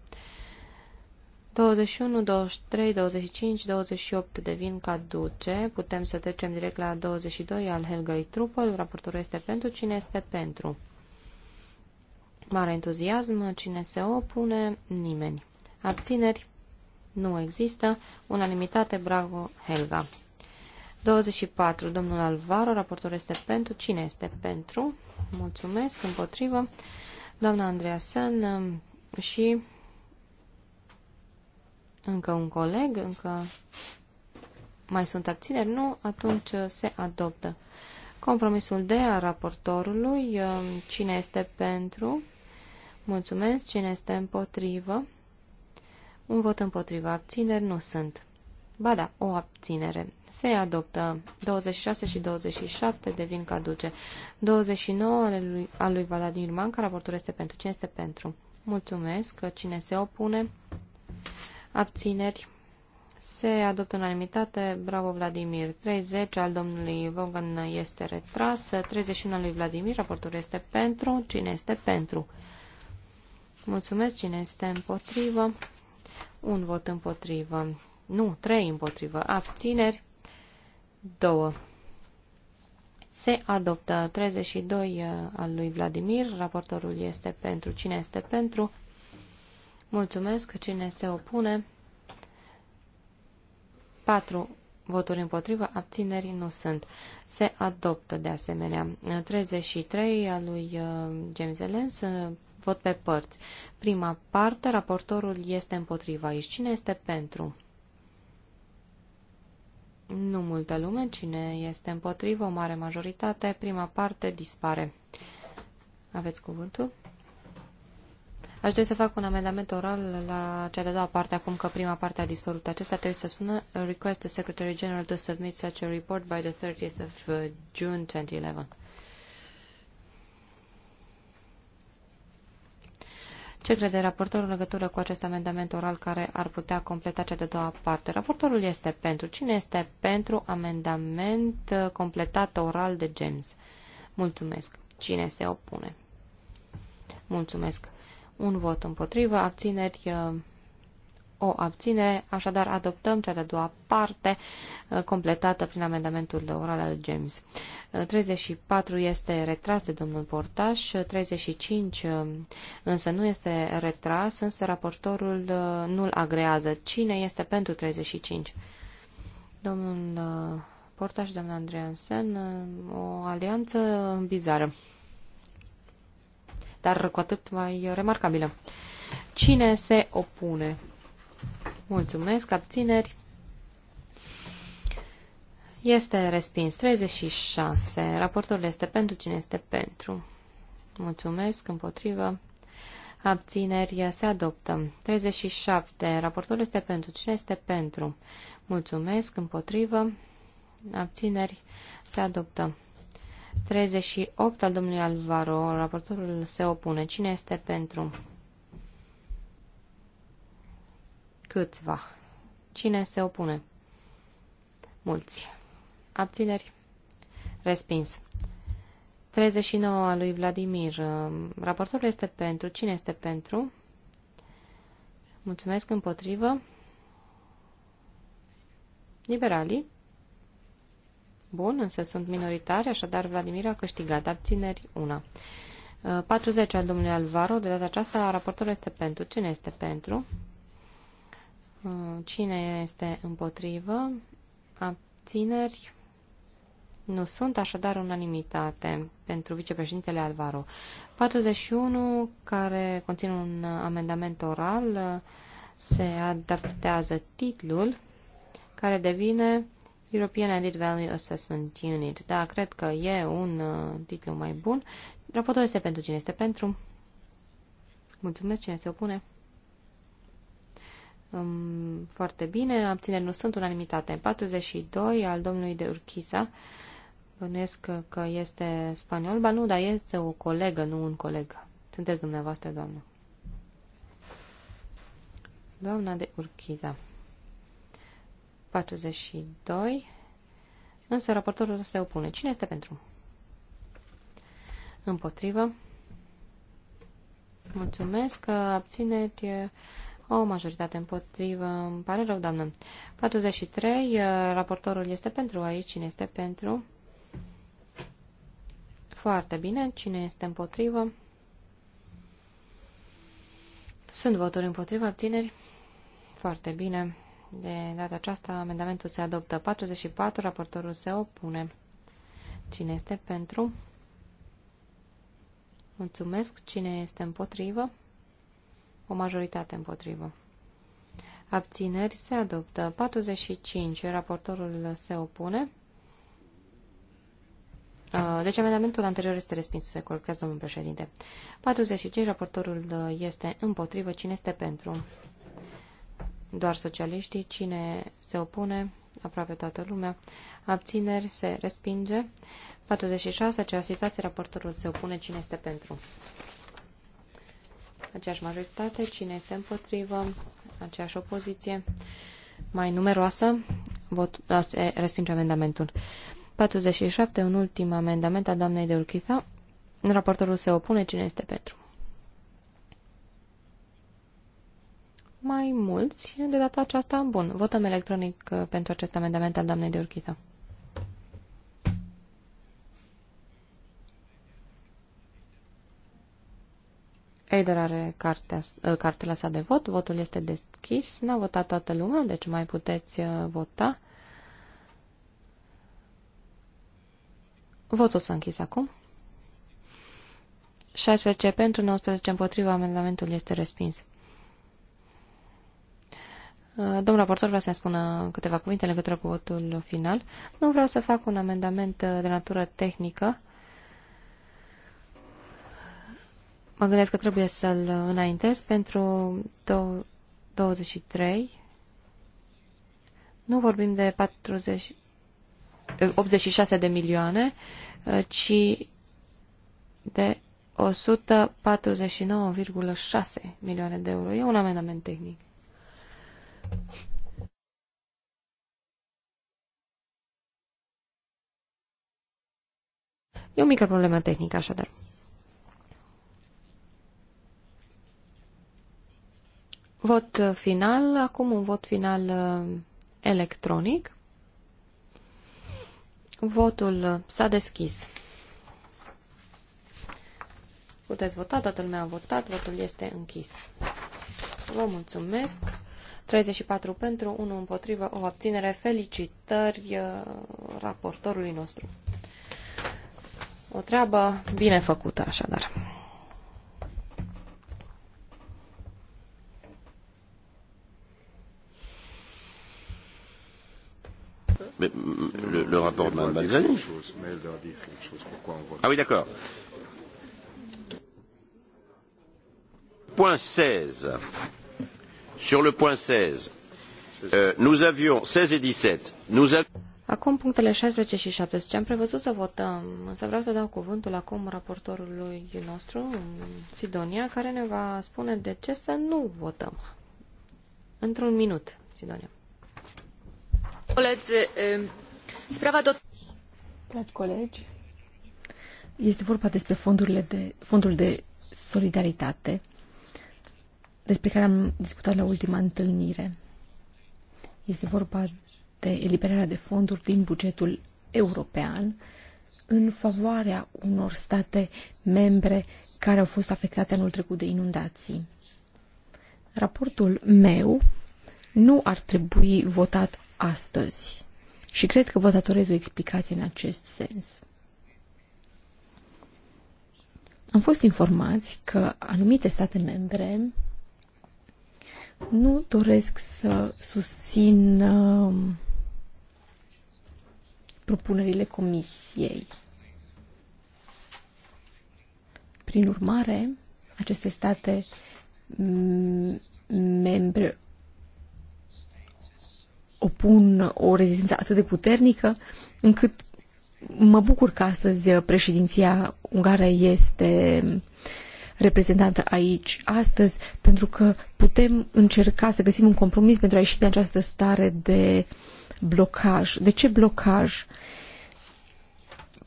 21, 23, 25, 28 devin caduce. Putem să trecem direct la 22 al Helgăi Trupăl. Raportorul este pentru. Cine este pentru? Mare entuziasm, cine se opune, nimeni. Abțineri, nu există. Unanimitate, bravo, Helga. 24. Domnul Alvaro, raportor este pentru. Cine este pentru? Mulțumesc, împotrivă. Doamna Andreasen um, și încă un coleg, încă mai sunt abțineri? Nu, atunci se adoptă. Compromisul de a raportorului, um, cine este pentru, Mulțumesc. Cine este împotrivă? Un vot împotrivă. Abțineri nu sunt. Ba da, o abținere. Se adoptă 26 și 27 devin caduce. 29 al lui, al lui Vladimir Manca, raportul este pentru. Cine este pentru? Mulțumesc. Cine se opune? Abțineri. Se adoptă unanimitate. Bravo, Vladimir. 30 al domnului Vogan este retras. 31 al lui Vladimir, raportul este pentru. Cine este pentru? Mulțumesc. Cine este împotrivă? Un vot împotrivă. Nu, trei împotrivă. Abțineri. Două. Se adoptă 32 uh, al lui Vladimir. Raportorul este pentru. Cine este pentru? Mulțumesc. Cine se opune? 4 voturi împotrivă, abțineri nu sunt. Se adoptă de asemenea 33 al lui uh, James Elens uh, Vot pe părți. Prima parte, raportorul este împotriva aici. Cine este pentru? Nu multă lume. Cine este împotrivă? O mare majoritate. Prima parte dispare. Aveți cuvântul? Aș dori să fac un amendament oral la cea de doua parte, acum că prima parte a dispărut. Acesta trebuie să spună Request the Secretary General to submit such a report by the 30th of uh, June 2011. Ce crede raportorul în legătură cu acest amendament oral care ar putea completa cea de doua parte? Raportorul este pentru. Cine este pentru amendament uh, completat oral de James? Mulțumesc. Cine se opune? Mulțumesc. Un vot împotrivă, abțineri, uh, o abținere, așadar adoptăm cea de-a doua parte uh, completată prin amendamentul oral al James. 34 uh, este retras de domnul Portaș, 35 uh, însă nu este retras, însă raportorul nu-l agrează. Cine este pentru 35? Domnul Portaș, doamna Sen, o alianță bizară, dar cu atât mai remarcabilă. Cine se opune? Mulțumesc. Abțineri. Este respins. 36. Raportul este pentru cine este pentru. Mulțumesc. Împotrivă. Abțineri. Se adoptă. 37. Raportul este pentru cine este pentru. Mulțumesc. Împotrivă. Abțineri. Se adoptă. 38 al domnului Alvaro. Raportorul se opune. Cine este pentru? Câțiva. Cine se opune? Mulți. Abțineri? Respins. 39 a lui Vladimir. Raportorul este pentru. Cine este pentru? Mulțumesc împotrivă. Liberalii. Bun, însă sunt minoritari, așadar Vladimir a câștigat. Abțineri, una. 40 al domnului Alvaro, de data aceasta raportorul este pentru. Cine este pentru? Uh, cine este împotrivă? Abțineri? Nu sunt, așadar, unanimitate pentru vicepreședintele Alvaro. 41, care conține un amendament oral, se adaptează titlul, care devine European Added Value Assessment Unit. Da, cred că e un uh, titlu mai bun. Raportul este pentru cine este pentru. Mulțumesc, cine se opune um, foarte bine, abțineri nu sunt unanimitate. 42 al domnului de Urchiza, bănuiesc că este spaniol, ba nu, dar este o colegă, nu un coleg. Sunteți dumneavoastră, doamnă. Doamna de Urchiza. 42. Însă raportorul se opune. Cine este pentru? Împotrivă. Mulțumesc. că Abțineri o majoritate împotrivă. Îmi pare rău, doamnă. 43. Uh, raportorul este pentru aici. Cine este pentru? Foarte bine. Cine este împotrivă? Sunt voturi împotrivă. Abțineri? Foarte bine. De data aceasta, amendamentul se adoptă. 44. Raportorul se opune. Cine este pentru? Mulțumesc. Cine este împotrivă? o majoritate împotrivă. Abțineri se adoptă. 45. Raportorul se opune. Deci amendamentul anterior este respins, se corectează domnul președinte. 45. Raportorul este împotrivă. Cine este pentru? Doar socialiștii. Cine se opune? Aproape toată lumea. Abțineri se respinge. 46. aceeași situație. Raportorul se opune. Cine este pentru? aceeași majoritate, cine este împotrivă, aceeași opoziție mai numeroasă, vot, respinge amendamentul. 47, un ultim amendament a doamnei de Urchița. Raportorul se opune, cine este pentru? Mai mulți, de data aceasta, bun, votăm electronic uh, pentru acest amendament al doamnei de Urchița. Eider are cartea, uh, cartela sa de vot, votul este deschis, n-a votat toată lumea, deci mai puteți uh, vota. Votul s-a închis acum. 16 pentru, 19 împotriva, amendamentul este respins. Uh, domnul raportor vrea să-mi spună câteva cuvinte legătură cu votul final. Nu vreau să fac un amendament de natură tehnică Mă gândesc că trebuie să-l înaintez pentru 23. Nu vorbim de 40, 86 eh, de milioane, eh, ci de 149,6 milioane de euro. E un amendament tehnic. E o mică problemă tehnică, așadar. Vot final, acum un vot final uh, electronic. Votul uh, s-a deschis. Puteți vota, toată lumea a votat, votul este închis. Vă mulțumesc. 34 pentru, 1 împotrivă, o abținere. Felicitări uh, raportorului nostru. O treabă bine făcută, așadar. Mais, le, le rapport de Mme Balzani Ah oui, d'accord. Point 16. Sur le point 16, euh, nous avions 16 et 17. Nous avions... Acum punctele 16 și 17. Am prevăzut să votăm, însă vreau să dau cuvântul acum raportorului nostru, Sidonia, care ne va spune de ce să nu votăm. Într-un minut, Sidonia. Ehm, Dragi colegi, este vorba despre fondurile de, fondul de solidaritate despre care am discutat la ultima întâlnire. Este vorba de eliberarea de fonduri din bugetul european în favoarea unor state membre care au fost afectate anul trecut de inundații. Raportul meu nu ar trebui votat astăzi. Și cred că vă datorez o explicație în acest sens. Am fost informați că anumite state membre nu doresc să susțin um, propunerile comisiei. Prin urmare, aceste state membre opun o rezistență atât de puternică încât mă bucur că astăzi președinția ungară este reprezentată aici astăzi, pentru că putem încerca să găsim un compromis pentru a ieși din această stare de blocaj. De ce blocaj?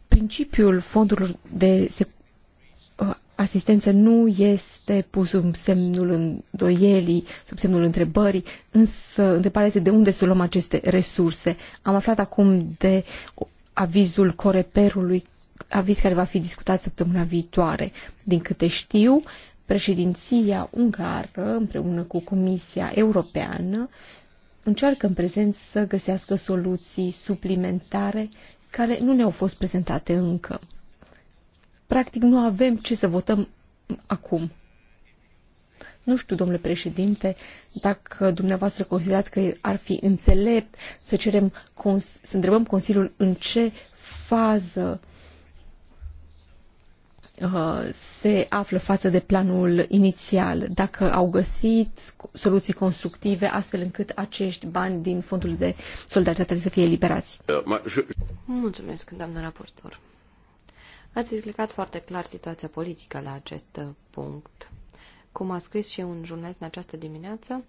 Principiul fondurilor de asistență nu este pus sub semnul îndoielii, sub semnul întrebării, însă întrebarea este de unde să luăm aceste resurse. Am aflat acum de avizul Coreperului, aviz care va fi discutat săptămâna viitoare. Din câte știu, președinția ungară, împreună cu Comisia Europeană, încearcă în prezent să găsească soluții suplimentare care nu ne-au fost prezentate încă practic nu avem ce să votăm acum. Nu știu, domnule președinte, dacă dumneavoastră considerați că ar fi înțelept să cerem, să întrebăm Consiliul în ce fază uh, se află față de planul inițial, dacă au găsit soluții constructive astfel încât acești bani din fondul de solidaritate să fie eliberați. Uh, Mulțumesc, doamnă raportor. Ați explicat foarte clar situația politică la acest uh, punct. Cum a scris și un jurnalist în această dimineață,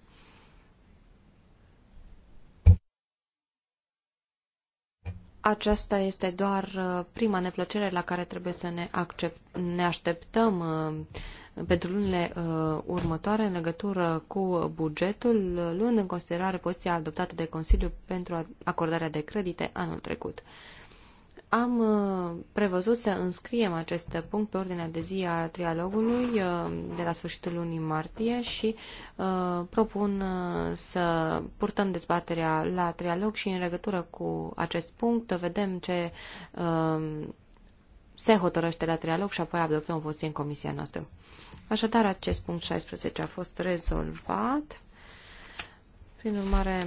aceasta este doar uh, prima neplăcere la care trebuie să ne, accept, ne așteptăm uh, pentru lunile următoare în legătură cu bugetul, luând în considerare poziția adoptată de Consiliu pentru acordarea de credite anul trecut. Am uh, prevăzut să înscriem acest punct pe ordinea de zi a trialogului uh, de la sfârșitul lunii martie și uh, propun să purtăm dezbaterea la trialog și în legătură cu acest punct vedem ce se hotărăște la trialog și apoi adoptăm o poziție în comisia noastră. Așadar, acest punct 16 a fost rezolvat. Prin urmare,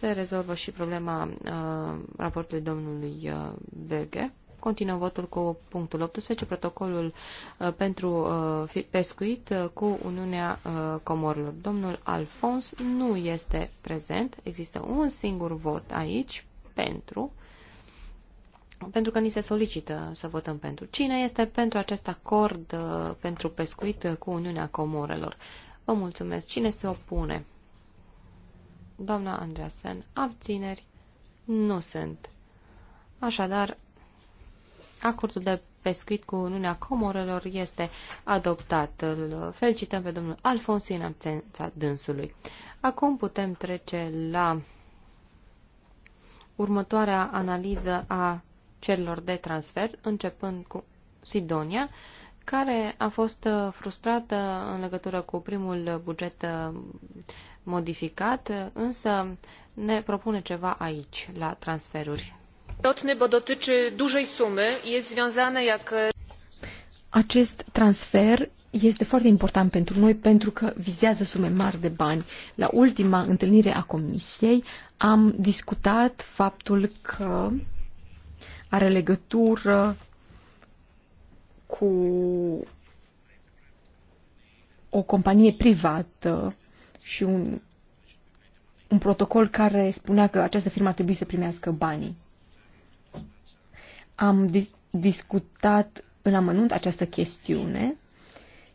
se rezolvă și problema uh, raportului domnului uh, Bege. Continuăm votul cu punctul 18, protocolul uh, pentru uh, pescuit uh, cu Uniunea uh, Comorilor. Domnul Alfons nu este prezent. Există un singur vot aici pentru, pentru că ni se solicită să votăm pentru. Cine este pentru acest acord uh, pentru pescuit uh, cu Uniunea Comorelor? Vă mulțumesc. Cine se opune? doamna Andreasen. Abțineri nu sunt. Așadar, acordul de pescuit cu Uniunea Comorelor este adoptat. Îl felicităm pe domnul Alfonsi în absența dânsului. Acum putem trece la următoarea analiză a cerilor de transfer, începând cu Sidonia, care a fost frustrată în legătură cu primul buget modificat, însă ne propune ceva aici, la transferuri. Acest transfer este foarte important pentru noi pentru că vizează sume mari de bani. La ultima întâlnire a comisiei am discutat faptul că are legătură cu o companie privată și un, un protocol care spunea că această firmă ar trebui să primească banii. Am di- discutat în amănunt această chestiune,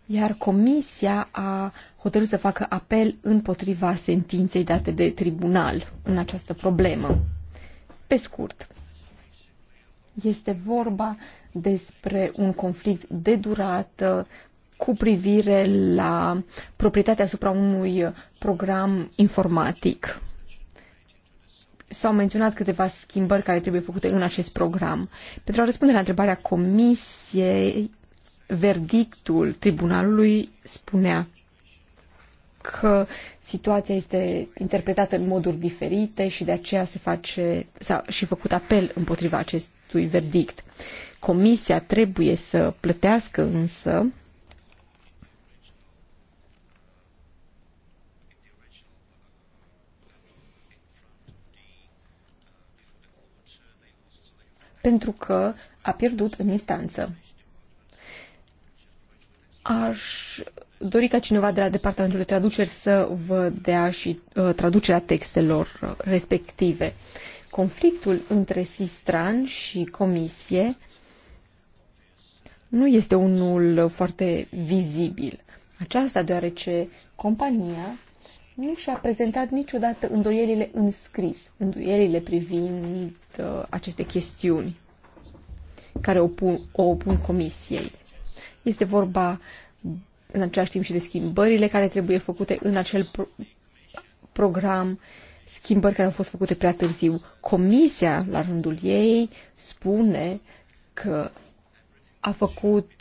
iar comisia a hotărât să facă apel împotriva sentinței date de tribunal în această problemă. Pe scurt, este vorba despre un conflict de durată cu privire la proprietatea asupra unui program informatic. S-au menționat câteva schimbări care trebuie făcute în acest program. Pentru a răspunde la întrebarea comisiei, verdictul tribunalului spunea că situația este interpretată în moduri diferite și de aceea se face, s-a și făcut apel împotriva acestui verdict. Comisia trebuie să plătească însă pentru că a pierdut în instanță. Aș dori ca cineva de la Departamentul de Traduceri să vă dea și uh, traducerea textelor uh, respective. Conflictul între Sistran și Comisie nu este unul foarte vizibil. Aceasta deoarece compania nu și-a prezentat niciodată îndoielile în scris, îndoielile privind uh, aceste chestiuni care o pun, o opun comisiei. Este vorba în același timp și de schimbările care trebuie făcute în acel pro- program, schimbări care au fost făcute prea târziu. Comisia, la rândul ei, spune că a făcut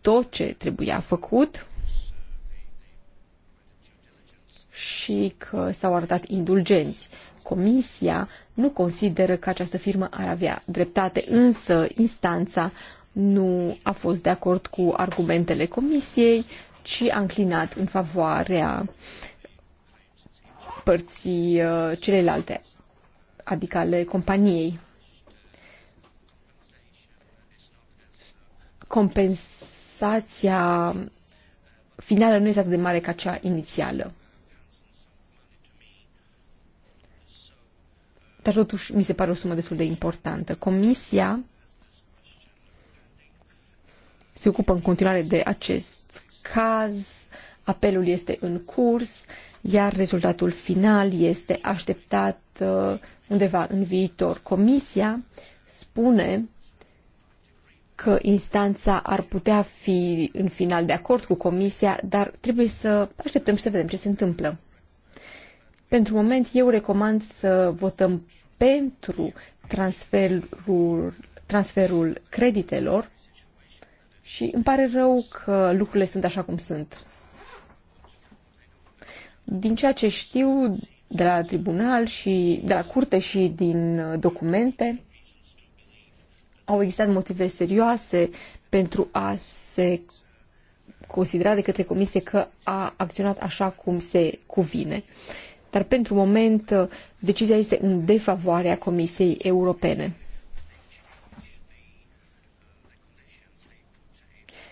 tot ce trebuia făcut, și că s-au arătat indulgenți. Comisia nu consideră că această firmă ar avea dreptate, însă instanța nu a fost de acord cu argumentele comisiei, ci a înclinat în favoarea părții uh, celelalte, adică ale companiei. Compensația finală nu este atât de mare ca cea inițială. dar totuși mi se pare o sumă destul de importantă. Comisia se ocupă în continuare de acest caz, apelul este în curs, iar rezultatul final este așteptat uh, undeva în viitor. Comisia spune că instanța ar putea fi în final de acord cu comisia, dar trebuie să așteptăm și să vedem ce se întâmplă. Pentru moment, eu recomand să votăm pentru transferul, transferul creditelor și îmi pare rău că lucrurile sunt așa cum sunt. Din ceea ce știu de la tribunal și de la curte și din documente, au existat motive serioase pentru a se considera de către comisie că a acționat așa cum se cuvine. Uh, dar pentru moment uh, decizia este în defavoarea Comisiei Europene.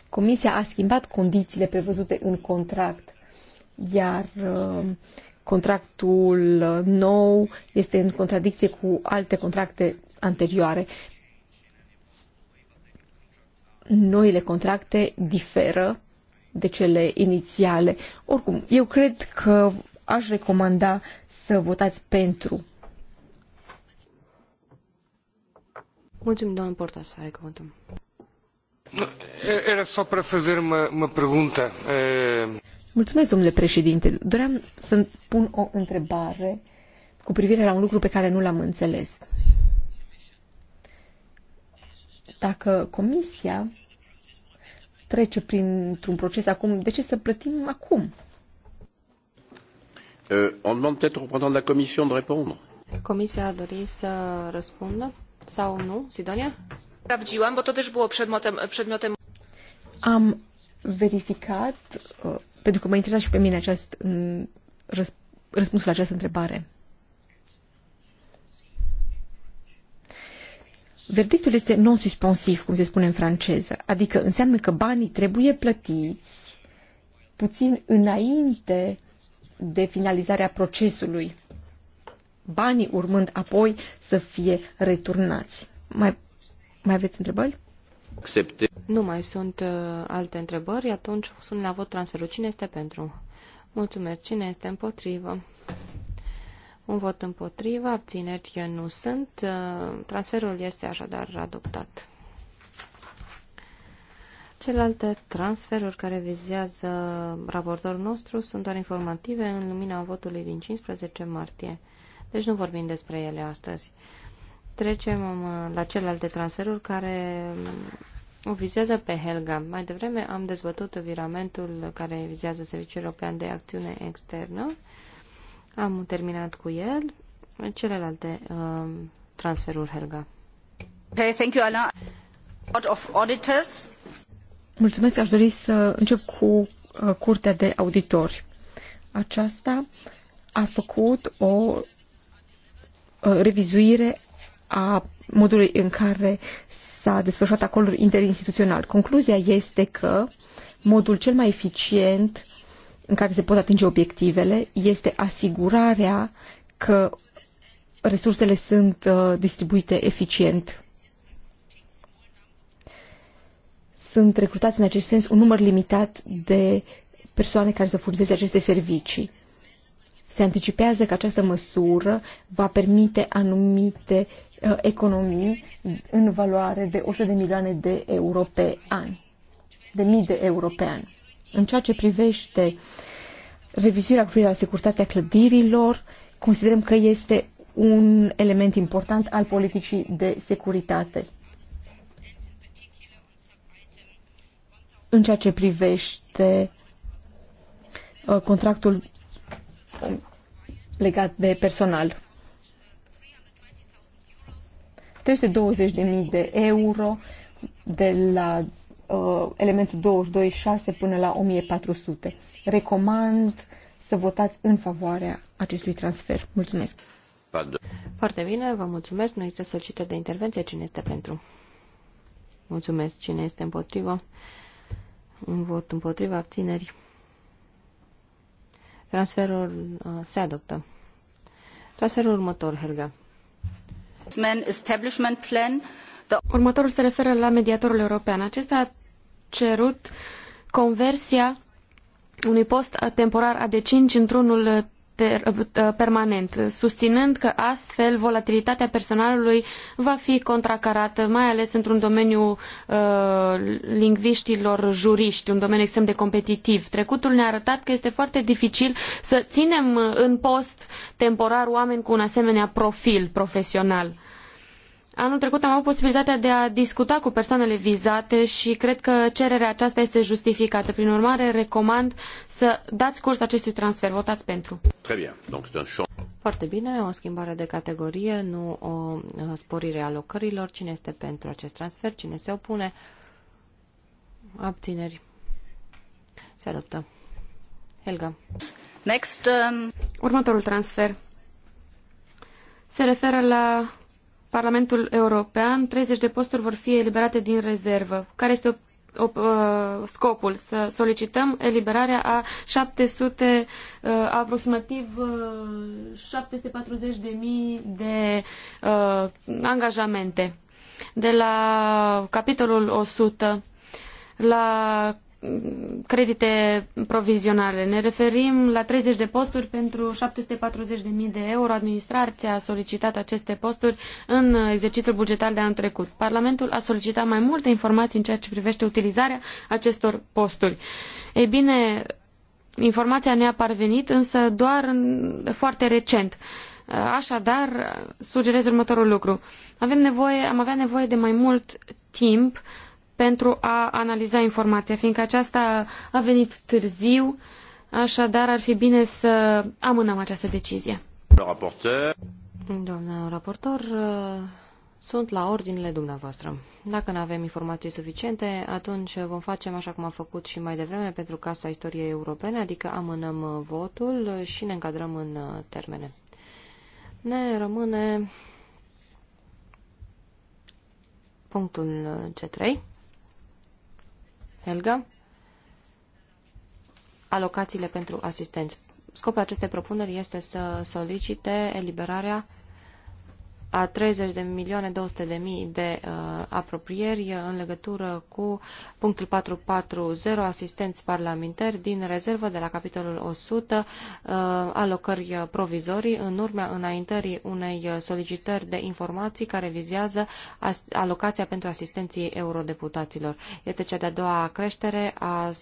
Comisia a schimbat condițiile prevăzute în contract, iar uh, contractul nou este în contradicție cu alte contracte anterioare. Noile contracte diferă de cele inițiale. Oricum, eu cred că aș recomanda să votați pentru. Mulțumim, doamnă Porta, să are cuvântul. Era să para fazer uma, uma pergunta. Eh, Mulțumesc, domnule președinte. Doream să pun o întrebare cu privire la un lucru pe care nu l-am înțeles. Dacă comisia trece printr-un proces acum, de ce să plătim acum? Uh, on demande peut-être au représentant de la Commission de répondre. Comisia a dorit să răspundă sau nu, Sidonia? Sprawdziłam, Am verificat, uh, pentru că mă interesa și pe mine acest mm, răspuns la această întrebare. Verdictul este non-suspensiv, cum se spune în franceză, adică înseamnă că banii trebuie plătiți puțin înainte de finalizarea procesului, banii urmând apoi să fie returnați. Mai, mai aveți întrebări? Accepte. Nu mai sunt uh, alte întrebări, atunci sunt la vot transferul. Cine este pentru? Mulțumesc. Cine este împotrivă? Un vot împotrivă, abțineri nu sunt. Uh, transferul este așadar adoptat. Celelalte transferuri care vizează raportorul nostru sunt doar informative în lumina votului din 15 martie, deci nu vorbim despre ele astăzi. Trecem um, la celelalte transferuri care um, o vizează pe Helga. Mai devreme am dezbătut viramentul care vizează Serviciul European de Acțiune Externă. Am terminat cu el. Celelalte uh, transferuri, Helga. Hey, thank you, Alain. Board of Auditors. Mulțumesc, aș dori să încep cu uh, Curtea de Auditori. Aceasta a făcut o uh, revizuire a modului în care s-a desfășurat acordul interinstituțional. Concluzia este că modul cel mai eficient în care se pot atinge obiectivele este asigurarea că resursele sunt uh, distribuite eficient sunt recrutați în acest sens un număr limitat de persoane care să furnizeze aceste servicii. Se anticipează că această măsură va permite anumite uh, economii în valoare de 100 de milioane de euro pe an, de mii de euro pe an. În ceea ce privește revizuirea cu la securitatea clădirilor, considerăm că este un element important al politicii de securitate în ceea ce privește uh, contractul legat de personal. 320.000 de euro de la uh, elementul 22.6 până la 1400. Recomand să votați în favoarea acestui transfer. Mulțumesc! Foarte bine, vă mulțumesc. Nu există solicitări de intervenție. Cine este pentru? Mulțumesc. Cine este împotrivă? Un vot împotriva abțineri. Transferul uh, se adoptă. Transferul următor, Helga. Establishment plan. Următorul se referă la mediatorul european. Acesta a cerut conversia unui post temporar AD5 într-unul Uh, permanent, susținând că astfel volatilitatea personalului va fi contracarată, mai ales într-un domeniu uh, lingviștilor juriști, un domeniu extrem de competitiv. Trecutul ne-a arătat că este foarte dificil să ținem în post temporar oameni cu un asemenea profil profesional. Anul trecut am avut posibilitatea de a discuta cu persoanele vizate și cred că cererea aceasta este justificată. Prin urmare, recomand să dați curs acestui transfer. Votați pentru. Foarte bine, o schimbare de categorie, nu o uh, sporire a locărilor. Cine este pentru acest transfer? Cine se opune? Abțineri. Se adoptă. Helga. Next, um... Următorul transfer se referă la Parlamentul European, 30 de posturi vor fi eliberate din rezervă. Care este o, o, uh, scopul? Să solicităm eliberarea a 700, uh, aproximativ 740.000 uh, de uh, angajamente. De la capitolul 100 la credite provizionale. Ne referim la 30 de posturi pentru 740.000 de euro. Administrația a solicitat aceste posturi în exercițiul bugetar de anul trecut. Parlamentul a solicitat mai multe informații în ceea ce privește utilizarea acestor posturi. Ei bine, informația ne-a parvenit, însă doar în, foarte recent. Așadar, sugerez următorul lucru. Avem nevoie, am avea nevoie de mai mult timp uh, pentru a analiza informația, fiindcă aceasta a venit târziu, așadar ar fi bine să amânăm această decizie. Raporteur. Doamna raportor, sunt la ordinele dumneavoastră. Dacă nu avem informații suficiente, atunci vom face așa cum a făcut și mai devreme pentru Casa Istoriei Europene, adică amânăm votul și ne încadrăm în termene. Ne rămâne punctul C3. Helga. Alocațiile pentru asistenți. Scopul acestei propuneri este să solicite eliberarea a 30 de milioane 200 de mii de uh, apropieri în legătură cu punctul 440 asistenți parlamentari din rezervă de la capitolul 100 uh, alocări provizorii în urma înaintării unei solicitări de informații care vizează alocația pentru asistenții eurodeputaților. Este cea de-a doua creștere, a, uh,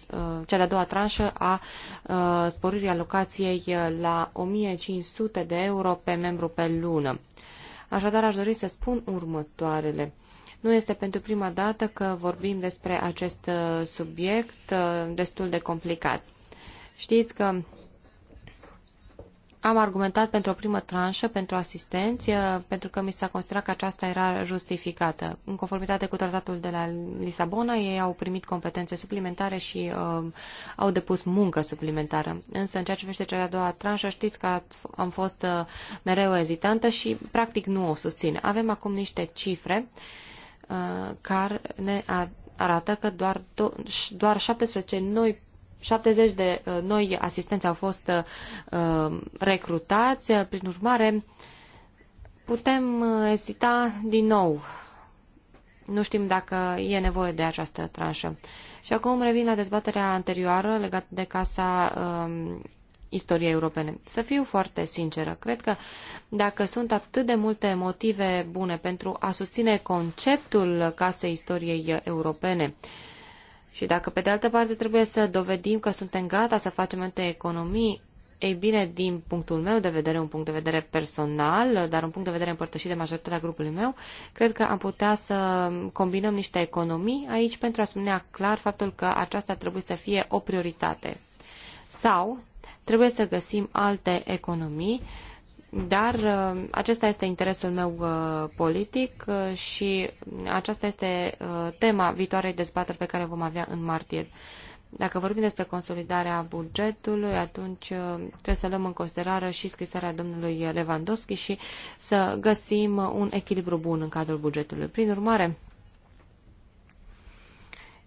cea de-a doua tranșă a uh, sporirii alocației la 1500 de euro pe membru pe lună. Așadar, aș dori să spun următoarele. Nu este pentru prima dată că vorbim despre acest uh, subiect uh, destul de complicat. Știți că am argumentat pentru o primă tranșă, pentru asistenți, eh, pentru că mi s-a considerat că aceasta era justificată. În conformitate cu tratatul de la Lisabona, ei au primit competențe suplimentare și uh, au depus muncă suplimentară. Însă, în ceea ce privește cea de-a doua tranșă, știți că am fost uh, mereu ezitantă și, practic, nu o susțin. Avem acum niște cifre uh, care ne arată că doar, do- doar 17 noi 70 de uh, noi asistenți au fost uh, recrutați, prin urmare putem uh, ezita din nou. Nu știm dacă e nevoie de această tranșă. Și acum revin la dezbaterea anterioară legată de Casa um, Istoriei Europene. Să fiu foarte sinceră, cred că dacă sunt atât de multe motive bune pentru a susține conceptul Casei Istoriei Europene, uh, și dacă pe de altă parte trebuie să dovedim că suntem gata să facem alte economii, ei bine, din punctul meu de vedere, un punct de vedere personal, dar un punct de vedere împărtășit de majoritatea grupului meu, cred că am putea să combinăm niște economii aici pentru a spunea clar faptul că aceasta trebuie să fie o prioritate. Sau trebuie să găsim alte economii uh, dar uh, acesta este interesul meu uh, politic uh, și aceasta este tema viitoarei dezbateri pe care vom avea în martie. Dacă vorbim despre consolidarea bugetului, atunci trebuie să luăm în considerare și scrisarea domnului Lewandowski și să găsim un echilibru bun în cadrul bugetului. Prin urmare,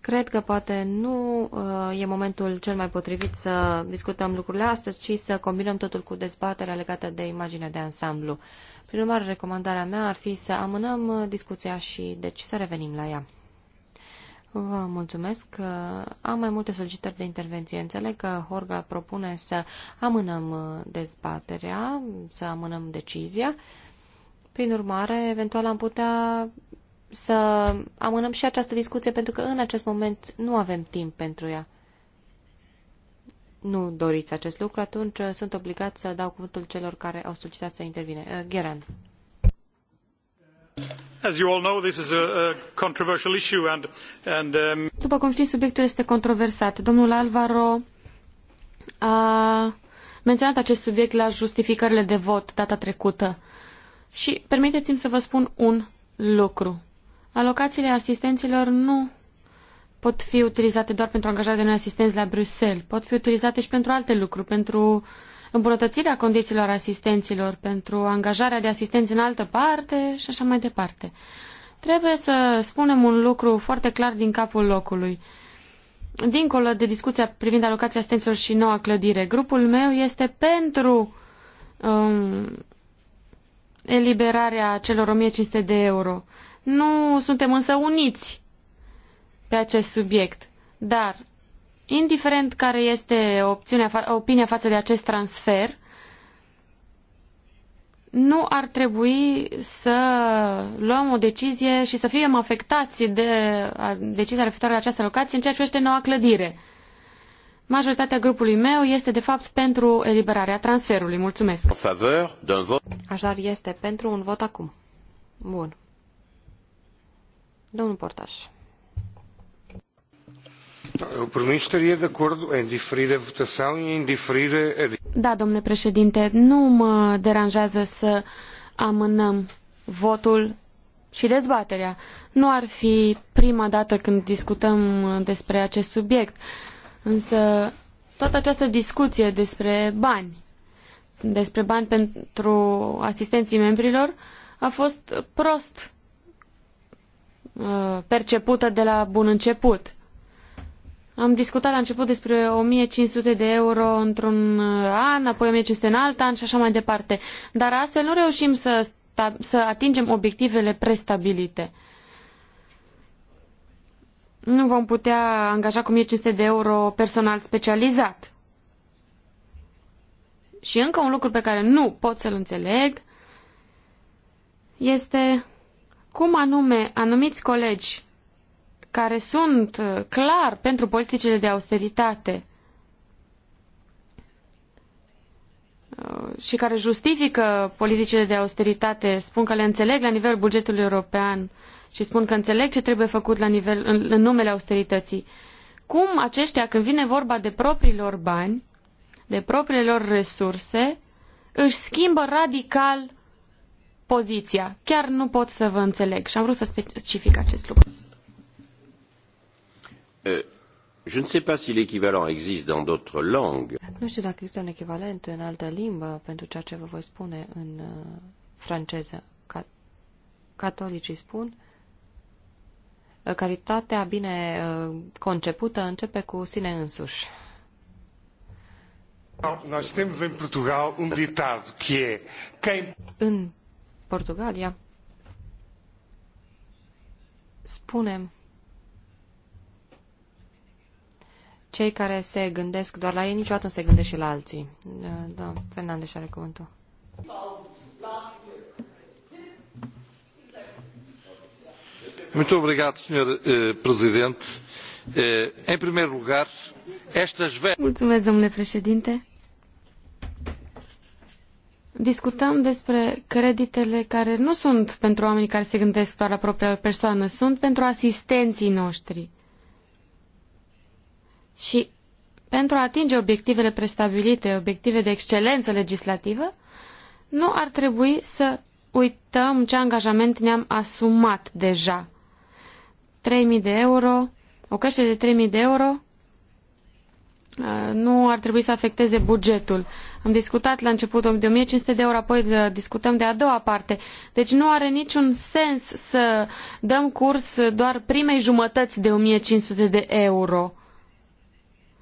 Cred că poate nu uh, e momentul cel mai potrivit să discutăm lucrurile astăzi, ci să combinăm totul cu dezbaterea legată de imaginea de ansamblu. Prin urmare, recomandarea mea ar fi să amânăm uh, discuția și deci să revenim la ea. Vă mulțumesc. Uh, am mai multe solicitări de intervenție. Înțeleg că Horga propune să amânăm dezbaterea, să amânăm decizia. Prin urmare, eventual am putea să amânăm și această discuție pentru că în acest moment nu avem timp pentru ea. Nu doriți acest lucru, atunci uh, sunt obligat să dau cuvântul celor care au solicitat să intervine. Gheran. După cum știți, subiectul este controversat. Domnul Alvaro a menționat acest subiect la justificările de vot data trecută. Și permiteți-mi să vă spun un lucru alocațiile asistenților nu pot fi utilizate doar pentru angajarea de noi asistenți la Bruxelles, pot fi utilizate și pentru alte lucruri, pentru îmbunătățirea condițiilor asistenților, pentru angajarea de asistenți în altă parte și așa mai departe. Trebuie să spunem un lucru foarte clar din capul locului. Dincolo de discuția privind alocația asistenților și noua clădire, grupul meu este pentru um, eliberarea celor 1500 de euro. Nu suntem însă uniți pe acest subiect. Dar, indiferent care este opțiunea, opinia față de acest transfer, nu ar trebui să luăm o decizie și să fim afectați de decizia referitoare la această locație în ceea ce privește noua clădire. Majoritatea grupului meu este, de fapt, pentru eliberarea transferului. Mulțumesc. Așadar, este pentru un vot acum. Bun. Domnul Portaș. Da, domnule președinte, nu mă deranjează să amânăm votul și dezbaterea. Nu ar fi prima dată când discutăm despre acest subiect, însă toată această discuție despre bani, despre bani pentru asistenții membrilor, a fost prost Uh, percepută de la bun început. Am discutat la început despre 1500 de euro într-un uh, an, apoi 1500 în alt an și așa mai departe. Dar astfel nu reușim să, să atingem obiectivele prestabilite. Nu vom putea angaja cu 1500 de euro personal specializat. Și încă un lucru pe care nu pot să-l înțeleg este cum anume anumiți colegi care sunt uh, clar pentru politicile de austeritate uh, și care justifică politicile de austeritate, spun că le înțeleg la nivel bugetului european și spun că înțeleg ce trebuie făcut la nivel, în, în numele austerității. Cum aceștia, când vine vorba de propriilor bani, de propriile lor resurse, își schimbă radical poziția. Chiar nu pot să vă înțeleg și am vrut să specific acest lucru. Uh, je ne sais pas si l'équivalent existe dans d'autres langues. Nu știu dacă există un echivalent în altă limbă pentru ceea ce vă voi spune în uh, franceză. Catolicii spun uh, caritatea bine concepută începe cu sine însuși. Nós temos în Portugal um ditado que é În Portugalia, spunem cei care se gândesc doar la ei, niciodată nu se gândesc și la alții. Da, Fernandez are cuvântul. Muito obrigado, Sr. Eh, presidente. Eh, em primeiro lugar, estas Muito obrigado, Sr. Presidente discutăm despre creditele care nu sunt pentru oamenii care se gândesc doar la propria persoană, sunt pentru asistenții noștri. Și pentru a atinge obiectivele prestabilite, obiective de excelență legislativă, nu ar trebui să uităm ce angajament ne-am asumat deja. 3.000 de euro, o creștere de 3.000 de euro uh, nu ar trebui să afecteze bugetul. Am discutat la început de 1500 de euro, apoi discutăm de a doua parte. Deci nu are niciun sens să dăm curs doar primei jumătăți de 1500 de euro.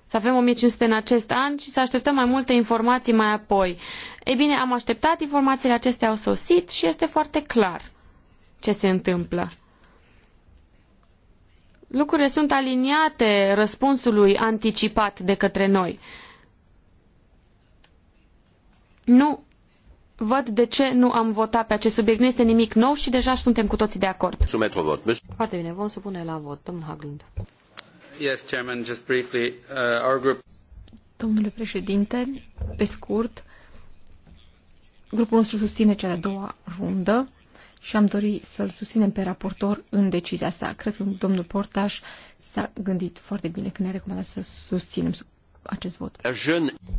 Să avem 1500 în acest an și să așteptăm mai multe informații mai apoi. Ei bine, am așteptat, informațiile acestea au sosit și este foarte clar ce se întâmplă lucrurile sunt aliniate răspunsului anticipat de către noi. Nu văd de ce nu am votat pe acest subiect. Nu este nimic nou și deja suntem cu toții de acord. Foarte bine, vom să supune la vot. Domnul Haglund. Yes, Chairman, just briefly, uh, our group... Domnule președinte, pe scurt, grupul nostru susține cea de-a doua rundă și am dorit să-l susținem pe raportor în decizia sa. Cred că domnul Portaș s-a gândit foarte bine când ne-a recomandat să susținem acest vot.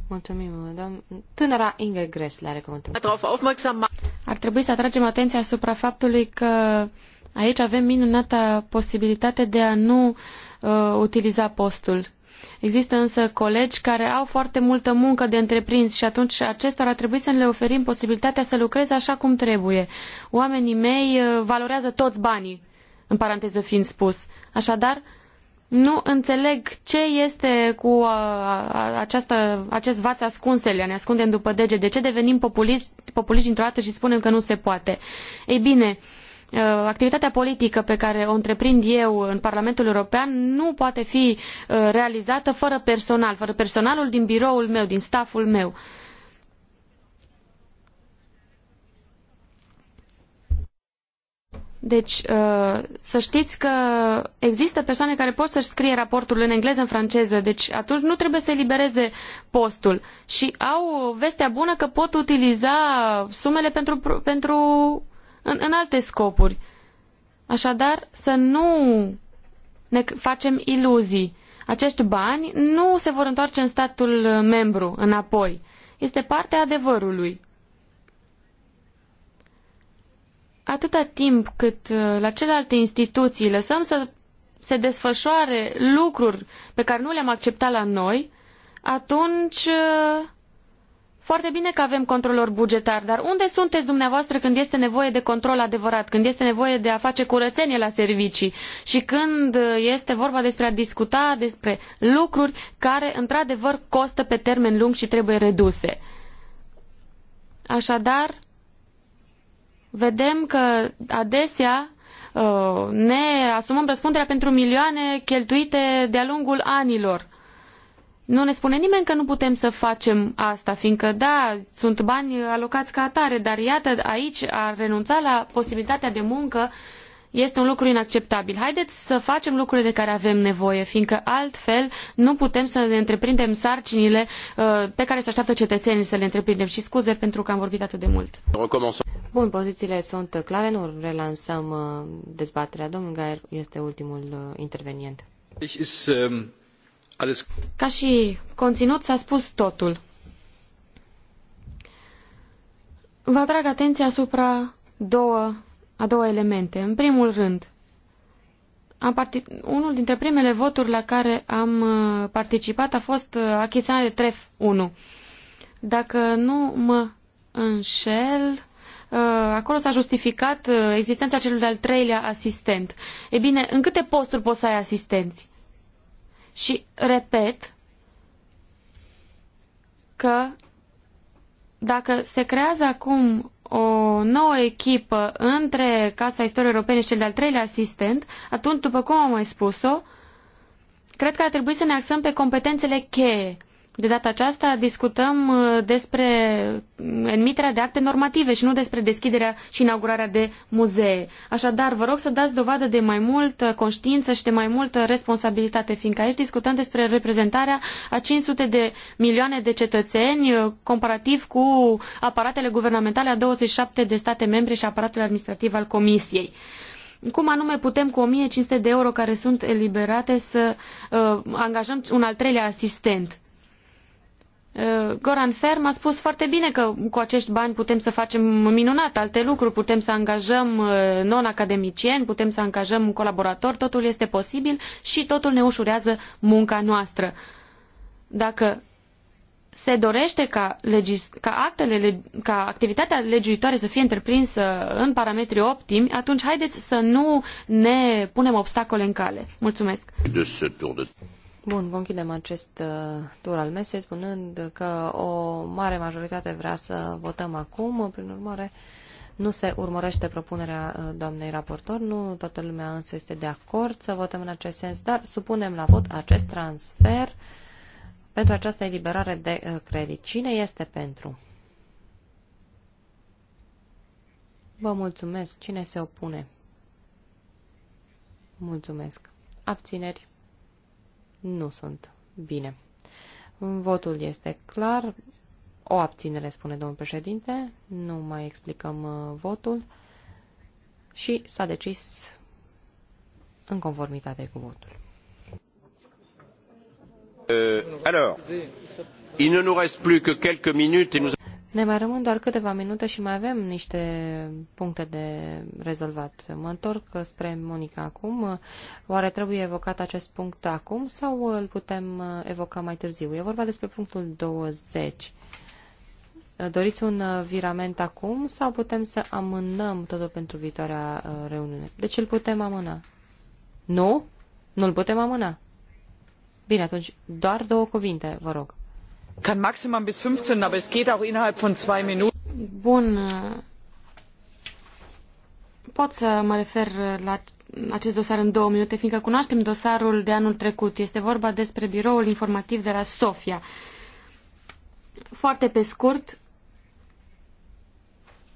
Mulțumim, doamnă. Tânăra Inge Gresle are cuvântul. Ar trebui să atragem atenția asupra faptului că aici avem minunata posibilitate de a nu uh, utiliza postul. Există însă colegi care au foarte multă muncă de întreprins și atunci acestora trebuie să le oferim posibilitatea să lucreze așa cum trebuie. Oamenii mei uh, valorează toți banii, în paranteză fiind spus. Așadar, nu înțeleg ce este cu uh, această, acest vaț ascunsele, ne ascundem după dege, de ce devenim populiști, populiști dintr-o dată și spunem că nu se poate. Ei bine, uh, activitatea politică pe care o întreprind eu în Parlamentul European nu poate fi uh, realizată fără personal, fără personalul din biroul meu, din stafful meu. Uh, Deci, uh, să știți că există persoane care pot să-și scrie raportul în engleză, în franceză, deci atunci nu trebuie să elibereze postul. Și au vestea bună că pot utiliza sumele pentru, pentru în, în alte scopuri. Așadar, să nu ne facem iluzii. Acești bani nu se vor întoarce în statul membru înapoi. Este partea adevărului. atâta timp cât uh, la celelalte instituții lăsăm să se desfășoare lucruri pe care nu le-am acceptat la noi, atunci uh, foarte bine că avem controlor bugetar, dar unde sunteți dumneavoastră când este nevoie de control adevărat, când este nevoie de a face curățenie la servicii și când uh, este vorba despre a discuta despre lucruri care într-adevăr costă pe termen lung și trebuie reduse? Așadar, vedem că adesea uh, ne asumăm răspunderea pentru milioane cheltuite de-a lungul anilor. Nu ne spune nimeni că nu putem să facem asta, fiindcă da, sunt bani alocați ca atare, dar iată aici a renunța la posibilitatea de muncă este un lucru inacceptabil. Haideți să facem lucrurile de care avem nevoie, fiindcă altfel nu putem să ne întreprindem sarcinile uh, pe care se așteaptă cetățenii să le întreprindem. Și scuze pentru că am vorbit atât de mult. Bun, pozițiile sunt clare, nu relansăm uh, dezbaterea. Domnul Gaer este ultimul uh, intervenient. Deci, um, Ca și conținut s-a spus totul. Vă atrag atenția asupra două a două elemente. În primul rând, am partic- unul dintre primele voturi la care am uh, participat a fost uh, achiziționarea de TREF 1. Dacă nu mă înșel, uh, acolo s-a justificat existența celui de-al treilea asistent. E bine, în câte posturi poți să ai asistenți? Și repet că dacă se creează acum o nouă echipă între Casa Istoriei Europene și cel de-al treilea asistent, atunci, după cum am mai spus-o, cred că ar trebui să ne axăm pe competențele cheie. De data aceasta discutăm uh, despre mm, emiterea de acte normative și nu despre deschiderea și inaugurarea de muzee. Așadar, vă rog să dați dovadă de mai multă conștiință și de mai multă responsabilitate, fiindcă aici discutăm despre reprezentarea a 500 de milioane de cetățeni uh, comparativ cu aparatele guvernamentale a 27 de state membre și aparatul administrativ al Comisiei cum anume putem cu 1500 de euro care sunt eliberate să uh, angajăm un al treilea asistent. Eh, Goran Ferm a spus foarte bine că cu acești bani putem să facem minunat alte lucruri, putem să angajăm eh, non-academicieni, putem să angajăm colaboratori, totul este posibil și totul ne ușurează munca noastră. Dacă se dorește ca, legis, ca, actele, ca activitatea legiuitoare să fie întreprinsă în parametri optimi, atunci haideți să nu ne punem obstacole în cale. Mulțumesc! Bun, conchidem acest uh, tur al mesei spunând că o mare majoritate vrea să votăm acum, prin urmare nu se urmărește propunerea uh, doamnei raportor, nu toată lumea însă este de acord să votăm în acest sens, dar supunem la vot acest transfer pentru această eliberare de uh, credit. Cine este pentru? Vă mulțumesc. Cine se opune? Mulțumesc. Abțineri. Nu sunt. Bine. Votul este clar. O abținere, spune domnul președinte. Nu mai explicăm uh, votul. Și s-a decis în conformitate cu votul. Uh, alors, il ne nous reste plus que quelques minutes et nous... Ne mai rămân doar câteva minute și mai avem niște puncte de rezolvat. Mă întorc spre Monica acum. Oare trebuie evocat acest punct acum sau îl putem evoca mai târziu? E vorba despre punctul 20. Doriți un virament acum sau putem să amânăm totul pentru viitoarea uh, reuniune? Deci îl putem amâna. Nu? Nu-l putem amâna. Bine, atunci doar două cuvinte, vă rog. Bun. Pot să mă refer la acest dosar în două minute, fiindcă cunoaștem dosarul de anul trecut. Este vorba despre biroul informativ de la Sofia. Foarte pe scurt,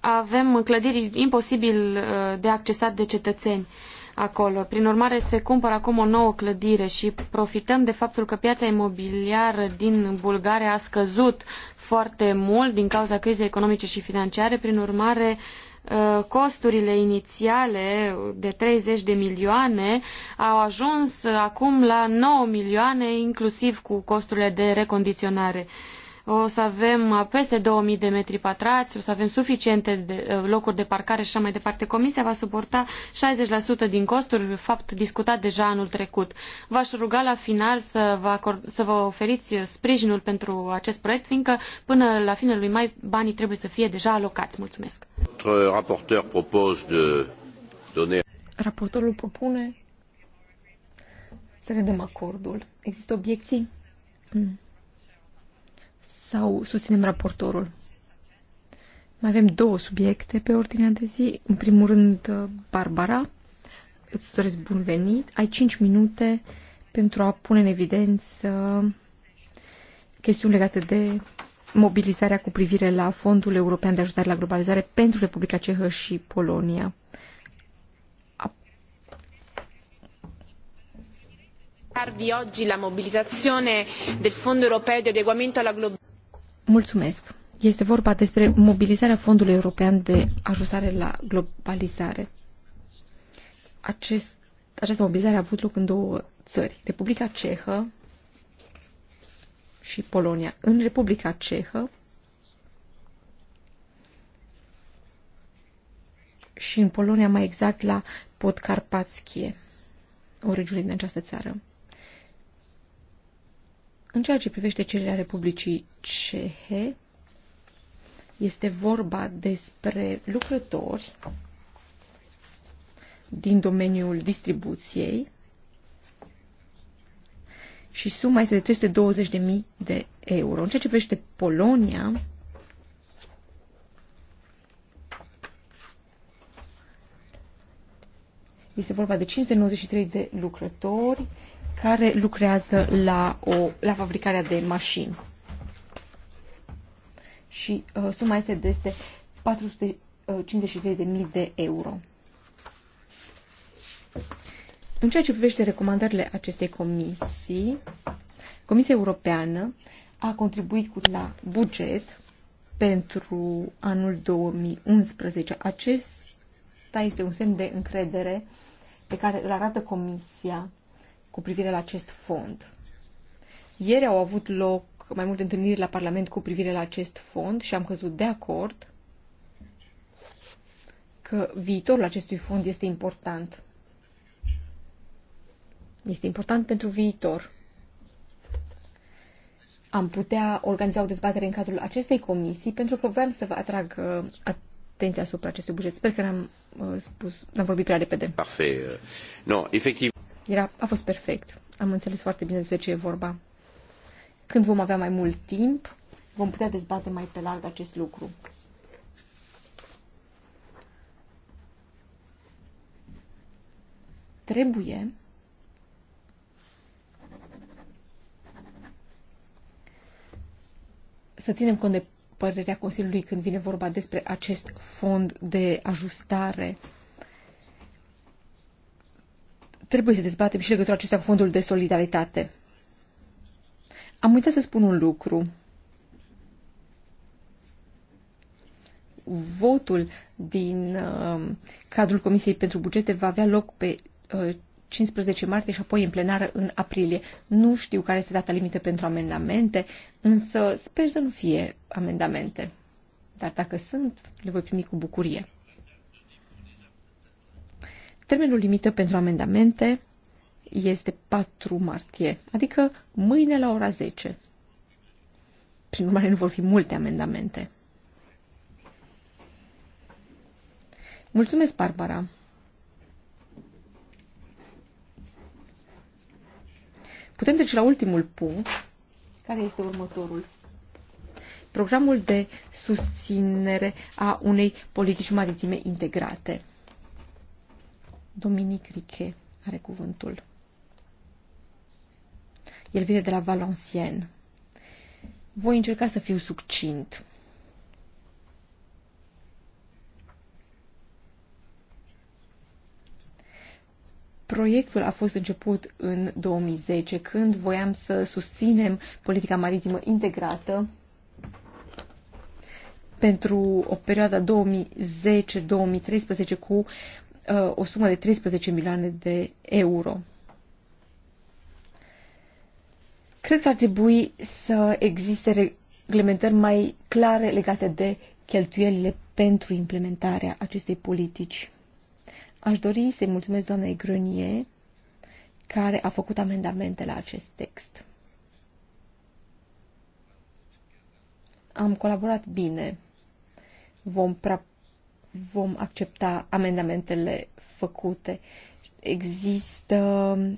avem clădiri imposibil uh, de accesat de cetățeni acolo. Prin urmare, se cumpără acum o nouă clădire și profităm de faptul că piața imobiliară din Bulgaria a scăzut foarte mult din cauza crizei economice și financiare. Prin urmare, uh, costurile inițiale de 30 de milioane au ajuns acum la 9 milioane, inclusiv cu costurile de recondiționare o să avem uh, peste 2000 de metri pătrați, o să avem suficiente de, uh, locuri de parcare și așa mai departe. Comisia va suporta 60% din costuri, fapt discutat deja anul trecut. V-aș ruga la final să vă, acord, să vă oferiți sprijinul pentru acest proiect, fiindcă până la finele lui mai banii trebuie să fie deja alocați. Mulțumesc. Raportorul propune să ne dăm acordul. Există obiecții? Mm sau susținem raportorul? Mai avem două subiecte pe ordinea de zi. În primul rând, uh, Barbara, îți doresc bun venit. Ai 5 minute pentru a pune în evidență chestiuni legate de mobilizarea cu privire la Fondul European de Ajutare la Globalizare pentru Republica Cehă și Polonia. oggi la mobilitazione del Fondo Europeo di Adeguamento alla Globalizzazione Mulțumesc. Este vorba despre mobilizarea Fondului European de Ajustare la Globalizare. Acest, această mobilizare a avut loc în două țări, Republica Cehă și Polonia. În Republica Cehă și în Polonia, mai exact, la Podcarpatskie, o regiune din această țară. În ceea ce privește cererea Republicii Cehe, este vorba despre lucrători din domeniul distribuției și suma este de 320.000 de euro. În ceea ce privește Polonia, este vorba de 593 de lucrători care lucrează la, o, la fabricarea de mașini. Și uh, suma este de 453.000 de euro. În ceea ce privește recomandările acestei comisii, Comisia Europeană a contribuit cu la buget pentru anul 2011. Acesta este un semn de încredere pe care îl arată Comisia cu privire la acest fond. Ieri au avut loc mai multe întâlniri la Parlament cu privire la acest fond și am căzut de acord că viitorul acestui fond este important. Este important pentru viitor. Am putea organiza o dezbatere în cadrul acestei comisii pentru că voiam să vă atrag uh, atenția asupra acestui buget. Sper că n-am uh, spus, n-am vorbit prea repede. Parfait. Uh, no, efectiv. Era, a fost perfect. Am înțeles foarte bine despre ce e vorba. Când vom avea mai mult timp, vom putea dezbate mai pe larg acest lucru. Trebuie să ținem cont de părerea Consiliului când vine vorba despre acest fond de ajustare trebuie să dezbatem și legătura acestea cu fondul de solidaritate. Am uitat să spun un lucru. Votul din uh, cadrul Comisiei pentru Bugete va avea loc pe uh, 15 martie și apoi în plenară în aprilie. Nu știu care este data limită pentru amendamente, însă sper să nu fie amendamente. Dar dacă sunt, le voi primi cu bucurie. Termenul limită pentru amendamente este 4 martie, adică mâine la ora 10. Prin urmare, nu vor fi multe amendamente. Mulțumesc, Barbara! Putem trece la ultimul punct, care este următorul. Programul de susținere a unei politici maritime integrate. Dominic Riche are cuvântul. El vine de la Valenciennes. Voi încerca să fiu succint. Proiectul a fost început în 2010, când voiam să susținem politica maritimă integrată pentru o perioadă 2010-2013 cu Uh, o sumă de 13 milioane de euro. Cred că ar trebui să existe reglementări mai clare legate de cheltuielile pentru implementarea acestei politici. Aș dori să-i mulțumesc doamnei Grânie, care a făcut amendamente la acest text. Am colaborat bine. Vom vom accepta amendamentele făcute. Există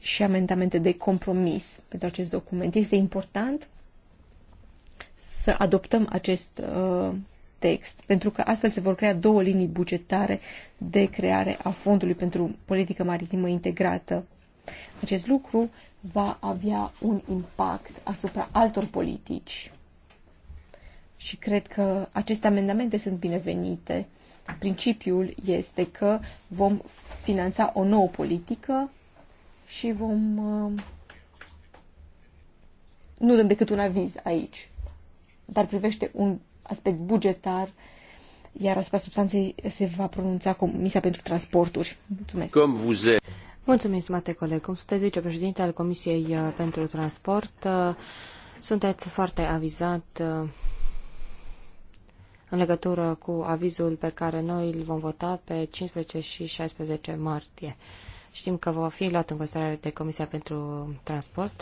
și amendamente de compromis pentru acest document. Este important să adoptăm acest uh, text, pentru că astfel se vor crea două linii bugetare de creare a Fondului pentru Politică Maritimă Integrată. Acest lucru va avea un impact asupra altor politici. Și cred că aceste amendamente sunt binevenite principiul este că vom finanța o nouă politică și vom... Uh, nu dăm decât un aviz aici, dar privește un aspect bugetar, iar asupra substanței se va pronunța Comisia pentru Transporturi. Mulțumesc! Cum vous e. Mulțumim, mate coleg. Cum sunteți vicepreședinte al Comisiei uh, pentru Transport, uh, sunteți foarte avizat în legătură cu avizul pe care noi îl vom vota pe 15 și 16 martie. Știm că va fi luat în considerare de Comisia pentru Transport.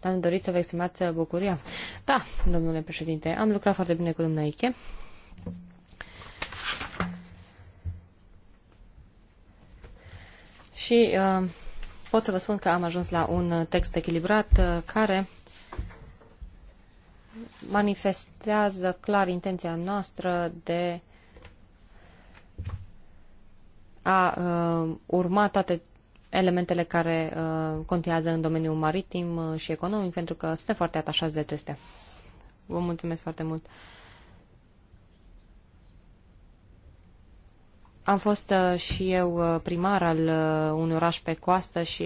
Dar nu doriți să vă exprimați bucuria? Da, domnule președinte, am lucrat foarte bine cu domnul Ike. Și uh, pot să vă spun că am ajuns la un text echilibrat uh, care manifestează clar intenția noastră de a uh, urma toate elementele care uh, contează în domeniul maritim uh, și economic, pentru că suntem foarte atașați de acestea. Vă mulțumesc foarte mult! Am fost uh, și eu uh, primar al uh, unui oraș pe coastă și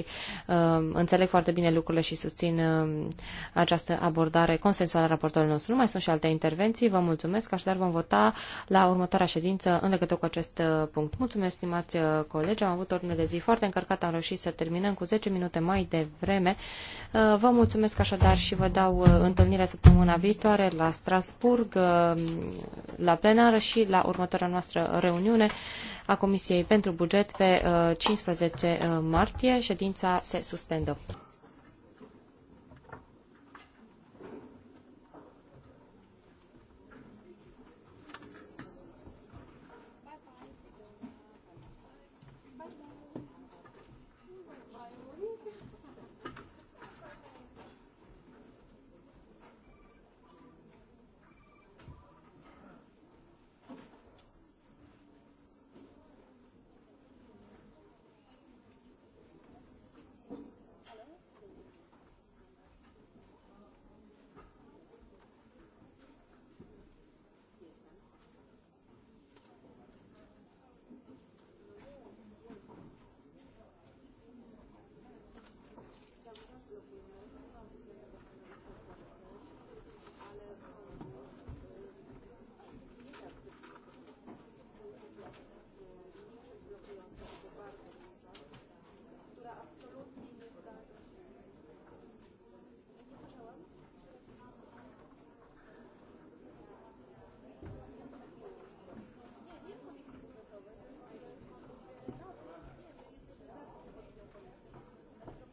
uh, înțeleg foarte bine lucrurile și susțin uh, această abordare consensuală a raportorului nostru. Nu mai sunt și alte intervenții, vă mulțumesc, așadar vom vota la următoarea ședință în legătură cu acest punct. Mulțumesc, stimați colegi, am avut ordine de zi foarte încărcată, am reușit să terminăm cu 10 minute mai devreme. Uh, vă mulțumesc așadar și vă dau întâlnirea săptămâna viitoare la Strasburg, la plenară și la următoarea noastră reuniune a Comisiei pentru Buget pe 15 uh, uh, martie. Ședința se suspendă.